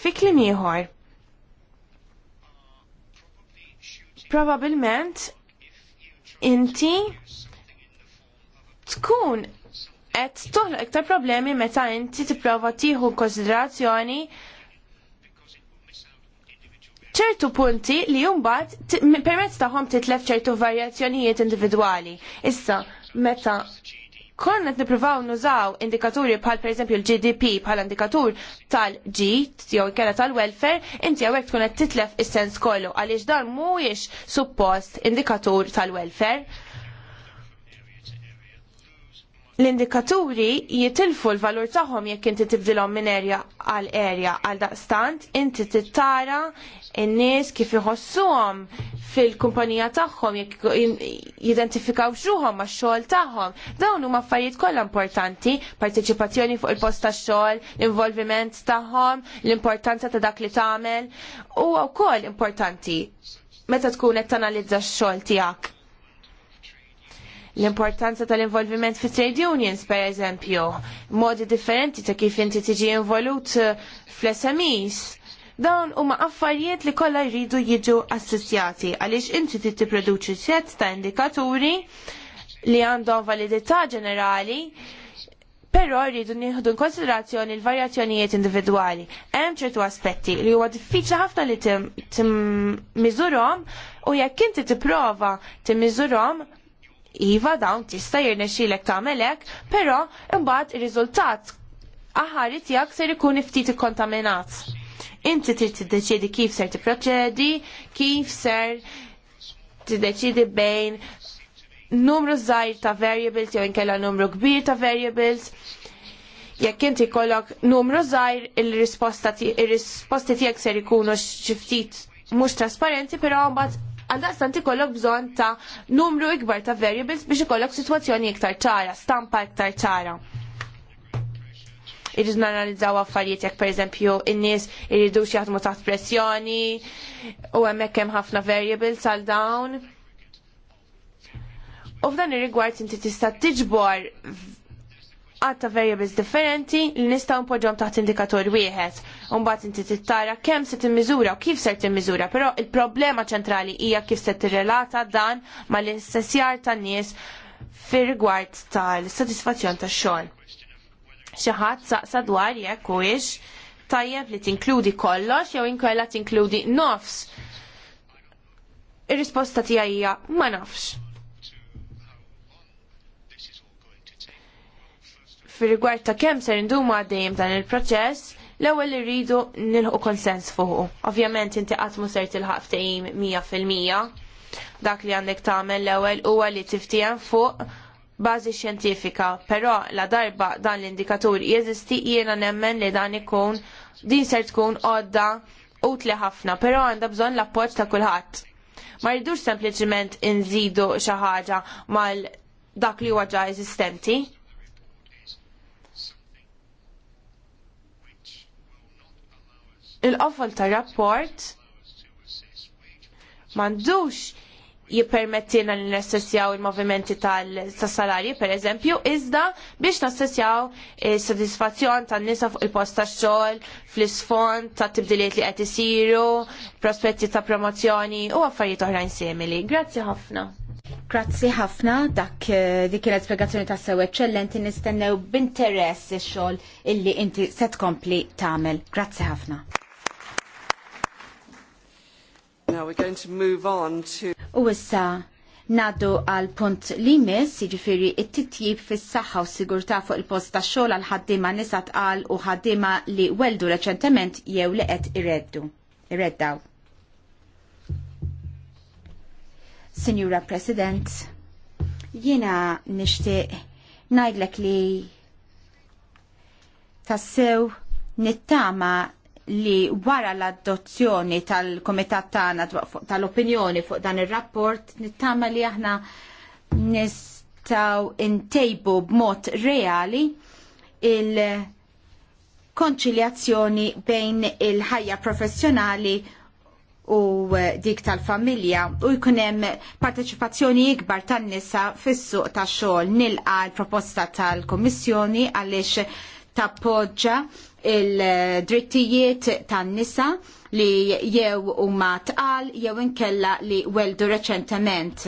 fi ieħor. Probabilment inti tkun qed toħloq iktar problemi meta inti tipprova tieħu konsiderazzjoni ċertu punti li jumbat permezz tagħhom titlef ċertu varjazzjonijiet individwali. Issa, meta konna nipruvaw nużaw indikaturi bħal per eżempju l-GDP bħal indikatur tal g jew kera tal-welfare, inti għawek tkun qed titlef is-sens kollu għaliex dan mhuwiex suppost indikatur tal-welfare l-indikaturi jitilfu l-valur tagħhom jekk inti tibdilhom minn erja għal erja għal daqstant inti tittara n-nies kif iħossuhom fil-kumpanija tagħhom jekk jidentifikaw xruhom ma' xogħol tagħhom. Dawn huma affarijiet kollha importanti, parteċipazzjoni fuq il-post tax-xogħol, l-involviment tagħhom, l-importanza ta' dak li tagħmel huwa wkoll importanti meta tkun qed tanalizza x-xogħol tiegħek l-importanza tal-involviment fi trade unions, per eżempju, modi differenti ta' kif inti tiġi involut eh, fl-SMEs. Dawn huma affarijiet li kollha jridu jiġu assistjati għaliex inti trid tipproduċi sett ta' indikaturi li għandhom validità ġenerali Però rridu nieħdu konsiderazzjoni l-varjazzjonijiet individwali. Hemm ċertu aspetti li huwa diffiċli ħafna li timmiżurhom u jekk inti tipprova timmiżurhom iva dawn tista' jirnexilek tagħmel hekk, pero imbagħad ir-riżultat aħari tiegħek ser ikun ftit ikkontaminat. Inti trid tiddeċiedi kif ser tipproċedi, kif ser tiddeċiedi bejn numru żgħir ta' variables jew inkella numru kbir ta' variables. Jekk inti jkollok numru żgħir ir-risposti tiegħek ser ikunu xi ftit mhux trasparenti, però mbagħad Għaldaqstant ikollok bżonn ta' numru ikbar ta' variables biex ikollok sitwazzjoni iktar ċara, stampa iktar ċara Iridu nanalizzaw affarijiet jekk pereżempju in-nies irridu jaħdmu taħt pressjoni u hemmhekk hemm ħafna variables għal dawn. U f'dan ir-rigward inti tista' tiġbor għatta variables differenti li nistaw npoġġom taħt indikator wieħed. Umbat inti tittara kemm se timmiżura u kif se timmiżura, però il-problema ċentrali hija kif se tirrelata dan ma l-istessjar tan-nies fir-rigward tal-satisfazzjon tax-xogħol. Xi ħadd saqsa dwar jekk huwiex tajjeb li tinkludi kollox jew inkella tinkludi nofs. Ir-risposta tiegħi hija ma nafx fir-rigward ta' kemm ser induma għaddejjem dan il-proċess, l-ewwel irridu nilħu konsens fuq. Ovvjament inti qatt mu ser tilħaq ftehim mija dak li għandek tagħmel l-ewwel huwa li tiftijem fuq bażi xjentifika, però la darba dan l-indikatur jeżisti jiena nemmen li dan ikun din ser tkun għodda utli ħafna, però għandha bżonn l-appoġġ ta' kulħadd. Ma rridux sempliċement inżidu xi ħaġa mal dak li huwa ġa eżistenti il-qofol ta' rapport mandux jipermettina li nessessjaw il-movimenti tal-salari, per eżempju, iżda biex nassessjaw il-satisfazzjon tan nisa fuq il-post ta' xogħol, fl-isfond ta' tibdiliet li qed isiru, prospetti ta' promozzjoni u affarijiet oħrajn simili. Grazzi ħafna. Grazzi ħafna dak eh, dik kienet spiegazzjoni ta' sew eċċellenti nistennew b'interess ix-xogħol illi inti se tkompli tagħmel. Grazzi ħafna. U issa Naddu għal punt li mis, jiġifieri t titjib fis saħħa u sigurta fuq il-post ta' xogħol għal ħaddiema nisa tqal u ħaddiema li weldu reċentement jew li qed irreddu. Irreddaw. Signora President, jiena nixtieq ngħidlek li tassew nittama li wara l-adozzjoni tal-komitat tagħna tal-opinjoni fuq dan ir-rapport nittama li aħna nistgħu intejbu b'mod reali il-konċiljazzjoni bejn il-ħajja professjonali u eh, dik tal-familja u jkun hemm parteċipazzjoni ikbar tan-nisa fis-suq tax-xogħol nilqa' l-proposta tal-Kummissjoni għaliex tappoġġa il-drittijiet tan-nisa li jew huma tqal jew inkella li weldu reċentement.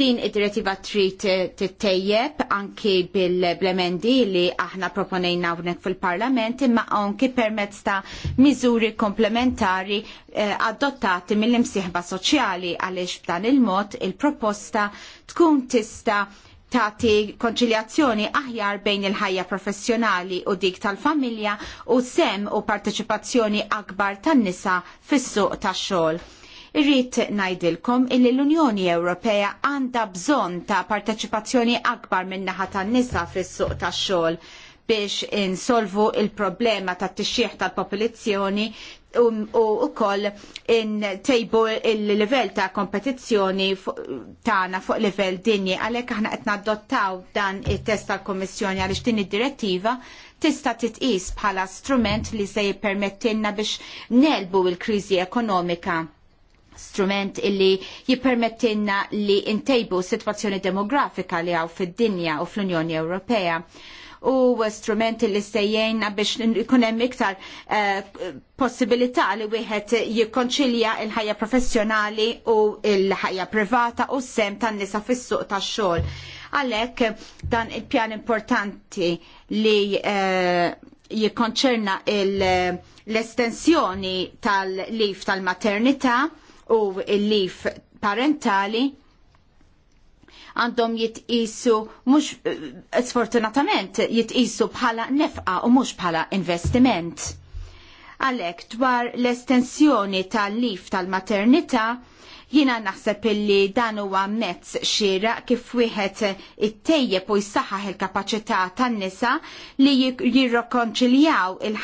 Din id-direttiva trid tittejjeb anki bil-blemendi li aħna proponejna hawnhekk fil-Parlament imma anki permezz ta' miżuri komplementari eh, adottati mill-imsieħba soċjali għaliex b'dan il-mod il-proposta tkun tista' tagħti konċiljazzjoni aħjar bejn il-ħajja professjonali u dik tal-familja u sem u parteċipazzjoni akbar tan-nisa fis-suq tax-xogħol irrit najdilkom illi l-Unjoni Ewropea għandha bżonn ta' parteċipazzjoni akbar minn naħa tan-nisa fis-suq tax-xogħol biex insolvu il-problema tat tixjieħ tal popolizzjoni Um, u koll in tejbu il-level ta' kompetizzjoni tagħna fuq livell dinji għalhekk aħna qed nadottaw dan it-test tal-Kummissjoni għaliex din id-direttiva tista' titqis bħala strument li se jippermettilna biex nelbu l-kriżi ekonomika strument illi jippermettilna li ntejbu s-sitwazzjoni demografika li għaw fid-dinja u fl-Unjoni Ewropea u strumenti li sejjen biex ikun hemm iktar eh, possibilità li wieħed jikkonċilja l ħajja professjonali u l-ħajja privata u sem tan-nisa fis-suq tax-xogħol. Għalhekk dan il-pjan importanti li eh, jikkonċerna l-estensjoni tal-lif tal-maternità u l-lif parentali għandhom jitqisu mhux eh, sfortunatament jitqisu bħala nefqa u mhux bħala investiment. Għalhekk dwar l-estensjoni tal-lif tal-maternità Jiena naħseb illi dan huwa mezz xira kif wieħed ittejjeb u jsaħħaħ il-kapaċità tan-nisa li jirrokonċiljaw il-żmien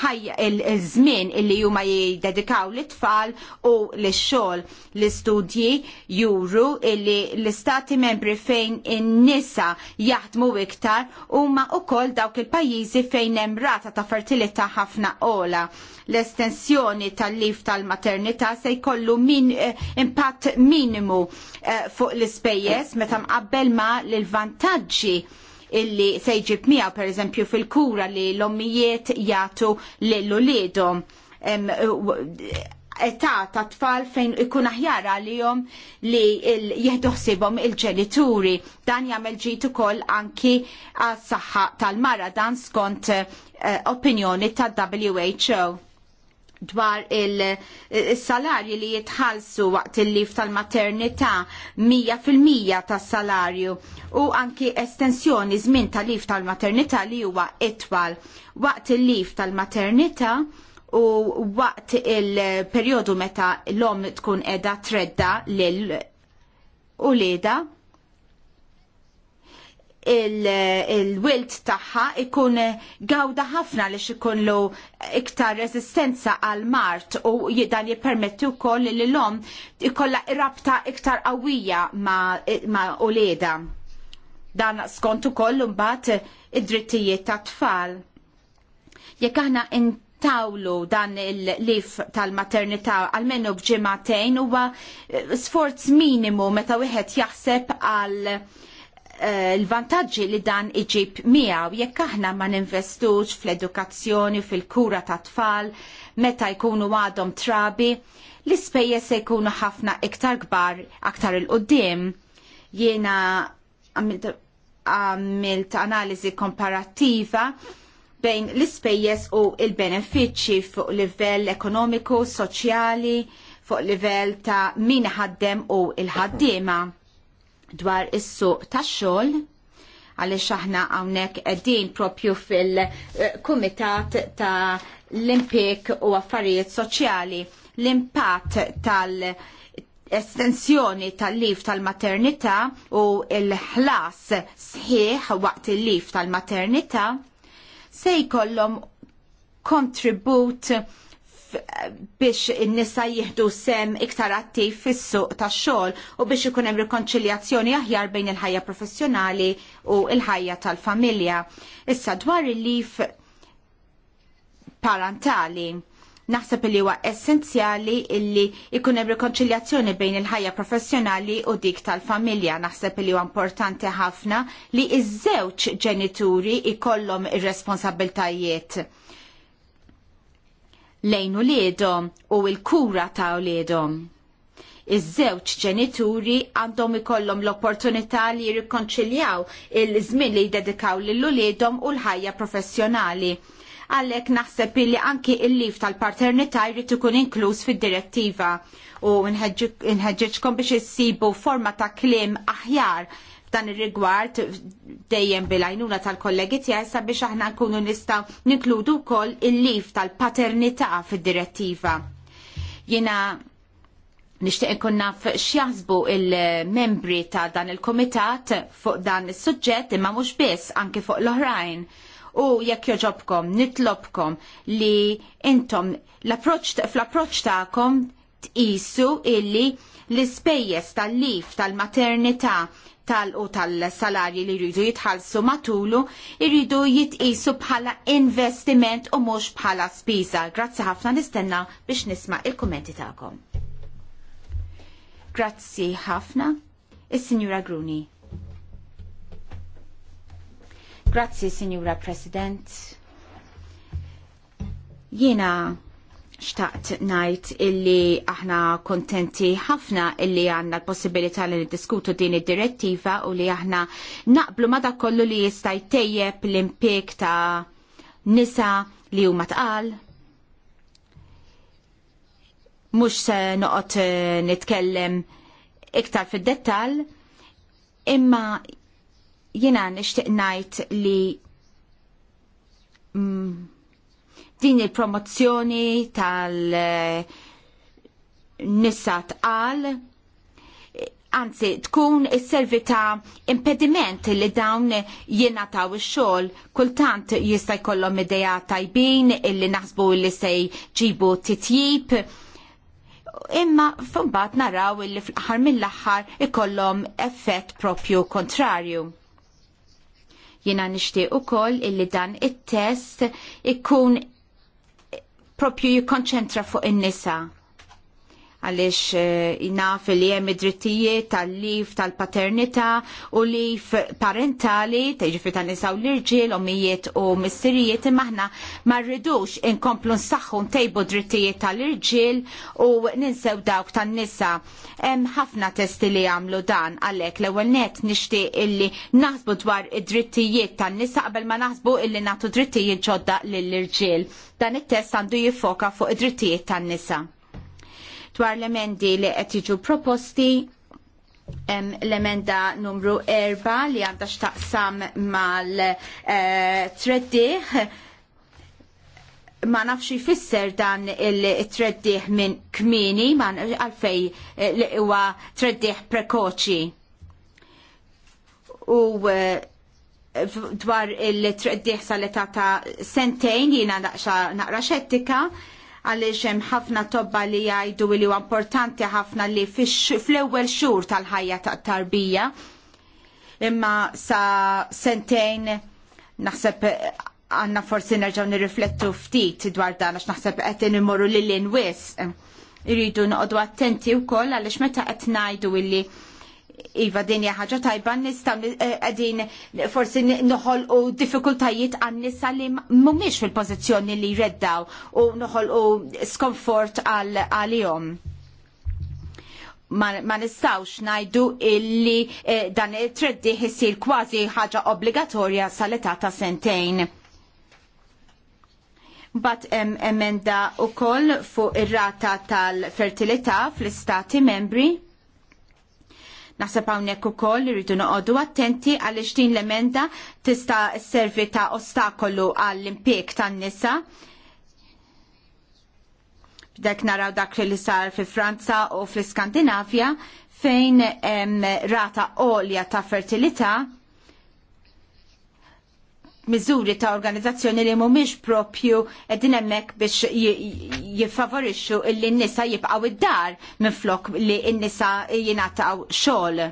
ħajja illi huma jiddedikaw lit-tfal u l-xogħol l-istudji juru illi l-istati membri fejn in-nisa jaħdmu iktar huma wkoll dawk il-pajjiżi fejn hemm rata ta' fertilità ħafna ola. L-estensjoni tal-lif tal-maternità se jkollu min eh, impatt minimu eh, fuq l-ispejjeż meta mqabbel ma l-vantaġġi illi se jġib miegħu pereżempju fil-kura li l-ommijiet jagħtu lill uliedhom età ta' tfal fejn ikun aħjar għalihom li jieħdu ħsibhom il-ġenituri. Dan jagħmel ġid ukoll anki għas-saħħa tal-mara dan skont eh, opinjoni tad WHO dwar il-salarju li jitħallsu waqt il-lif tal-maternità 100% tas-salarju u anki estensjoni żmien tal-lif tal-maternità li huwa itwal waqt il-lif tal-maternità u waqt il-perjodu meta l-om tkun edha tredda lil u leda il-wilt tagħha ikun gawda ħafna li lu iktar resistenza għal mart u dan jippermetti wkoll li l-om ikolla rabta iktar qawwija ma, ma leda. Dan skont ukoll imbagħad id-drittijiet tat tfal. Jekk aħna intawlu dan il-lif tal-maternità għalmenu bġimatejn huwa sforz minimu meta wieħed jaħseb għal Eh, l-vantaġġi li dan iġib miegħu jekk aħna ma ninvestux fl-edukazzjoni fil-kura ta' tfal meta jkunu għadhom trabi l-ispejjeż se jkunu ħafna iktar kbar aktar il qudiem Jiena għamilt analiżi komparattiva bejn l-ispejjeż u l-benefiċċji fuq livell ekonomiku, soċjali, fuq livell ta' min ħaddem u l ħaddiema dwar is-suq tax-xogħol għaliex aħna hawnhekk qegħdin propju fil-Kumitat ta' l-impik u affarijiet soċjali l-impatt tal- estensjoni tal-lif tal-maternità u l-ħlas sħiħ waqt il-lif tal-maternità se jkollhom kontribut biex in-nisa jieħdu sem iktar attiv fis-suq tax-xogħol u biex ikun hemm rikonċiljazzjoni aħjar bejn il-ħajja professjonali u l-ħajja tal-familja. Issa dwar il-lif parentali naħseb li huwa essenzjali illi jkun hemm rikonċiljazzjoni bejn il-ħajja professjonali u dik tal-familja. Naħseb li huwa importanti ħafna li iż-żewġ ġenituri jkollhom ir-responsabiltajiet lejn uliedhom u l-kura ta' liedom. Iż-żewġ ġenituri għandhom ikollhom l-opportunità li jirrikonċiljaw il-żmien li jdedikaw lil uliedhom u l-ħajja professjonali. Għalhekk naħseb li anki il-lif tal-paternità jrid ikun inkluż fid-direttiva u nħeġġitkom biex issibu forma ta' kliem aħjar Dan ir-rigward dejjem bil-għajnuna tal-kollegi tiegħi sabiex aħna nkunu nistgħu ninkludu wkoll il-lif tal-paternità fid-direttiva. Jiena nishtiq ikun naf x'jaħsbu il-membri ta' dan il-komitat fuq dan is-suġġett imma mhux biss anke fuq l-oħrajn. U jekk joġobkom, nitlobkom li intom fl-approċċ tagħkom tqisu illi l-ispejjeż tal-lif tal-maternità tal u tal-salarji li jridu jitħallsu matulu jridu jitqisu bħala investiment u mhux bħala spiża. Grazzi ħafna nistenna biex nisma' il-kummenti tagħkom. Grazzi ħafna. Is-Sinjura Gruni. Grazzi, Sinjura President. Jiena xtaqt najt illi aħna kontenti ħafna illi għanna l-possibilità li niddiskutu din id-direttiva u li aħna naqblu ma kollu li jista' jtejjeb l-impik ta' nisa li huma tqal. Mhux se noqgħod eh, nitkellem iktar fid-dettall, imma jiena nixtieq ngħid li mm, din il-promozzjoni tal-nisa eh, tqal anzi tkun is-servi ta' impediment li dawn jenataw ix-xogħol kultant jista' jkollhom idea tajbin illi naħsbu li se jġibu titjib imma fumbat naraw illi fl-aħħar mill-aħħar ikollhom effett propju kontrarju. Jiena nixtieq ukoll illi dan it-test ikun propju jikkonċentra fuq in-nisa għaliex jnaf eh, li hemm id-drittijiet tal-lif tal-paternità u lif parentali tiġifieri ta' nisa u l-irġiel omijiet u missirijiet imma aħna ma rridux inkomplu nsaħħu ntejbu drittijiet tal-irġiel u ninsew dawk tan-nisa. Hemm ħafna testi li jagħmlu dan għalhekk l-ewwel net nishti illi naħsbu dwar id-drittijiet tan-nisa qabel ma naħsbu illi nagħtu drittijiet ġodda lill-irġiel. Dan it-test għandu jiffoka fuq id-drittijiet tan-nisa dwar l-emendi li qed jiġu proposti l-emenda numru 4 li għandha xtaqsam mal eh, treddieħ ma nafx jfisser dan il-treddiħ minn kmini ma għalfej eh, li huwa treddiħ prekoċi. U eh, dwar il-treddiħ sal-età ta' sentejn jina naqra xettika għaliex hemm ħafna tobba li jgħidu li huwa importanti ħafna li fl-ewwel xhur tal-ħajja tat-tarbija imma sa sentejn naħseb għanna forsi nerġaw nirriflettu ftit dwar dan għax naħseb qed inimorru lil inwies. Iridu noqogħdu attenti wkoll għaliex meta qed ngħidu illi Iva dinja ħaġa tajba nistaw eh, għedin forsi noħol u diffikultajiet għan nisa li mumiex fil-pozizjoni li jreddaw u noħolqu u skomfort għal-jom. Ma, ma nistawx najdu illi eh, dan it-treddi jissir kważi ħaġa obbligatorja sal-età ta' sentejn. Bat em, emenda u koll fuq ir-rata tal-fertilità fl-istati membri Naħseb hawnhekk ukoll irridu noqogħdu attenti għaliex din l-emenda tista' sservi ta' ostakolu għall-impjeg tan-nisa dak naraw dak li sar fi Franza u fl-Skandinavja fejn rata olja ta' fertilità miżuri ta' organizzazzjoni li mhumiex propju qegħdin hemmhekk biex jiffavorixxu li n-nisa jibqgħu id-dar minflok li n-nisa jingħataw xogħol.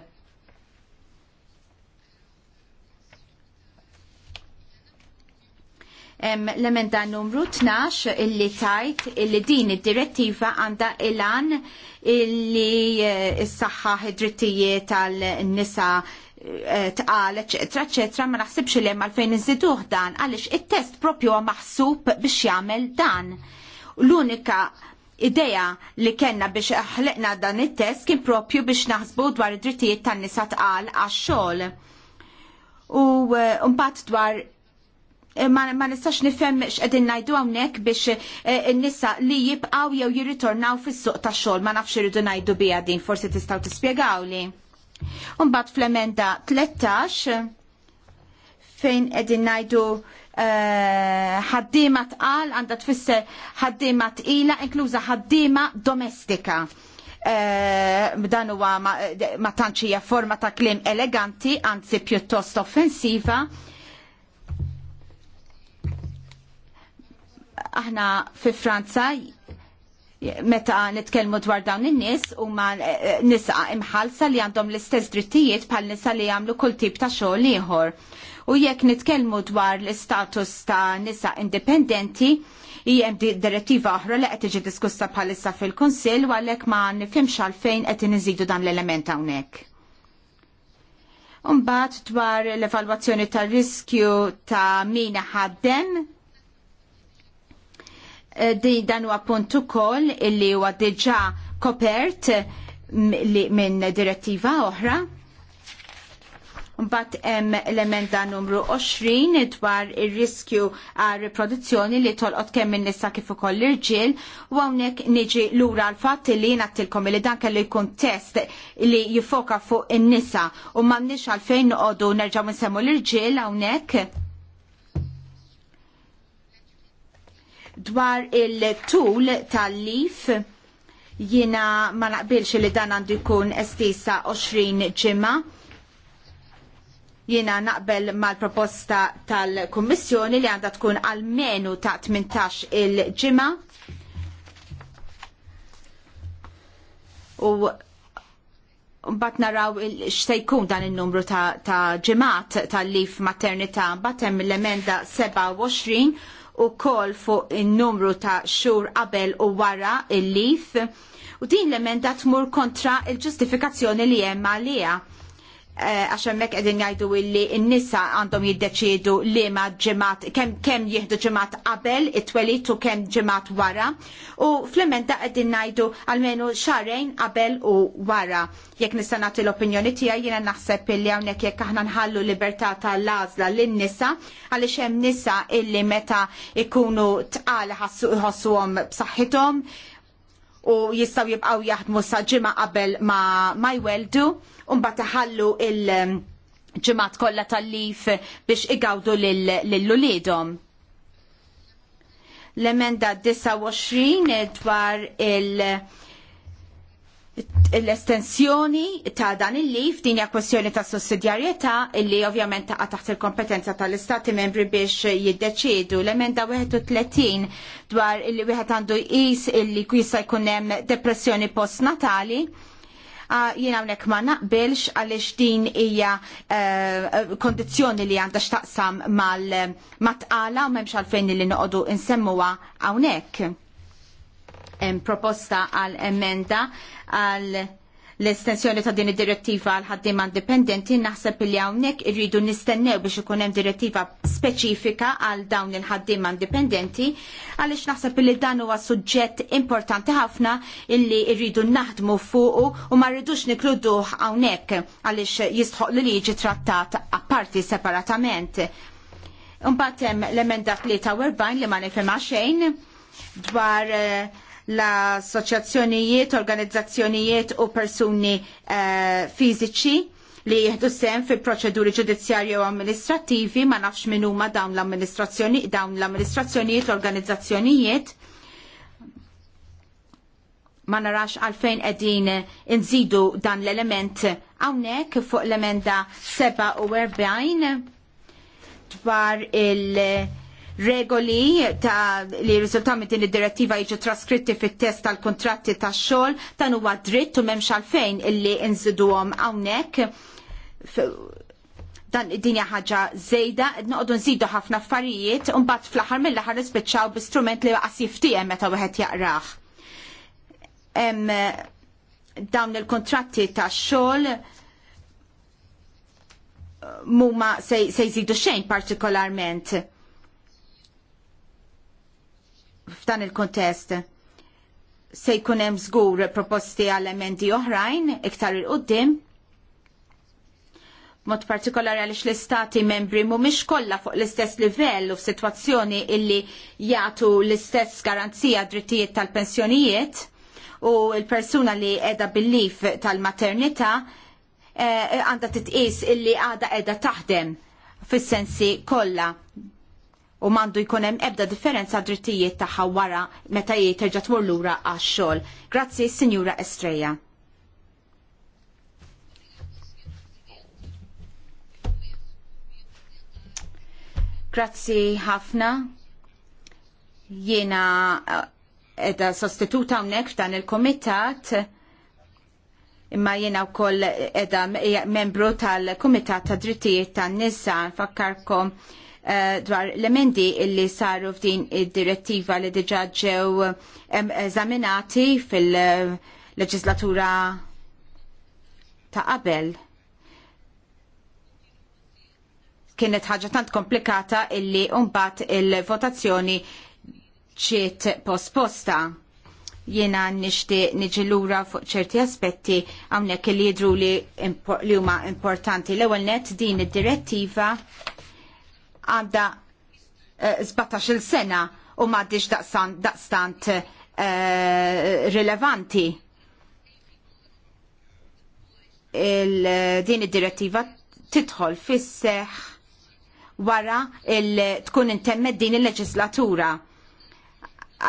L-emenda numru 12 illi tajt illi din id-direttiva għandha ilan illi eh, s saxħa id-drittijiet tal-nisa Eh, tqal, eċetera, eċetra, ma naħsibx li hemm għalfejn inżiduh dan, għaliex it-test propju maħsub biex jagħmel dan. L-unika idea li kellna biex ħleqna dan it-test kien propju biex naħsbu dwar id-drittijiet tan-nisa tqal għax-xogħol. U eh, mbagħad dwar eh, ma, ma nistax nifhem x'qegħdin ngħidu hawnhekk biex in-nisa li jibqgħu jew jirritornaw fis-suq tax-xogħol ma nafx iridu ngħidu biha din, forsi tistgħu tispjegawli. Umbat fl-emenda 13 fejn edin najdu eh, ħaddima uh, tqal għandha tfisser ħaddima tqila inkluża ħaddima domestika. Uh, dan huwa ma, ma tantx hija forma ta' kliem eleganti, anzi pjuttost offensiva. Aħna fi Franza meta nitkellmu dwar dawn in-nies huma eh, eh, nisa imħalsa li għandhom l-istess drittijiet bħal nisa li jagħmlu kull tip ta' xogħol ieħor. U jekk nitkellmu dwar l-istatus ta' nisa indipendenti, hemm direttiva oħra li qed tiġi diskussa bħalissa fil-Kunsill u għalhekk ma nifhimx għalfejn qed iniżidu dan l-element hawnhekk. Umbat dwar l-evalwazzjoni tar riskju ta' min ħaddem Eh, di dan huwa punt ukoll illi huwa diġà kopert minn direttiva oħra. Mbagħad hemm l-emenda numru 20 dwar ir-riskju għal riproduzzjoni li tolqot kemm in-nisa kif ukoll l-irġiel u hawnhekk niġi lura l-fatt li ngħattilkom li dan kellu jkun test li jifoka fuq in-nisa u m'għandniex għalfejn noqogħdu nerġgħu nsemmu l-irġiel hawnhekk dwar il-tul tal-lif jiena ma naqbilx li dan għandu jkun estisa 20 ġimma jiena naqbel mal-proposta tal-Kommissjoni li għandha tkun għal-menu ta' 18 il-ġimma. U mbagħad naraw x'se jkun dan in-numru ta', ta ġimgħat tal-lif maternità mbagħad hemm l-emenda 27 u kol fuq il-numru ta' xur qabel u wara il-lif u din l-emenda tmur kontra il-ġustifikazzjoni li hemm għalija Eh, għax hemmhekk qegħdin jgħidu illi n-nisa għandhom jiddeċiedu li ma ġimgħat kemm kemm jieħdu ġimgħat qabel it-twelit u kemm ġimgħat wara u fl-emenda qegħdin ngħidu għalmenu xarejn qabel u wara. Jekk nista' nagħti l-opinjoni tiegħi jiena naħseb illi hawnhekk jekk aħna nħallu libertà tal-għażla lin-nisa għaliex hemm nisa illi meta ikunu tqal ħossuhom b'saħħithom u jistaw jibqaw jaħdmu sa ġimma qabel ma, ma jweldu un iħallu il um, ġimat kollha tal-lif biex igawdu lill lulidom L-emenda 29 dwar il- l-estensjoni ta' dan il-lif din hija kwestjoni ta' sussidjarjetà illi ovvjament taqa' taħt il-kompetenza tal-istati membri biex jiddeċiedu l-emenda 31 dwar illi wieħed għandu jqis illi jista' jkun hemm depressjoni postnatali. Jien hawnhekk ma naqbilx għaliex din hija eh, kondizzjoni li għandha x'taqsam mal-matqala u m'hemmx għalfejn li noqogħdu insemmuha hawnhekk proposta għal emenda għal l-estensjoni ta' din id-direttiva għal ħaddiema indipendenti naħseb li hawnhekk irridu nistennew biex ikun hemm direttiva speċifika għal dawn il-ħaddiema indipendenti għaliex naħseb li dan huwa suġġett importanti ħafna illi rridu naħdmu fuqu u ma rridux nikluduh hawnhekk għaliex jistħoq li jiġi trattat apparti separatament. Imbagħad hemm l-emenda 43 li ma nifhimha xejn dwar uh, l-assoċjazzjonijiet, organizzazzjonijiet u persuni eh, fiżiċi li jieħdu sem fi proċeduri ġudizzjarji u amministrativi ma nafx min huma dawn l-amministrazzjoni dawn l-amministrazzjonijiet organizzazzjonijiet ma narax għalfejn qegħdin inżidu dan l-element hawnhekk fuq l-emenda 47 dwar il- regoli ta' li riżultaw minn din id-direttiva jiġu traskritti fit-test tal-kontratti tax-xogħol dan huwa dritt u m'hemmx għalfejn illi inżiduhom hawnhekk dan id-dinja ħaġa zejda, noqdu nżidu ħafna affarijiet, u mbagħad fl aħħar mill aħħar nispiċċaw bi-strument li għas jiftijem meta wieħed jaqrah. Dawn il kuntratti tax xogħol eh, mhuma se jżidu xejn partikolarment f'dan il-kontest se jkun hemm żgur proposti għal emendi oħrajn iktar il qudiem mod partikolari għaliex l-istati membri mhumiex kollha fuq l-istess livell u f'sitwazzjoni illi jagħtu l-istess garanzija drittijiet tal-pensjonijiet u l-persuna li qiegħda bil-lif tal-maternità eh, għandha titqis illi għadha qiegħda taħdem fis-sensi kollha u mandu jkunem ebda differenza drittijiet taħħa wara meta jiet tmur lura għax xogħol. Grazzi, Sinjura Estreja. Grazzi ħafna. Jiena eh, edha sostituta hawnhekk f'dan il-komitat imma jiena wkoll edha membru tal-Kumitat ta' Drittijiet tan-Nisa nfakkarkom Eh, dwar l-emendi illi saru f'din id-direttiva li diġa ġew eżaminati fil-leġislatura ta' qabel kienet ħaġa tant komplikata illi mbagħad il-votazzjoni ċiet posposta. Jiena nixtieq niġi lura fuq ċerti aspetti hawnhekk li jidru li huma importanti. L-ewwel nett din id-direttiva għanda 17 eh, sena u m'għaddix daqstant eh, rilevanti. din id-direttiva tidħol fisseħ wara il tkun intemmed din il-leġislatura.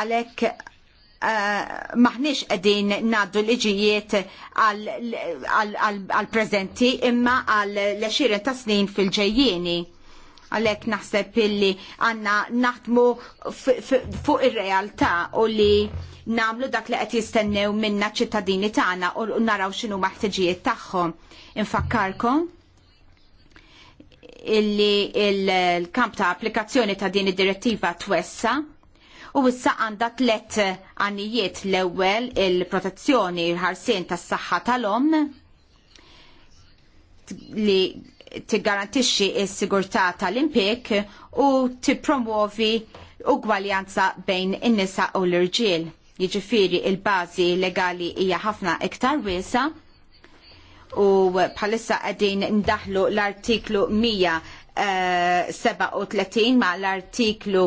Għalhekk eh, maħniex qegħdin ngħaddu l-iġijiet għal-prezenti imma għal l ta' snin fil-ġejjieni Għalhekk naħseb illi għandna naħdmu fuq ir-realtà u li nagħmlu dak li qed jistennew minna ċittadini tagħna u naraw x'inhu maħtiġijiet tagħhom. Infakkarkom illi il-kamp ta' applikazzjoni ta' din id-direttiva twessa u issa għandha tlet għanijiet l-ewwel il-protezzjoni l-ħarsien tas-saħħa tal-om li tiggarantixxi s-sigurtà tal-impjeg u tippromuovi ugwaljanza bejn in-nisa u l-irġiel. Jiġifieri il-bażi legali hija ħafna iktar wiesa u bħalissa qegħdin ndaħlu l-artiklu 137 eh, ma l-artiklu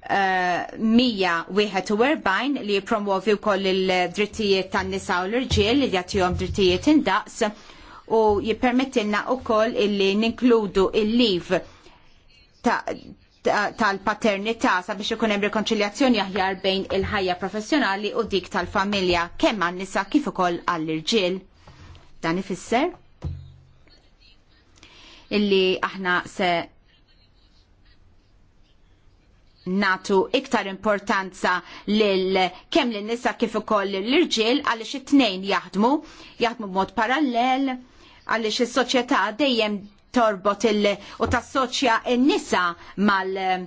141 eh, li jipromuovi wkoll il-drittijiet tan-nisa u l-irġiel li jagħtihom drittijiet indaqs u jippermettilna wkoll illi ninkludu il-liv tal-paternità ta sabiex ikun hemm rikonċiljazzjoni aħjar bejn il-ħajja professjonali u dik tal-familja kemm għan-nisa kif ukoll għall-irġiel. Dan ifisser illi aħna se natu iktar importanza lil kemm lin nisa kif ukoll l-irġiel għaliex it-tnejn jaħdmu, jaħdmu b'mod parallel għaliex is-soċjetà dejjem torbot il- u tassoċja n-nisa mal-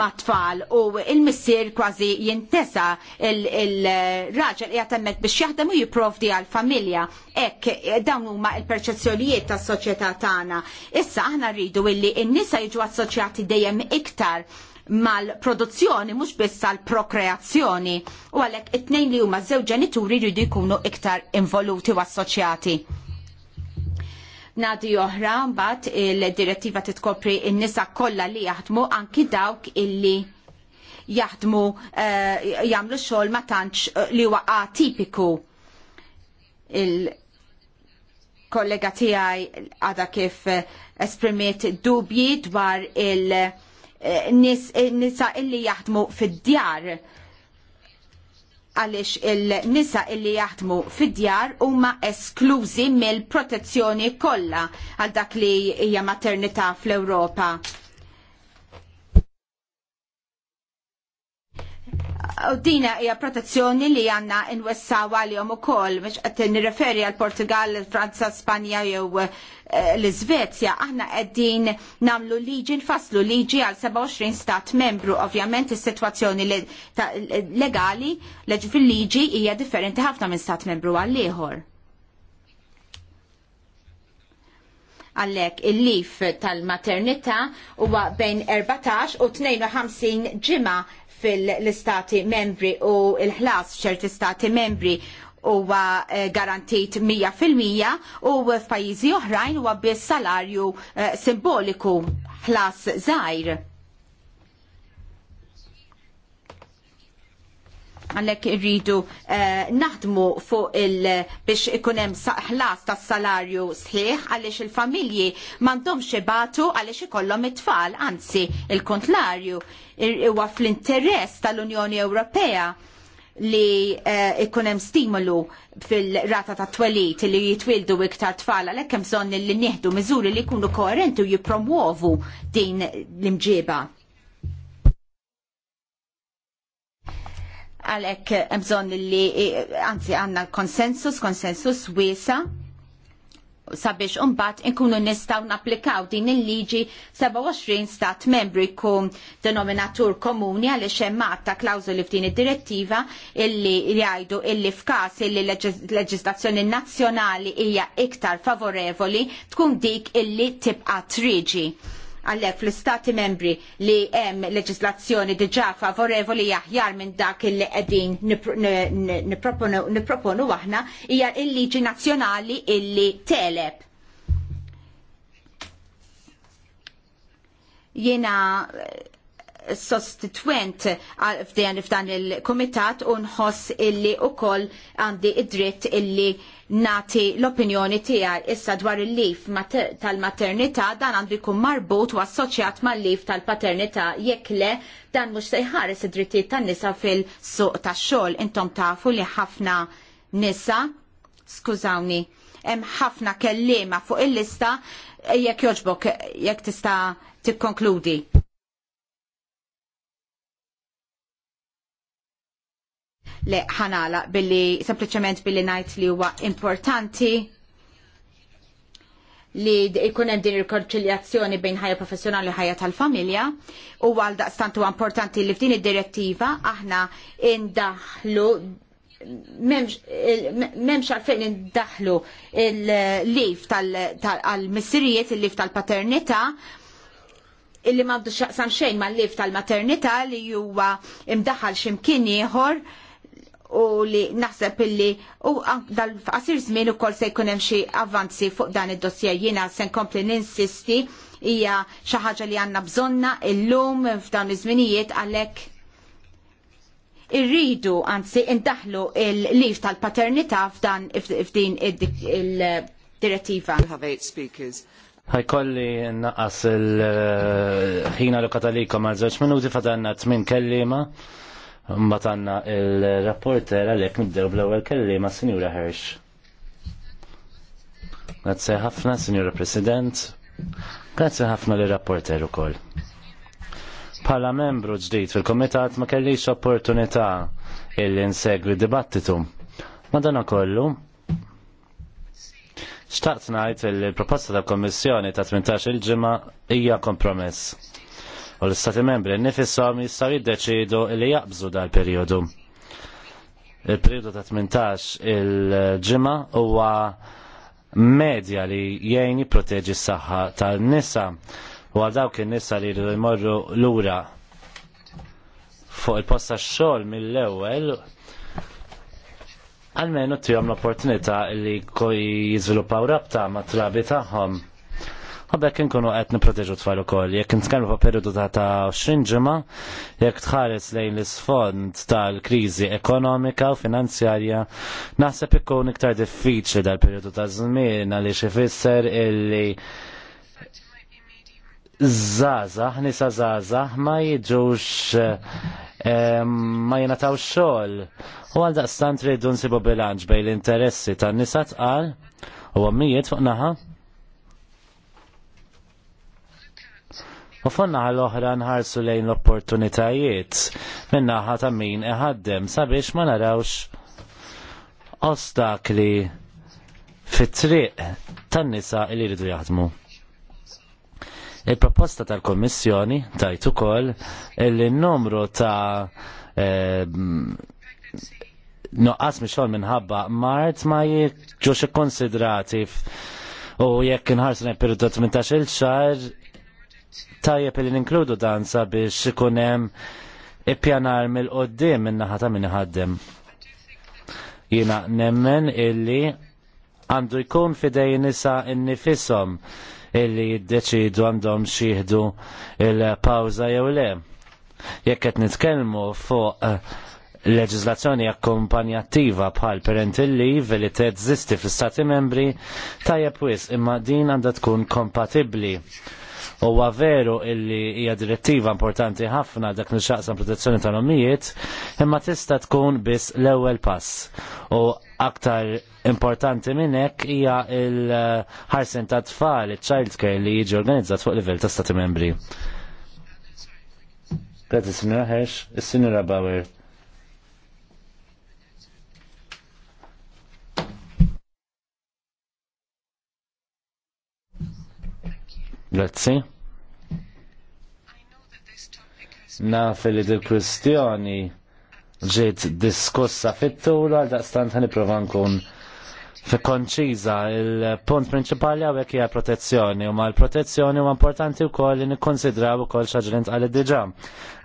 mat-tfal u il-missir kważi jintesa il-raġel il jgħatemmek biex jaħdem u jiprovdi għal-familja. Ek, dawn huma il-perċezzjonijiet tas soċjetà tagħna. Issa aħna rridu illi n-nisa jiġu assoċjati dejjem iktar mal-produzzjoni mhux biss tal-prokreazzjoni u għalhekk it-tnejn li huma żewġ ġenituri jridu jkunu iktar involuti u assoċjati. Nadi oħra mbagħad il-direttiva titkopri n-nisa kollha li jaħdmu anki dawk illi jaħdmu uh, jagħmlu xogħol ma tantx eh, li huwa atipiku kollega tiegħi għada kif eh, esprimiet dubji dwar il-nisa illi jaħdmu fid-djar għaliex il-nisa illi jaħdmu fid-djar huma esklużi mill-protezzjoni kollha għal dak li hija maternità fl-Ewropa dina hija protezzjoni li għanna nwessaw għalihom ukoll biex qed referi għal Portugal, Franza, Spanja jew eh, l-Svezja, aħna qegħdin namlu liġi nfasslu liġi għal 27 stat membru. Ovvjament is-sitwazzjoni legali leġi fil-liġi hija differenti ħafna minn stat membru għal liħor. għallek il-lif tal-maternita huwa bejn 14 u 52 ġimma fil-istati membri u l-ħlas f'ċerti stati membri huwa eh, garantit 100% u f'pajjiżi oħrajn huwa biss salarju eh, simboliku ħlas żgħir għalek irridu eh, naħdmu fuq il biex ikunem ħlas ta' salarju sħiħ għalix il-familji m'għandhomx xebatu għalix ikollom it-tfal, anzi il-kontlarju huwa fl-interess tal-Unjoni Ewropea li eh, ikunem stimolu fil-rata ta' twelit li jitwildu iktar tfal għalek hemm bżonn li nieħdu miżuri li jkunu koerenti u jipromuovu din l-imġiba. għalhekk hemm bżonn li anzi għandna konsensus, konsensus wiesa sabiex unbat inkunu nistaw naplikaw din il-liġi 27 stat membri kum denominatur komuni għal xemmat ta' klawzuli f'din id-direttiva illi jgħidu illi f'kas illi leġislazzjoni nazzjonali hija iktar favorevoli tkun dik illi tibqa' triġi għalhekk fl-istati membri li hemm leġislazzjoni diġà favorevoli aħjar minn dak li qegħdin nipproponu aħna hija l-liġi nazzjonali illi teleb. Jena sostitwent f'dan f'dan il-komitat u nħoss illi wkoll għandi id-dritt illi nati l-opinjoni tiegħi issa dwar il-lif tal-maternità dan għandu jkun marbut u assoċjat mal-lif tal-paternità jekk le dan mhux se jħares id-drittijiet tan-nisa fil-suq tax-xogħol intom tafu li ħafna nisa skużawni hemm ħafna kelliema fuq il-lista jekk jogħġbok jekk tista' tikkonkludi. li ħanala billi sempliċement billi ngħid li huwa importanti li jkun hemm din il-konċiljazzjoni bejn ħajja professjonali u ħajja tal-familja u għal daqstant huwa importanti li f'din id-direttiva aħna indaħlu memx għalfejn indaħlu il-lif tal-missirijiet, il-lif tal-paternita, illi ma għabdu xaqsam xejn ma l-lif tal-maternita li juwa imdaħal ximkien ieħor u li naħseb illi u dal-qasir żmien ukoll se jkun hemm xi avvanzi fuq dan id-dossier jiena se nkompli ninsisti hija xi ħaġa li għandna bżonna illum f'dawn iż-żminijiet għalhekk irridu anzi indaħlu il-lif tal-paternità f'dan f'din il-direttiva. Ħajkolli naqas il-ħina l-katalikom għal żewġ minuti fadanna tmin kellima. Matanna il-rapporter għalek nibdew bl-ewel kelli ma' Sinjura Hirsch. Grazie ħafna, Sinjura President. Grazie ħafna li rapporter u koll. Pala membru ġdijt fil-komitat ma kellix opportunità illi insegwi dibattitu. dana kollu, xtaqt najt il-proposta ta' komissjoni ta' 18 il-ġimma hija kompromess u l-Stati membri nifissom jistaw jiddeċidu li jaqbżu dal-periodu. Il-periodu ta' 18 il-ġimma huwa medja li jgħin jipproteġi s-saħħa tal-nisa u għal dawk in-nisa li jmorru lura fuq il-posta xogħol mill-ewwel għalmenu t-jom l-opportunita li koj jizvilupaw rabta ma trabi taħħom ħabek nkunu qed nipproteġu tfal ukoll. Jekk nitkellmu pa' periodu ta' ta' 20 ġimgħa, jekk tħares lejn l-isfond tal-kriżi ekonomika u finanzjarja, naħseb ikun iktar diffiċli dal-perjodu ta' żmien għaliex ifisser illi Zazax, nisa zazax, ma jidġux eh, ma jenataw xol. U għal daqstant rridu nsibu bilanċ bej l-interessi ta' nisa tqal u għammijiet fuq naħa U fonna l-oħra nħarsu lejn l-opportunitajiet minnaħa ta' min iħaddem sabiex ma narawx ostakli fit-triq tan-nisa li jridu jaħdmu. Il-proposta tal-Kommissjoni tajt ukoll li n-numru ta' eh, noqqas mixol minħabba mart ma jiġux ikkonsidrati u jekk inħarsu periodu 18 il-xar tajjeb li ninkludu dan sabiex ikun hemm ippjanar mill-qoddim min-naħa ta' min iħaddem. Jiena nemmen illi għandu jkun fidej nisa innifisom illi jiddeċidu għandhom xieħdu il-pawza jew le. Jekk qed nitkellmu fuq eh, leġizlazzjoni akkompanjattiva bħal parental leave li teżisti fl istati membri tajjeb wis imma din għandha tkun kompatibbli Huwa veru illi hija direttiva importanti ħafna dak li xaqsam protezzjoni tal nomijiet, imma tista' tkun biss l-ewwel pass. U aktar importanti minn hekk hija l-ħarsen ta' tfal, il-child care li jiġi organizzat fuq livell ta' stati membri. Grazie, signora Hersh. signora Bauer, Grazie. Naf li dil-kwistjoni ġiet diskussa fit tura għal daqstant ħani prova nkun fi konċiża il-punt principali għawek hija protezzjoni u mal protezzjoni huwa importanti wkoll li nikkonsidraw ukoll xaġrint għal diġà.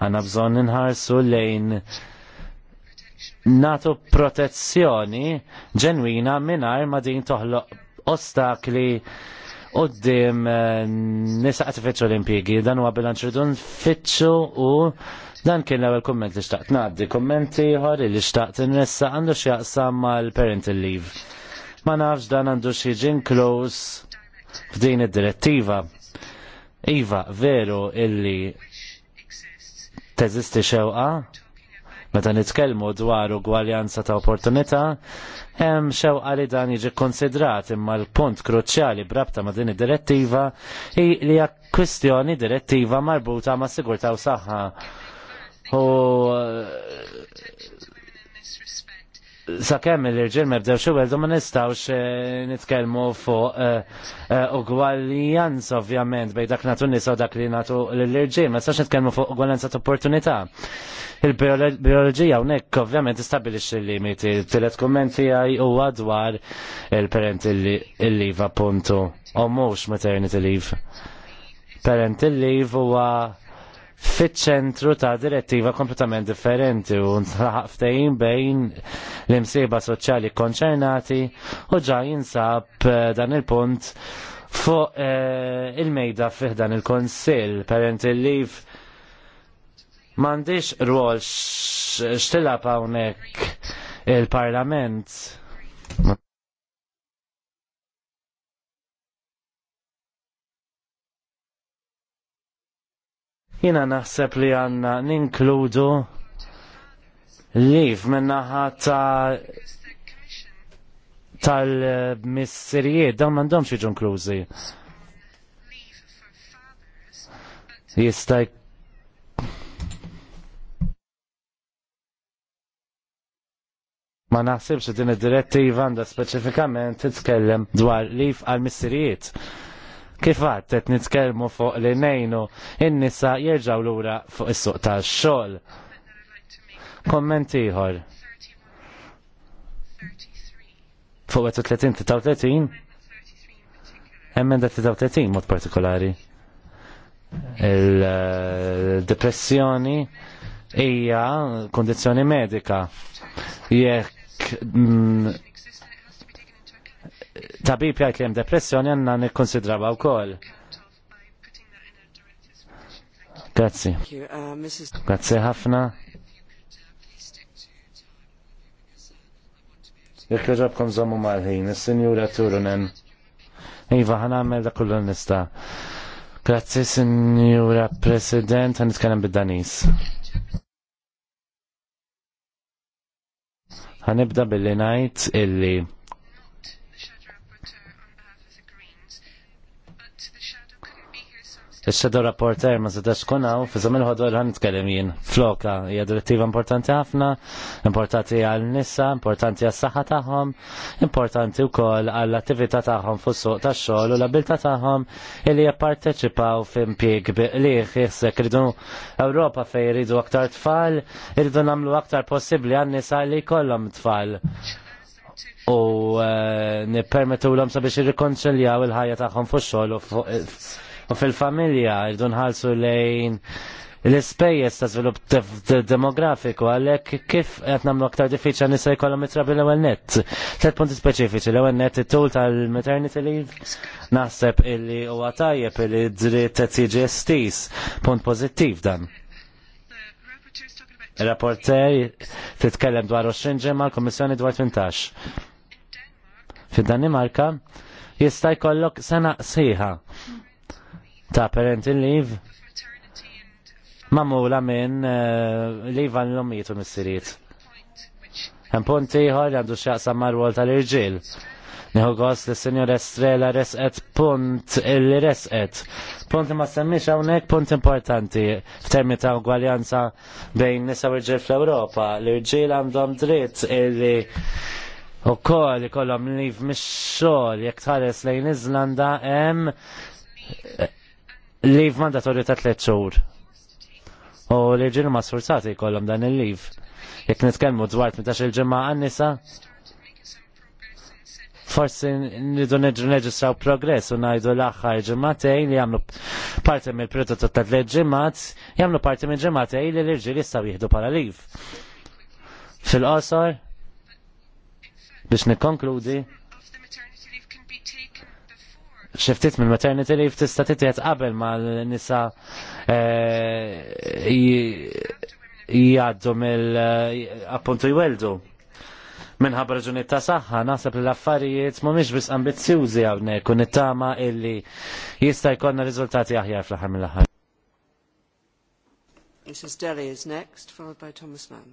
Għandna bżonn inħarsu lejn natu protezzjoni ġenwina mingħajr ma din toħloq ostakli qoddim eh, nisa qed l-impjiegi, dan huwa bilanċ ridu nfittxu u dan kien l-ewwel kumment li xtaqt ngħaddi, Kommenti ieħor li xtaqt nressa għandu x'jaqsam mal-parental leave. Ma nafx dan għandu xieġin inkluż f'din id-direttiva. Iva, veru illi teżisti xewqa, meta nitkellmu dwar ugwaljanza ta' opportunità, Hemm xewqa li dan jiġi konsidrat imma l-punt kruċjali brabta ma' din id-direttiva hi li hija kwistjoni direttiva marbuta ma' sigurtà u saħħa. U sakemm il-irġiel ma bdew xi weldu ma nistgħux eh, nitkellmu fuq eh, eh, ugwaljanza ovvjament bej dak nagħtu nisa dak li nagħtu l-irġiel, ma nistawx nitkellmu fuq ugwaljanza ta' opportunità. Il-bioloġija hawnhekk ovvjament istabilix il limiti Tilet kumment tiegħi huwa dwar il-parent il-liva puntu u mhux maternity leave. Parent il-liv huwa fiċ-ċentru ta' direttiva kompletament differenti u ftehim bejn l imsiba soċjali konċernati u ġa jinsab eh, dan il-punt fuq eh, il-mejda fih dan il-konsil parent il-liv mandiċ rwol xtilab hawnhekk il-parlament. Jina naħseb li għanna ninkludu lif minnaħa ta' tal-missirijiet, dawn mandom xie inklużi. Jistaj ma naħsibx din id-direttiva għandha speċifikament titkellem dwar lif għal missirijiet. Kifat, qed nitkellmu fuq li nejnu in-nisa jerġgħu lura fuq is-suq tax-xogħol. Kumment ieħor. Fuq 30 33 emenda 33 mod partikolari. Il-depressjoni hija kondizzjoni medika. Jekk mm, tabib jgħid li hemm depressjoni għandna nikkonsidrawha wkoll. Grazzi. Uh, Grazzi ħafna. Jekk joġobkom żommu mal-ħin, is-Sinjura Turunen. Iva, ħan għamel da kullu nista. Grazzi, Sinjura President, għan nitkellem bid-Danis. Għan nibda billi najt illi is xedu rapporter ma zidax fi zamil ħodu l-ħan nitkellem jien. Floka, hija direttiva importanti ħafna, importanti għal-nissa, importanti għal-saħħa tagħhom, importanti wkoll għall-attività tagħhom fuq suq tax-xogħol u l-abilità tagħhom illi jipparteċipaw f'impjieg liħ jħissek ridu Ewropa fejn jridu aktar tfal, ridu nagħmlu aktar possibbli għan-nisa li jkollhom tfal u eh, nippermetu l-om sabiex jirrikonċiljaw il-ħajja tagħhom fuq xogħol u fuq u fil-familja irdu ħalsu lejn l-ispejjeż ta' żvilupp demografiku għalhekk kif qed nagħmlu aktar diffiċli nisa jkollhom mitrabi l-ewwel nett. Tliet punti speċifiċi l-ewwel nett it-tul tal-maternity leave naħseb illi huwa tajjeb illi dritt qed jiġi estis. Punt pożittiv dan. Il-rapporter titkellem dwar 20 ġemma l kummissjoni dwar 18. Fid-Danimarka jista' jkollok sena sħiħa ta' parental leave mamula minn uh, eh, leave għal l-ommiet u missiriet. Hemm punti ieħor għandu x'jaqsam mar-rwol tal-irġiel. Nieħu gost li s Estrella resqet punt illi resqet. Punt li ma semmix hawnhekk punt importanti f'termi ta' ugwaljanza bejn nisa u rġiel fl-Ewropa. L-irġiel għandhom dritt illi u koll li liv mix-xogħol jekk tħares lejn Iżlanda hemm liv mandatorju ta' tliet xhur. U li ġinu ma' sforzati jkollhom dan il-liv. Jekk nitkellmu dwar 18 il-ġimgħa għan-nisa, forsi nidu neġistraw progress u najdu l-axħar ġematej li jagħmlu parti mill prototu ta' tlet ġemat, jagħmlu parti mill ġematej li l irġiel jistgħu jieħdu bħala liv. Fil-qosor, biex nikkonkludi xiftit mill maternity leave tista' titqiet qabel ma l-nisa eh, jgħaddu mill eh, appuntu jweldu. Minħabba raġunijiet ta' saħħa, naħseb li l-affarijiet mhumiex biss ambizzjużi hawnhekk u nittama illi jista' jkollna riżultati aħjar fl-aħħar mill-aħħar. Mrs. Delly is next, followed by Thomas Mann.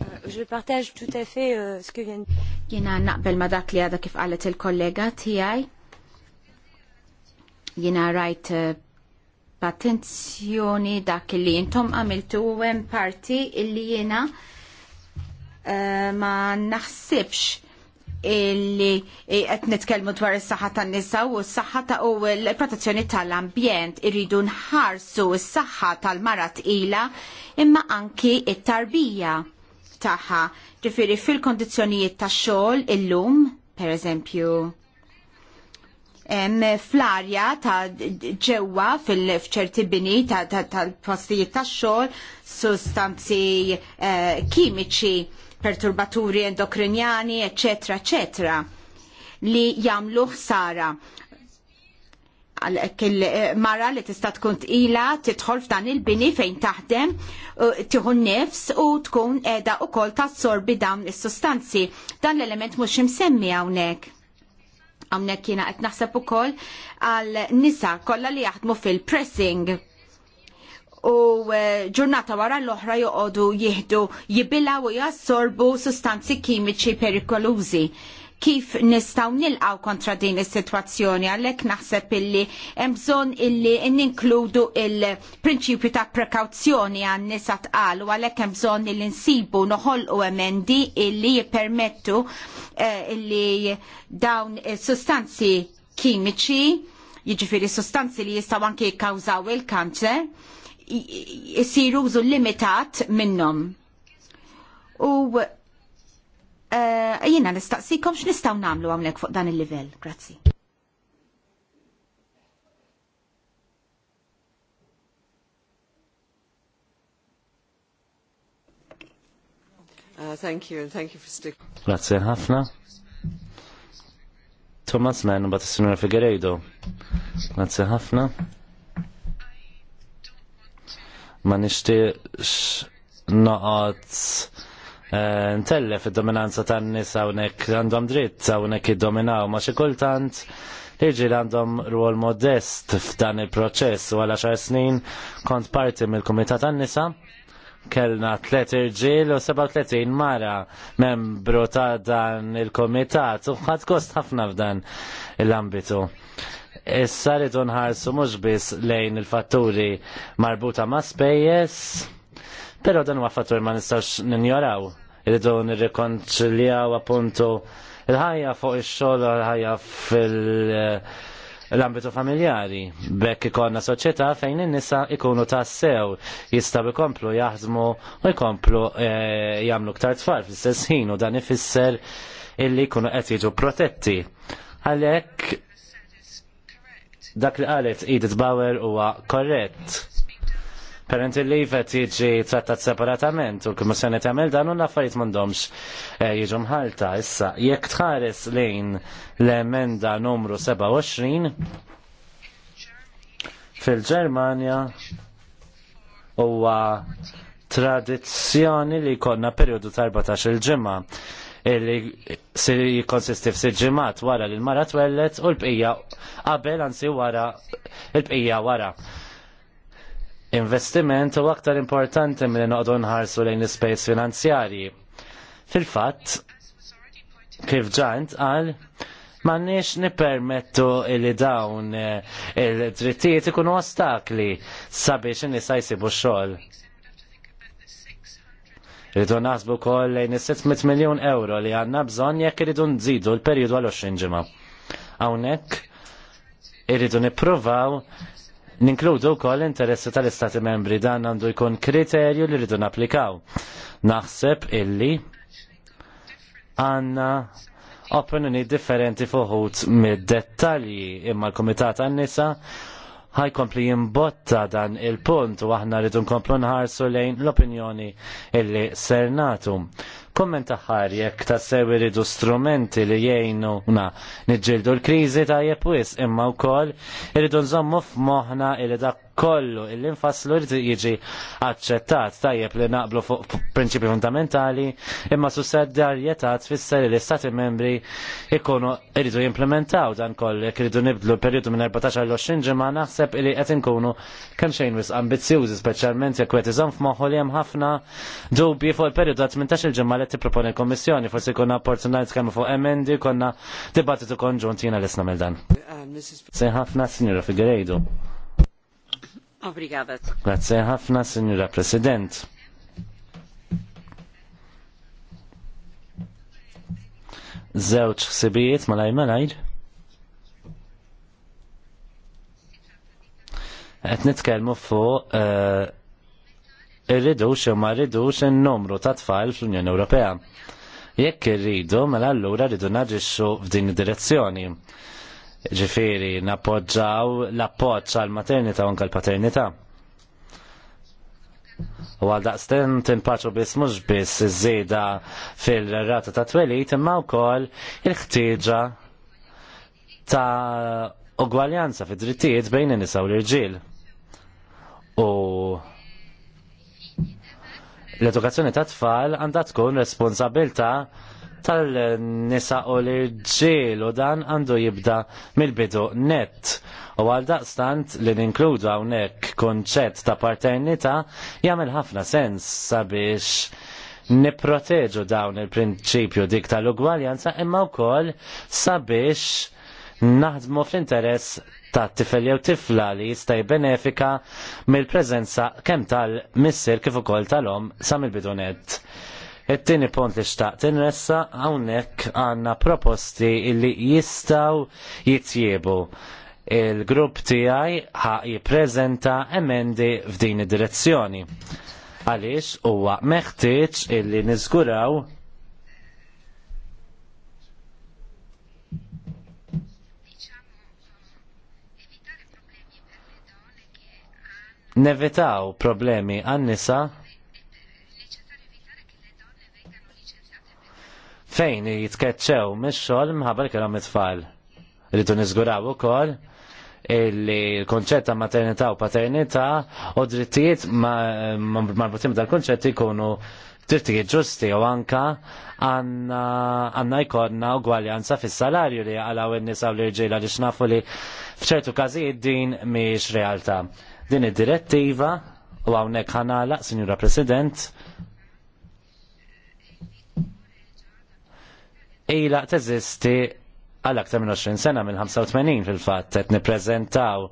Euh, je partage tout à fait euh, ce que vient Jena naqbel ma dak li għada kif qalet il-kollega tiegħi. Jena rajt patenzjoni eh, dak li jintom għamiltu u għem parti illi jena eh, ma naħsibx illi qed nitkellmu dwar is-saħħa tan-nisa u s-saħħa ta' u l-protezzjoni tal-ambjent irridu nħarsu s-saħħa tal-mara tqila imma anki t tarbija tagħha. Ġifieri fil-kondizzjonijiet tax-xogħol illum, pereżempju, fl-arja ta' ġewwa fil-ċerti bini tal-postijiet ta' xogħol sustanzi eh, kimiċi, perturbaturi endokrinjani, eccetera, eccetera li jamlu ħsara Eh, mara li tista' tkun tqila tidħol f'dan il-bini fejn taħdem tieħu nnifs u tkun qiegħda wkoll tassorbi dawn is-sustanzi. Dan l-element mhux imsemmi hawnhekk. Hawnhekk jiena qed naħseb ukoll għal nisa kollha li jaħdmu fil-pressing u eh, ġurnata wara l-oħra joqogħdu jieħdu jibilgħu u jassorbu sustanzi kimiċi perikolużi kif nistgħu nilqgħu kontra din is-sitwazzjoni għalhekk naħseb illi hemm bżonn illi ninkludu il-prinċipju ta' prekawzjoni għan nisa tqal u għalhekk hemm bżonn illi nsibu noħolqu emendi illi jippermettu eh, illi dawn sustanzi kimiċi jiġifieri sustanzi li jistgħu anke jikkawżaw il-kanċer jisiru użu limitat minnhom. U Eh, jina nistaqsikom x'nistgħu nagħmlu hawnhekk fuq dan il-livell. Grazzi. Uh, thank you and thank you for sticking. Grazie ħafna. Thomas Najn about the sinura Figueiredo. Grazie ħafna. Ma nixtieqx noqgħod Eh, ntellef id-dominanza tan nisa hawnhekk għandhom dritt hawnhekk iddominaw ma xi kultant l-irġiel għandhom rwol modest f'dan il-proċess u għal xar snin kont parti mill-Kumitat tan-nisa kellna tliet irġiel u 37 mara membru ta' dan il-komitat u ħadd kost ħafna f'dan l-ambitu. Issa rridu nħarsu mhux biss lejn il-fatturi marbuta ma' spejjeż, però dan huwa fattur ma nistgħux ninjoraw. Irridu nirrikonċiljaw appuntu il-ħajja fuq ix-xogħol il-ħajja fil-ambitu familjari. Bekk ikonna soċieta fejn in-nisa ikunu tassew jistgħu jkomplu jaħdmu u jkomplu e, jagħmlu ktar tfal fl-istess ħin u dan ifisser illi jkunu qed jiġu protetti. Għalhekk dak li qalet Edith Bauer huwa korrett. Perent li jivet jiġi trattat separatament u l-Kummissjoni tagħmel dan u l-affarijiet m'għandhomx eh, jiġu mħalta. Issa, jekk tħares lejn l-emenda numru 27 fil-Ġermanja huwa tradizzjoni li jkollna perjodu ta' 14 il-ġimgħa illi si jikonsisti f'sit ġimgħat wara li l-mara twellet u l-bqija qabel anzi wara l-bqija wara investiment u aktar importanti mill noqdu nħarsu lejn l-ispejs finanzjarji. Fil-fatt, kif ġant għal, Mannix nipermettu li dawn eh, il-drittijiet ikunu ostakli sabiex nisa jsibu xogħol. Rridu naħsbu kol lejn 600 miljon euro li għanna bżon jekk irridu nżidu l-periodu għal 20 ġimgħa. Hawnhekk irridu nippruvaw Ninkludu wkoll interessi tal-Istati membri dan għandu jkun kriterju li rridu napplikaw. Naħseb illi għanna opinjoni differenti fuħut mid-dettalji imma l-Komitat għannisa nisa ħajkompli jimbotta dan il-punt u aħna rridu nkomplu nħarsu lejn l-opinjoni illi ser nagħtu. Komment aħħar jekk ta' sew iridu strumenti li jgħinuna nġildu l-kriżi tajjeb wisq imma wkoll iridu nżommu f'moħħna li dak kollu il-infaslu li jiġi aċċettat tajjeb li naqblu fuq prinċipi fundamentali imma sussedjarjetà tfisser li l-istati membri ikunu iridu jimplementaw dan kollu jekk iridu nibdlu periodu minn 14 l 20 ġimgħa naħseb li qed inkunu kemm xejn wisq ambizzjużi speċjalment jekk qed iżomm f'moħħu li hemm ħafna dubji fuq il-perjodu ta' 18 il-ġimgħa li tipproponi l-Kommissjoni forsi kuna opportunajt kemmu fuq emendi konna dibattitu konġunt jiena l-isna dan. Uh, Sejħafna, Signora Figueiredo. Obrigada. Grazie ħafna, Signora President. Zewċ sibijiet lajma malajr. Għet nitkelmu fuq irridu eh, irridux ma rridux in numru ta' tfal fl-Unjoni Ewropea. Jekk irridu, mela allura rridu naġixxu f'din id-direzzjoni ġifiri nappoġġaw l-appoġġ għal maternita u anke l-paternità. U għal daqsten tinpaċu biss mhux biss iż-żieda fil-rata ta' twelit imma wkoll il-ħtieġa ta' ugwaljanza fi drittijiet bejn in-nisa u l-irġiel. U l-edukazzjoni ta' tfal għandha tkun responsabilta' tal-nisa u l-irġiel u dan għandu jibda mill-bidu net. U għal daqstant li ninkludu hawnhekk konċett ta' paternità jagħmel ħafna sens sabiex nipproteġu dawn il-prinċipju dik tal-ugwaljanza imma wkoll sabiex naħdmu fl-interess ta' tifel jew tifla li jista' jibbenefika mill-preżenza kemm tal-missier kif ukoll tal-om sa mill-bidunet. Il-tini punt li xtaqt ressa hawnhekk għandna proposti li jistgħu jitjiebu. Il-grupp tiegħi ħaq jippreżenta emendi f'din id-direzzjoni. Għaliex huwa meħtieġ illi niżguraw nevitaw problemi għan-nisa fejn jitkeċċew mix-xogħol mħabbar kellhom it-tfal. Ridu niżguraw ukoll li l-konċett ta' maternità u paternità u drittijiet marbutin dal-konċett ikunu drittijiet ġusti u anka għanna jkollna ugwaljanza fis-salarju li għalaw in-nisa u l irġila li xnafu li f'ċertu każijiet din miex realtà. Din id-direttiva u hawnhekk ħanala, Sinjura President, ila teżisti għal aktar minn 20 sena minn 85 fil-fatt qed nippreżentaw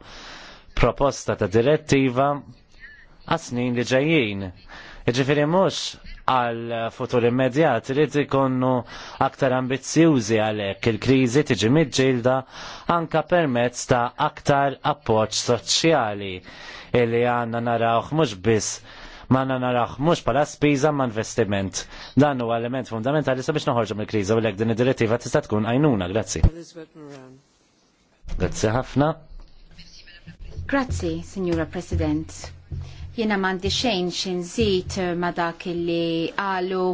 proposta ta' direttiva għas-snin li ġejjin. Jiġifieri mhux għal futur immedjat irid ikunnu aktar ambizzjużi għalhekk il-kriżi tiġi miġġilda anka permezz ta' aktar appoġġ soċjali illi għandna narawh mhux biss ma naraħ mhux bħala spiza ma' investiment. Dan huwa element fundamentali sabiex noħorġu mill-kriża u l din id-direttiva tista' tkun għajnuna, grazzi. Grazzi ħafna. Grazzi, Signora President. Jena mandi xejn xin zit eh, ma dak li għalu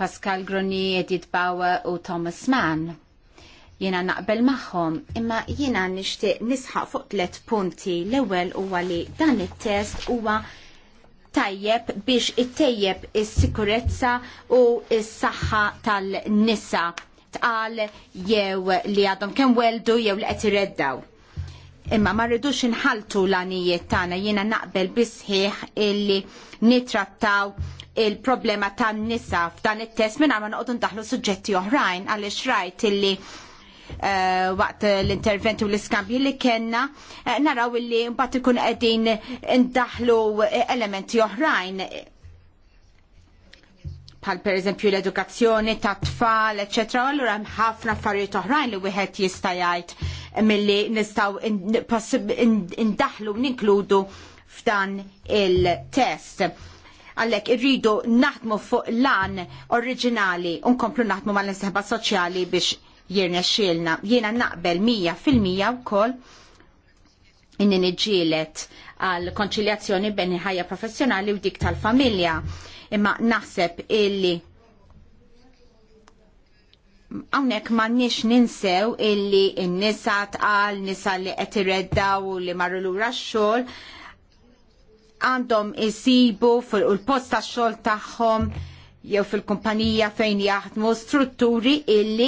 Pascal Groni, Edith Bauer u Thomas Mann. Jena naqbel maħħom, imma jena nishtiq nisħaq fuq tlet punti. L-ewel huwa li dan it-test huwa tajjeb biex ittejjeb is-sikurezza u s-saħħa tan-nisa tqal jew li għadhom kemm weldu jew li qed ireddaw. Imma ma rridux inħaltu l-għanijiet tagħna jiena naqbel bisħiħ illi nitrattaw il-problema tan-nisa f'dan it-test minn ma noqogħdu ndaħlu suġġetti oħrajn għaliex rajt illi Eh, waqt l-intervent u l-iskambju li kena uh, eh, naraw li mbagħad ikun qegħdin ndaħlu eh, elementi oħrajn pal per eżempju l-edukazzjoni ta' tfal, ecc. Allura hemm ħafna affarijiet oħrajn li wieħed jista' jgħid milli nistgħu indaħlu ninkludu f'dan il-test. Għallek irridu naħdmu fuq lan oriġinali u nkomplu naħdmu mal insħeba soċjali biex jirna xilna. Jiena naqbel 100% wkoll inni niġġielet għal konċiljazzjoni bejn ħajja professjonali u dik tal-familja. Imma naħseb illi għawnek nix ninsew illi n-nisa tqal, nisa li qed irreddaw u li marru lura x-xogħol għandhom isibu fuq il-post tax-xogħol tagħhom jew fil-kumpanija fejn jaħdmu strutturi illi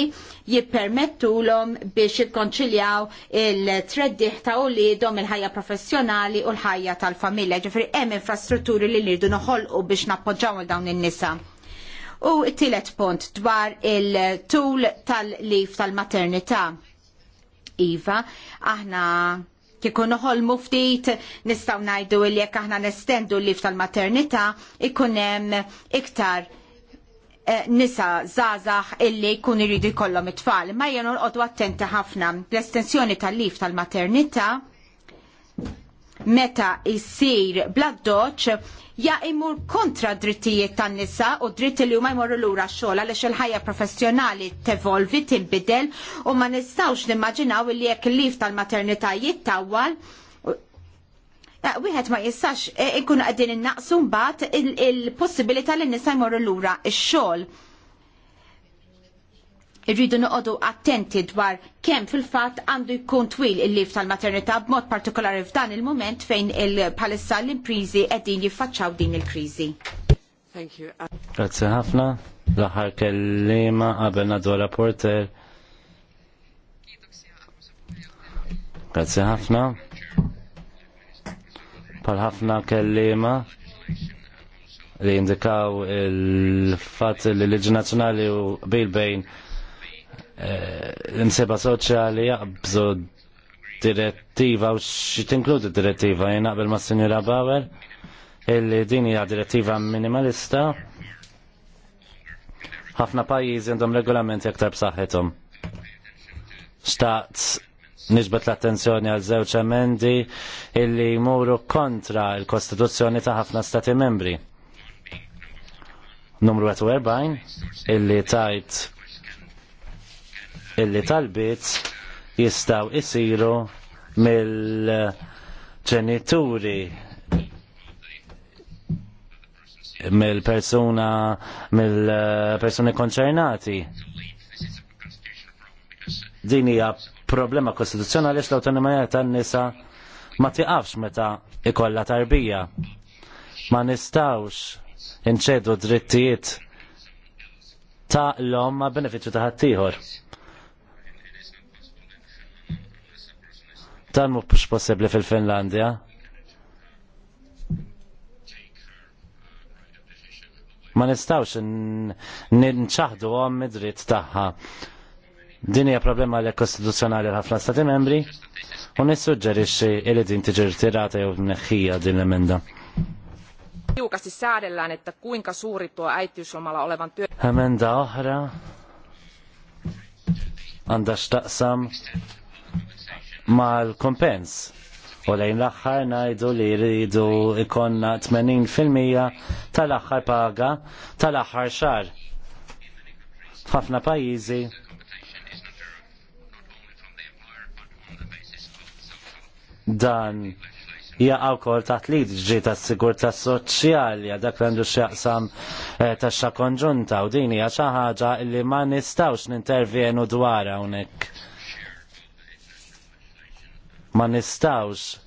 jippermettulhom biex jikkonċiljaw il treddiħ ta' dom il-ħajja professjonali u l-ħajja tal-familja. Ġifri hemm infrastrutturi li rridu noħolqu biex nappoġġaw dawn in-nisa. U t-tielet punt dwar il-tul tal-lif tal-maternità. Iva, aħna kikun uħol muftit nistaw najdu li jekk aħna nestendu l-lif tal-maternità ikun hemm iktar Eh, nisa zazax illi kun iridu jkollhom it-tfal. Ma jenu l attenti ħafna l-estensjoni tal-lif tal-maternità meta jsir bladdoċ ja imur kontra drittijiet tan-nisa u dritt li huma jmorru lura xogħol għaliex il-ħajja professjonali tevolvi tinbidel u ma nistgħux nimmaġinaw li jekk il-lif tal-maternità jittawwal Ah, wieħed ma jistax eh, inkunu qegħdin innaqsu mbagħad il-possibilità li nisa jmorru lura x-xogħol. Irridu noqogħdu attenti dwar kemm fil-fatt għandu jkun twil il-lif tal-maternità b'mod partikolari f'dan il-mument fejn il-palissa l-imprizi qegħdin jiffaċċaw din il-kriżi. Grazie ħafna. L-aħħar kellima qabel nadu rapporter. Grazie ħafna pal ħafna kellima li indikaw il-fat li l-Liġi Nazzjonali u bil bejn eh, l-imseba soċjali jaqbżu direttiva u tinkludi direttiva jenaqbel ma' Sinjura Bauer illi din hija direttiva minimalista ħafna pajjiżi għandhom regolamenti aktar b'saħħithom. Staqt nisbet l-attenzjoni għal żewġ emendi illi jmuru kontra l-Kostituzzjoni ta' ħafna Stati membri. Numru 40 illi tajt illi talbit jistaw isiru mill-ġenituri mill-persuna mill-persuni konċernati. Din hija problema kostituzzjonali l-autonomija tan-nisa ma tiqafx meta ikolla tarbija. Ma nistawx inċedu drittijiet ta' l-om ma' benefitu ta' ħaddieħor. mu mhux possibbli fil-Finlandja. Ma nistawx ninċaħdu għom id-dritt tagħha. Din hija problema l kostituzzjonali ħafna stati membri u nissuġġerixxi li din tiġi tirata jew neħħija din l-emenda. Tiukasti säädellään, että kuinka suuri tuo äitiyslomalla olevan työ... Emenda oħra għandha x'taqsam mal-kompens. U lejn l-axħar najdu li jridu ikonna 80% tal-axħar paga tal-axħar xar. F'ħafna pajjiżi dan jaqaw kol taħt ġi ta' sigurta soċjali għadak għandu xjaqsam eh, ta' xa konġunta u dini għaxa ħaġa li ma nistawx nintervjenu dwar għonek. Ma nistawx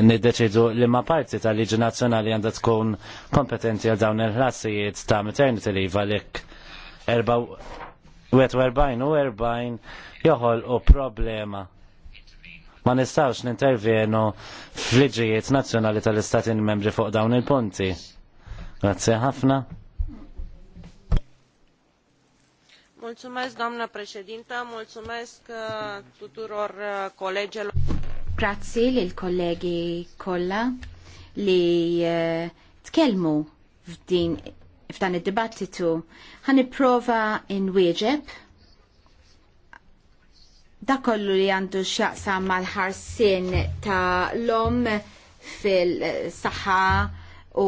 niddeċidu li ma parti ta' liġi nazjonali għandha tkun kompetenti għal dawn il-ħlasijiet ta' maternity leave għalik Erba' u 40 joħol u problema Ma nistawx nintervjenu fl-liġijiet nazjonali tal-istati membri fuq dawn il-punti. Grazie ħafna. Mulțumesc, doamna președintă, mulțumesc uh, tuturor uh, colegilor. Grazie lil kollegi kolla li uh, tkellmu f'dan id-dibattitu. prova in wieġeb Da kollu li għandu x'jaqsam mal-ħarsin ta' l-om fil-saħħa u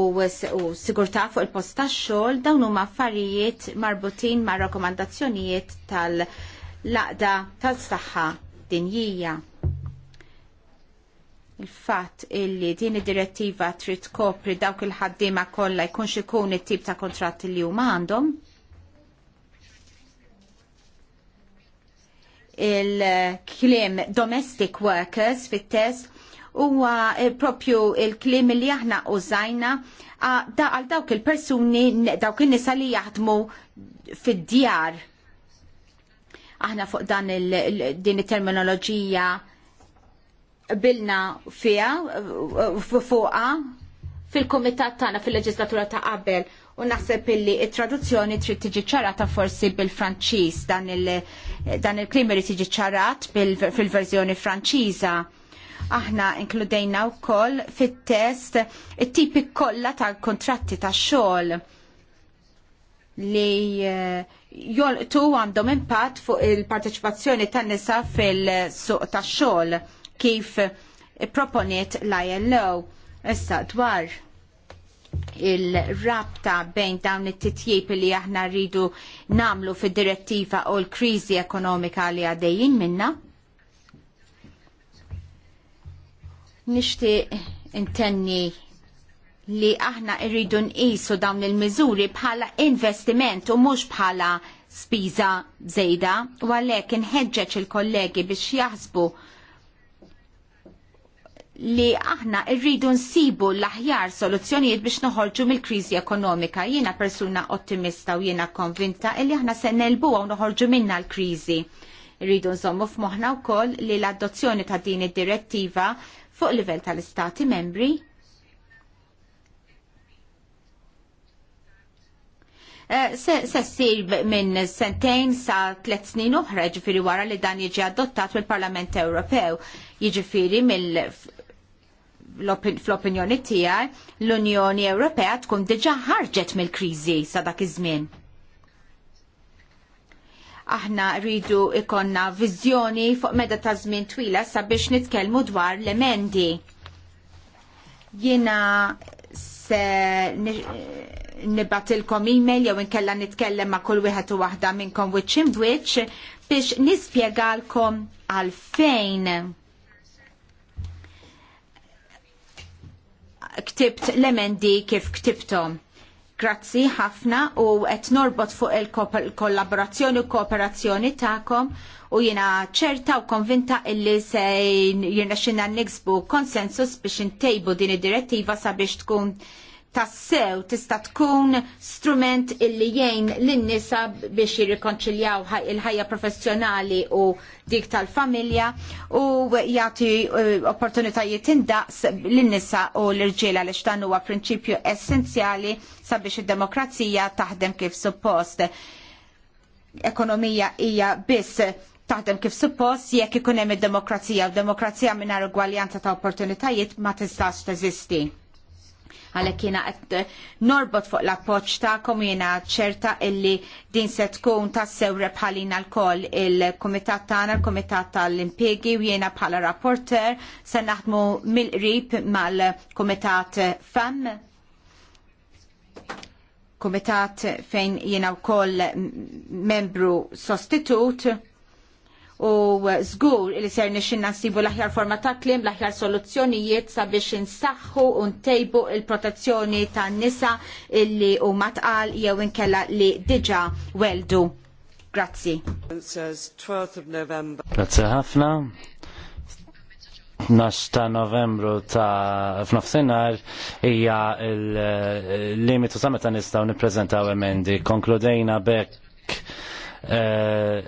sigurtà fuq il-post tax-xogħol dawn huma affarijiet marbutin ma' rakkomandazzjonijiet tal-laqda tal-saħħa dinjija. Il-fatt illi din id-direttiva trid tkopri dawk il-ħaddiema kollha jkunx ikun it-tip ta' kontratt li huma għandhom il-klim domestic workers fit-test huwa eh, propju il-klim li aħna użajna għal dawk il-persuni, dawk il-nisa li jaħdmu fid-djar. Aħna fuq dan din il-terminoloġija bilna fija, eh, fuqa, fil-komitat tagħna fil-leġislatura ta' qabel u naħseb illi t traduzzjoni trid tiġi ċarata forsi bil-Franċiż dan il-klim irid tiġi ċarat fil-verżjoni Franċiża. Aħna inkludejna wkoll fit-test it-tipi kollha tal-kontratti tax-xogħol li eh, jolqtu għandhom impatt fuq il-parteċipazzjoni tan-nisa fil-suq tax-xogħol kif proponiet l-ILO. Issa dwar il-rabta bejn dawn it-titjib li aħna rridu namlu fid-direttiva u l-kriżi ekonomika li għaddejjin minna. Nixtieq intenni li aħna rridu nqisu dawn il-miżuri bħala investiment u mhux bħala spiża żejda u għalhekk inħeġġeġ il-kollegi biex jaħsbu li aħna rridu nsibu l-aħjar soluzzjonijiet biex noħorġu mill-kriżi ekonomika. Jiena persuna ottimista u jiena konvinta li aħna se nelbuha u noħorġu minna l-kriżi. Irridu nżommu f'moħħna wkoll li l-adozzjoni ta' din id-direttiva fuq livell tal-istati membri eh, se ssir minn sentejn sa tlet snin uħra ġifiri wara li dan jiġi adottat mill-Parlament Ewropew. Jiġifiri mill fl-opinjoni tiegħi l-Unjoni Ewropea tkun diġà ħarġet mill-kriżi sa dak iż-żmien. Aħna rridu ikonna viżjoni fuq meda ta' żmien twila sabiex nitkellmu dwar l-emendi. Jiena se nibatilkom e-mail jew inkella nitkellem ma' kull wieħed u waħda minnkom wiċċ imwiċċ biex nispjegalkom għalfejn ktibt l-emendi kif ktibtom. Grazzi ħafna u qed norbot fuq il-kollaborazzjoni u kooperazzjoni tagħkom u jiena ċerta u konvinta illi se jirna xinna niksbu konsensus biex intejbu din id-direttiva sabiex tkun tassew tista' tkun strument illi jgħin lin-nisa biex jirrikonċiljaw il-ħajja professjonali u dik tal-familja u jagħti eh, opportunitajiet indaqs lin-nisa u l-irġiela li x'dan huwa prinċipju essenzjali sabiex id-demokrazija taħdem kif suppost. Ekonomija hija biss taħdem kif suppost jekk ikun hemm id-demokrazija u demokrazija mingħajr ugwaljanza ta' opportunitajiet ma tistax teżisti għalhekk kiena norbot fuq l-appoġġ ta' jiena ċerta illi din se tkun tassew rebħalina l-koll il-kumitat tagħna, l-kumitat tal-impjegi u jena bħala rapporter se naħdmu mill-qrib mal-kumitat fem Komitat fejn jiena wkoll membru sostitut u żgur li ser nixin nasibu l-aħjar forma ta' klim, l-aħjar soluzzjonijiet sabiex insaħħu u ntejbu l protezzjoni tan nisa illi u matqal jew inkella li diġa weldu. Grazzi. Grazzi ħafna. 12 ta' novembru ta' f'nofsinhar hija l-limitu sa meta nistgħu nippreżentaw emendi. Konkludejna bekk Eh,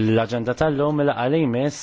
l-agenda tal-lum il għalimis